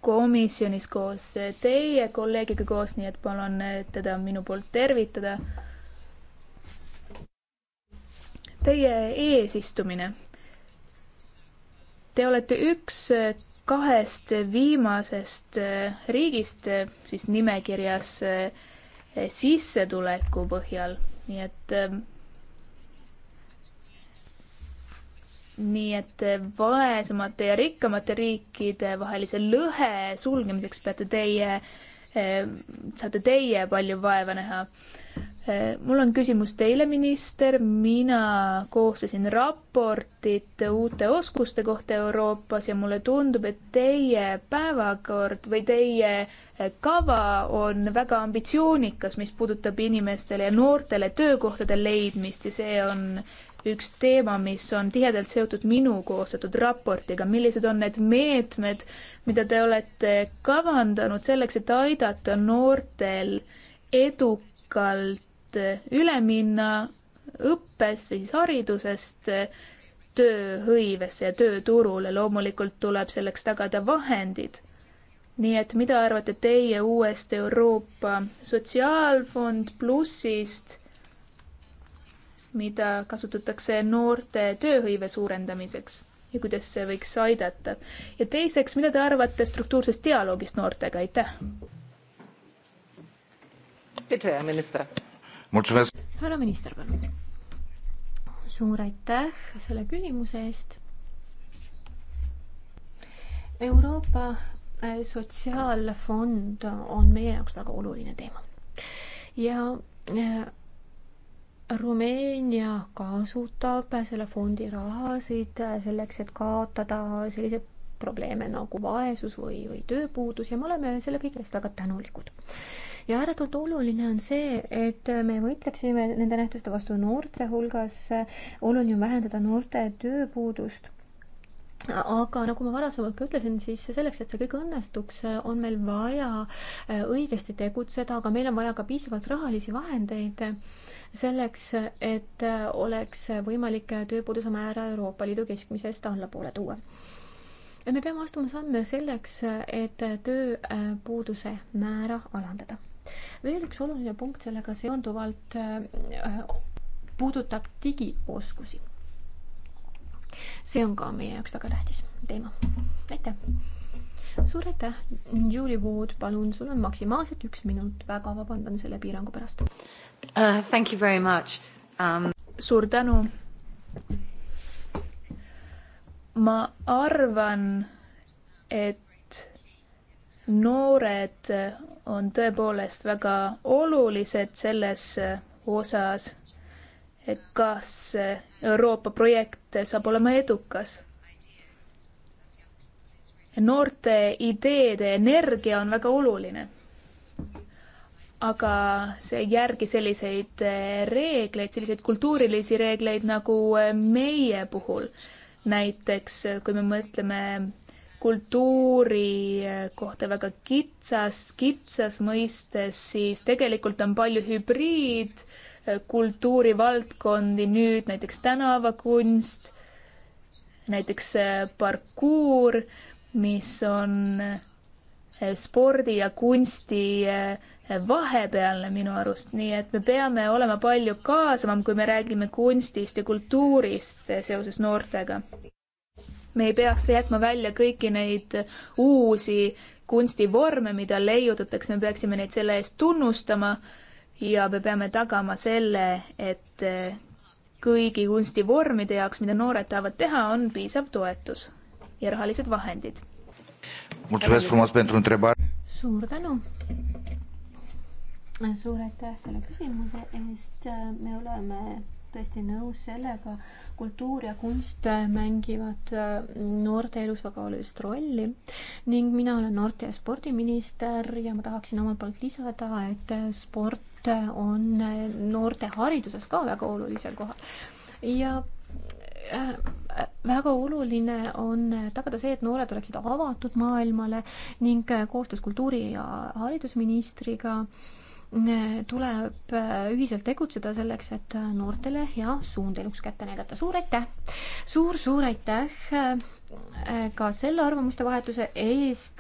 komisjonis koos teie kolleegiga koos, nii et palun teda minu poolt tervitada teie eesistumine. Te olete üks äh, kahest äh, viimasest äh, riigist siis nimekirjas sissetuleku põhjal, nii et ähm, nii et vaesemate ja rikkamate riikide vahelise lõhe sulgemiseks peate teie, saate teie palju vaeva näha Eh, mul on küsimus teile, minister, mina koostasin raportit uute oskuste kohta Euroopas ja mulle tundub, et teie päevakord või teie eh, kava on väga ambitsioonikas, mis puudutab inimestele ja noortele töökohtade leidmist ja see on üks teema, mis on tihedalt seotud minu koostatud raportiga. millised on need meetmed, mida te olete kavandanud selleks, et aidata noortel edukalt üle minna õppest või siis haridusest tööhõivesse ja tööturule. loomulikult tuleb selleks tagada vahendid. nii et mida arvate teie uuest Euroopa Sotsiaalfond plussist, mida kasutatakse noorte tööhõive suurendamiseks? ja kuidas see võiks aidata. ja teiseks, mida te arvate struktuursest dialoogist noortega, aitäh! Bitte, Herr Minister mulțumesc! härra minister, palun! suur aitäh selle küsimuse eest! Euroopa äh, Sotsiaalfond on meie jaoks väga oluline teema. ja äh, Rumeenia kasutab selle fondi rahasid äh, selleks, et kaotada selliseid probleeme nagu vaesus või, või tööpuudus ja me oleme selle kõige eest väga tänulikud ja ääretult oluline on see, et me võitleksime nende nähtuste vastu noorte hulgas, oluline on vähendada noorte tööpuudust aga nagu ma varasemalt ka ütlesin, siis selleks, et see kõik õnnestuks, on meil vaja äh, õigesti tegutseda, aga meil on vaja ka piisavalt rahalisi vahendeid selleks, et äh, oleks võimalik tööpuuduse määra Euroopa Liidu keskmisest allapoole tuua. me peame astuma samme selleks, et tööpuuduse määra alandada veel üks oluline punkt sellega seonduvalt äh, puudutab digioskusi. see on ka meie jaoks väga tähtis teema. aitäh! suur aitäh, Julie Wood, palun, sul on maksimaalselt üks minut, väga vabandan selle piirangu pärast uh,. Thank you very much um.... suur tänu. ma arvan, et noored on tõepoolest väga olulised selles osas, kas Euroopa projekt saab olema edukas. noorte ideede energia on väga oluline. aga see ei järgi selliseid reegleid, selliseid kultuurilisi reegleid nagu meie puhul. näiteks kui me mõtleme kultuuri eh, kohta väga kitsas, kitsas mõistes, siis tegelikult on palju hübriidkultuurivaldkondi, eh, nüüd näiteks tänavakunst, näiteks eh, parkuur, mis on spordi ja kunsti vahepealne minu arust, nii et me peame olema palju kaasavam, kui me räägime kunstist ja kultuurist seoses noortega me ei peaks jätma välja kõiki neid uusi kunstivorme, mida leiutatakse, me peaksime neid selle eest tunnustama ja me peame tagama selle, et kõigi kunstivormide jaoks, mida noored tahavad teha, on piisav toetus ja rahalised vahendid. suur tänu! suur aitäh selle küsimuse eest, me oleme täiesti nõus sellega, kultuur ja kunst mängivad äh, noorte elus väga olulist rolli ning mina olen noorte- ja spordiminister ja ma tahaksin omalt poolt lisada, et äh, sport äh, on noorte hariduses ka väga olulisel kohal. ja väga oluline on tagada see, et noored oleksid avatud maailmale ning koostöös kultuuri- ja haridusministriga äh, tuleb äh, ühiselt tegutseda selleks, et äh, noortele hea suund eluks kätte näidata. suur aitäh suur,! suur-suur aitäh äh, ka selle arvamuste vahetuse eest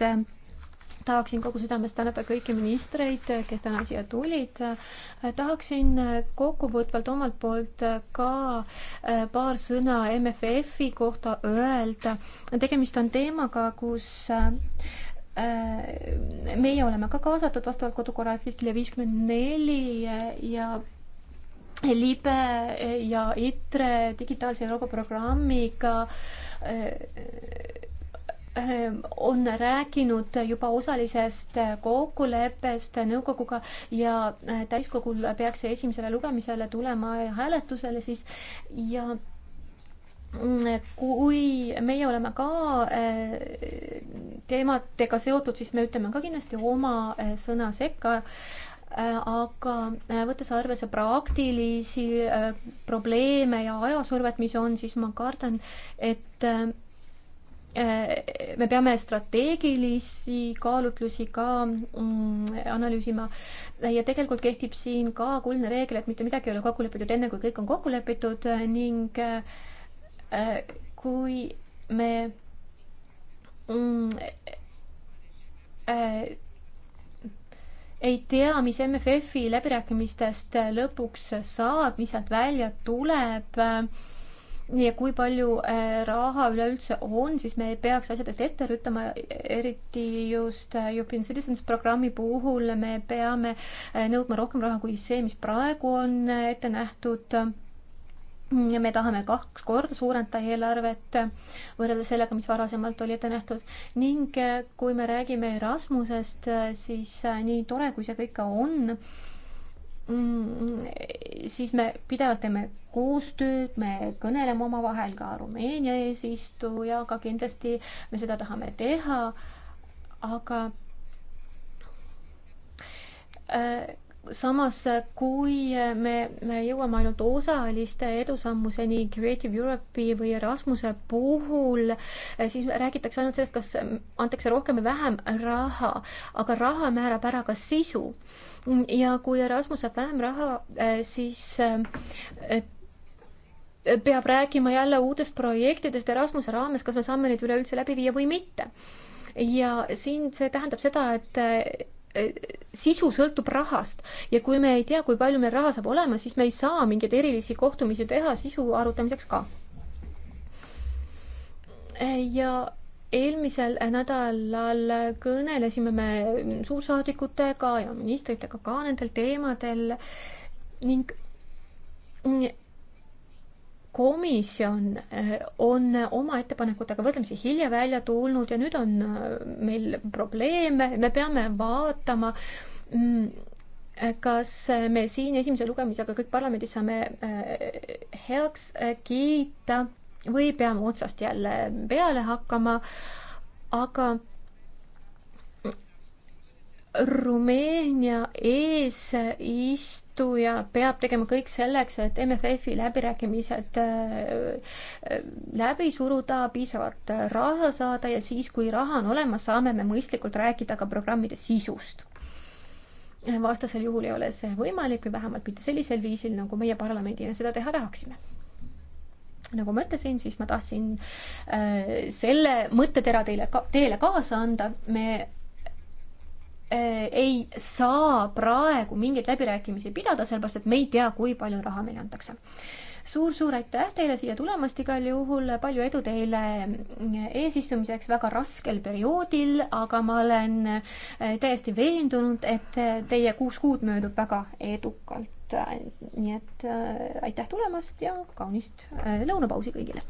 tahaksin kogu südamest tänada kõiki ministreid, kes täna siia tulid. tahaksin kokkuvõtvalt omalt poolt ka paar sõna MFF-i kohta öelda. tegemist on teemaga, kus Äh, meie oleme ka kaasatud vastavalt kodukorra artiklile viiskümmend neli äh, ja libe äh, ja ITRE digitaalse Euroopa programmiga on rääkinud juba osalisest kokkuleppest nõukoguga ja täiskogul peaks see esimesele lugemisele tulema hääletusele siis ja kui meie oleme ka eh, teemadega seotud, siis me ütleme ka kindlasti oma eh, sõna sekka. Eh, aga võttes arvesse praktilisi probleeme ja ajasurvet, mis on, siis ma kardan, et me peame strateegilisi kaalutlusi ka mm, analüüsima ja tegelikult kehtib siin ka kuldne reegel, et mitte midagi ei ole kokku lepitud enne, kui kõik on kokku lepitud ning äh, Äh, kui me mm, äh, ei tea, mis MFF-i läbirääkimistest lõpuks saab, mis sealt välja tuleb äh, ja kui palju raha üleüldse on, siis me ei peaks asjadest ette rüttama, eriti just European Citizens programmi puhul me peame nõudma rohkem raha kui see, mis praegu on ette nähtud me tahame kaks korda suurendada eelarvet võrreldes sellega, mis varasemalt oli ette nähtud ning äh, kui me räägime Erasmusest, äh, siis äh, nii tore, kui see kõik ka on, mm, siis me pidevalt teeme koostööd, me kõneleme omavahel ka Rumeenia eesistujaga, kindlasti me seda tahame teha, aga äh, samas, kui me, me jõuame ainult osaliste edusammuseni Creative Europe'i või Erasmuse puhul, siis räägitakse ainult sellest, kas antakse rohkem või vähem raha, aga raha määrab ära ka sisu. ja kui Erasmus saab vähem raha, siis peab rääkima jälle uutest projektidest Erasmuse raames, kas me saame neid üleüldse läbi viia või mitte. ja siin see tähendab seda, et sisu sõltub rahast ja kui me ei tea, kui palju meil raha saab olema, siis me ei saa mingeid erilisi kohtumisi teha sisu arutamiseks ka. ja eelmisel nädalal kõnelesime me suursaadikutega ja ministritega ka nendel teemadel ning komisjon eh, on oma ettepanekutega võrdlemisi hilja välja tulnud ja nüüd on eh, meil probleeme, me peame vaatama, mm, kas me siin esimese lugemisega kõik parlamendis saame eh, heaks kiita või peame otsast jälle peale hakkama, aga Rumeenia eesistuja peab tegema kõik selleks, et MFF-i läbirääkimised äh, äh, läbi suruda, piisavalt äh, raha saada ja siis, kui raha on olemas, saame me mõistlikult rääkida ka programmide sisust. vastasel juhul ei ole see võimalik või vähemalt mitte sellisel viisil, nagu meie parlamendina seda teha tahaksime nagu ma ütlesin, siis ma tahtsin äh, selle mõttetera teile ka, teile kaasa anda, me Äh, ei saa praegu mingeid läbirääkimisi pidada, sellepärast et me ei tea, kui palju raha meile antakse suur,. suur-suur aitäh teile siia tulemast igal juhul, palju edu teile eesistumiseks väga raskel perioodil, aga ma olen äh, täiesti veendunud, et äh, teie kuus kuud möödub väga edukalt. nii et aitäh tulemast ja kaunist lõunapausi kõigile!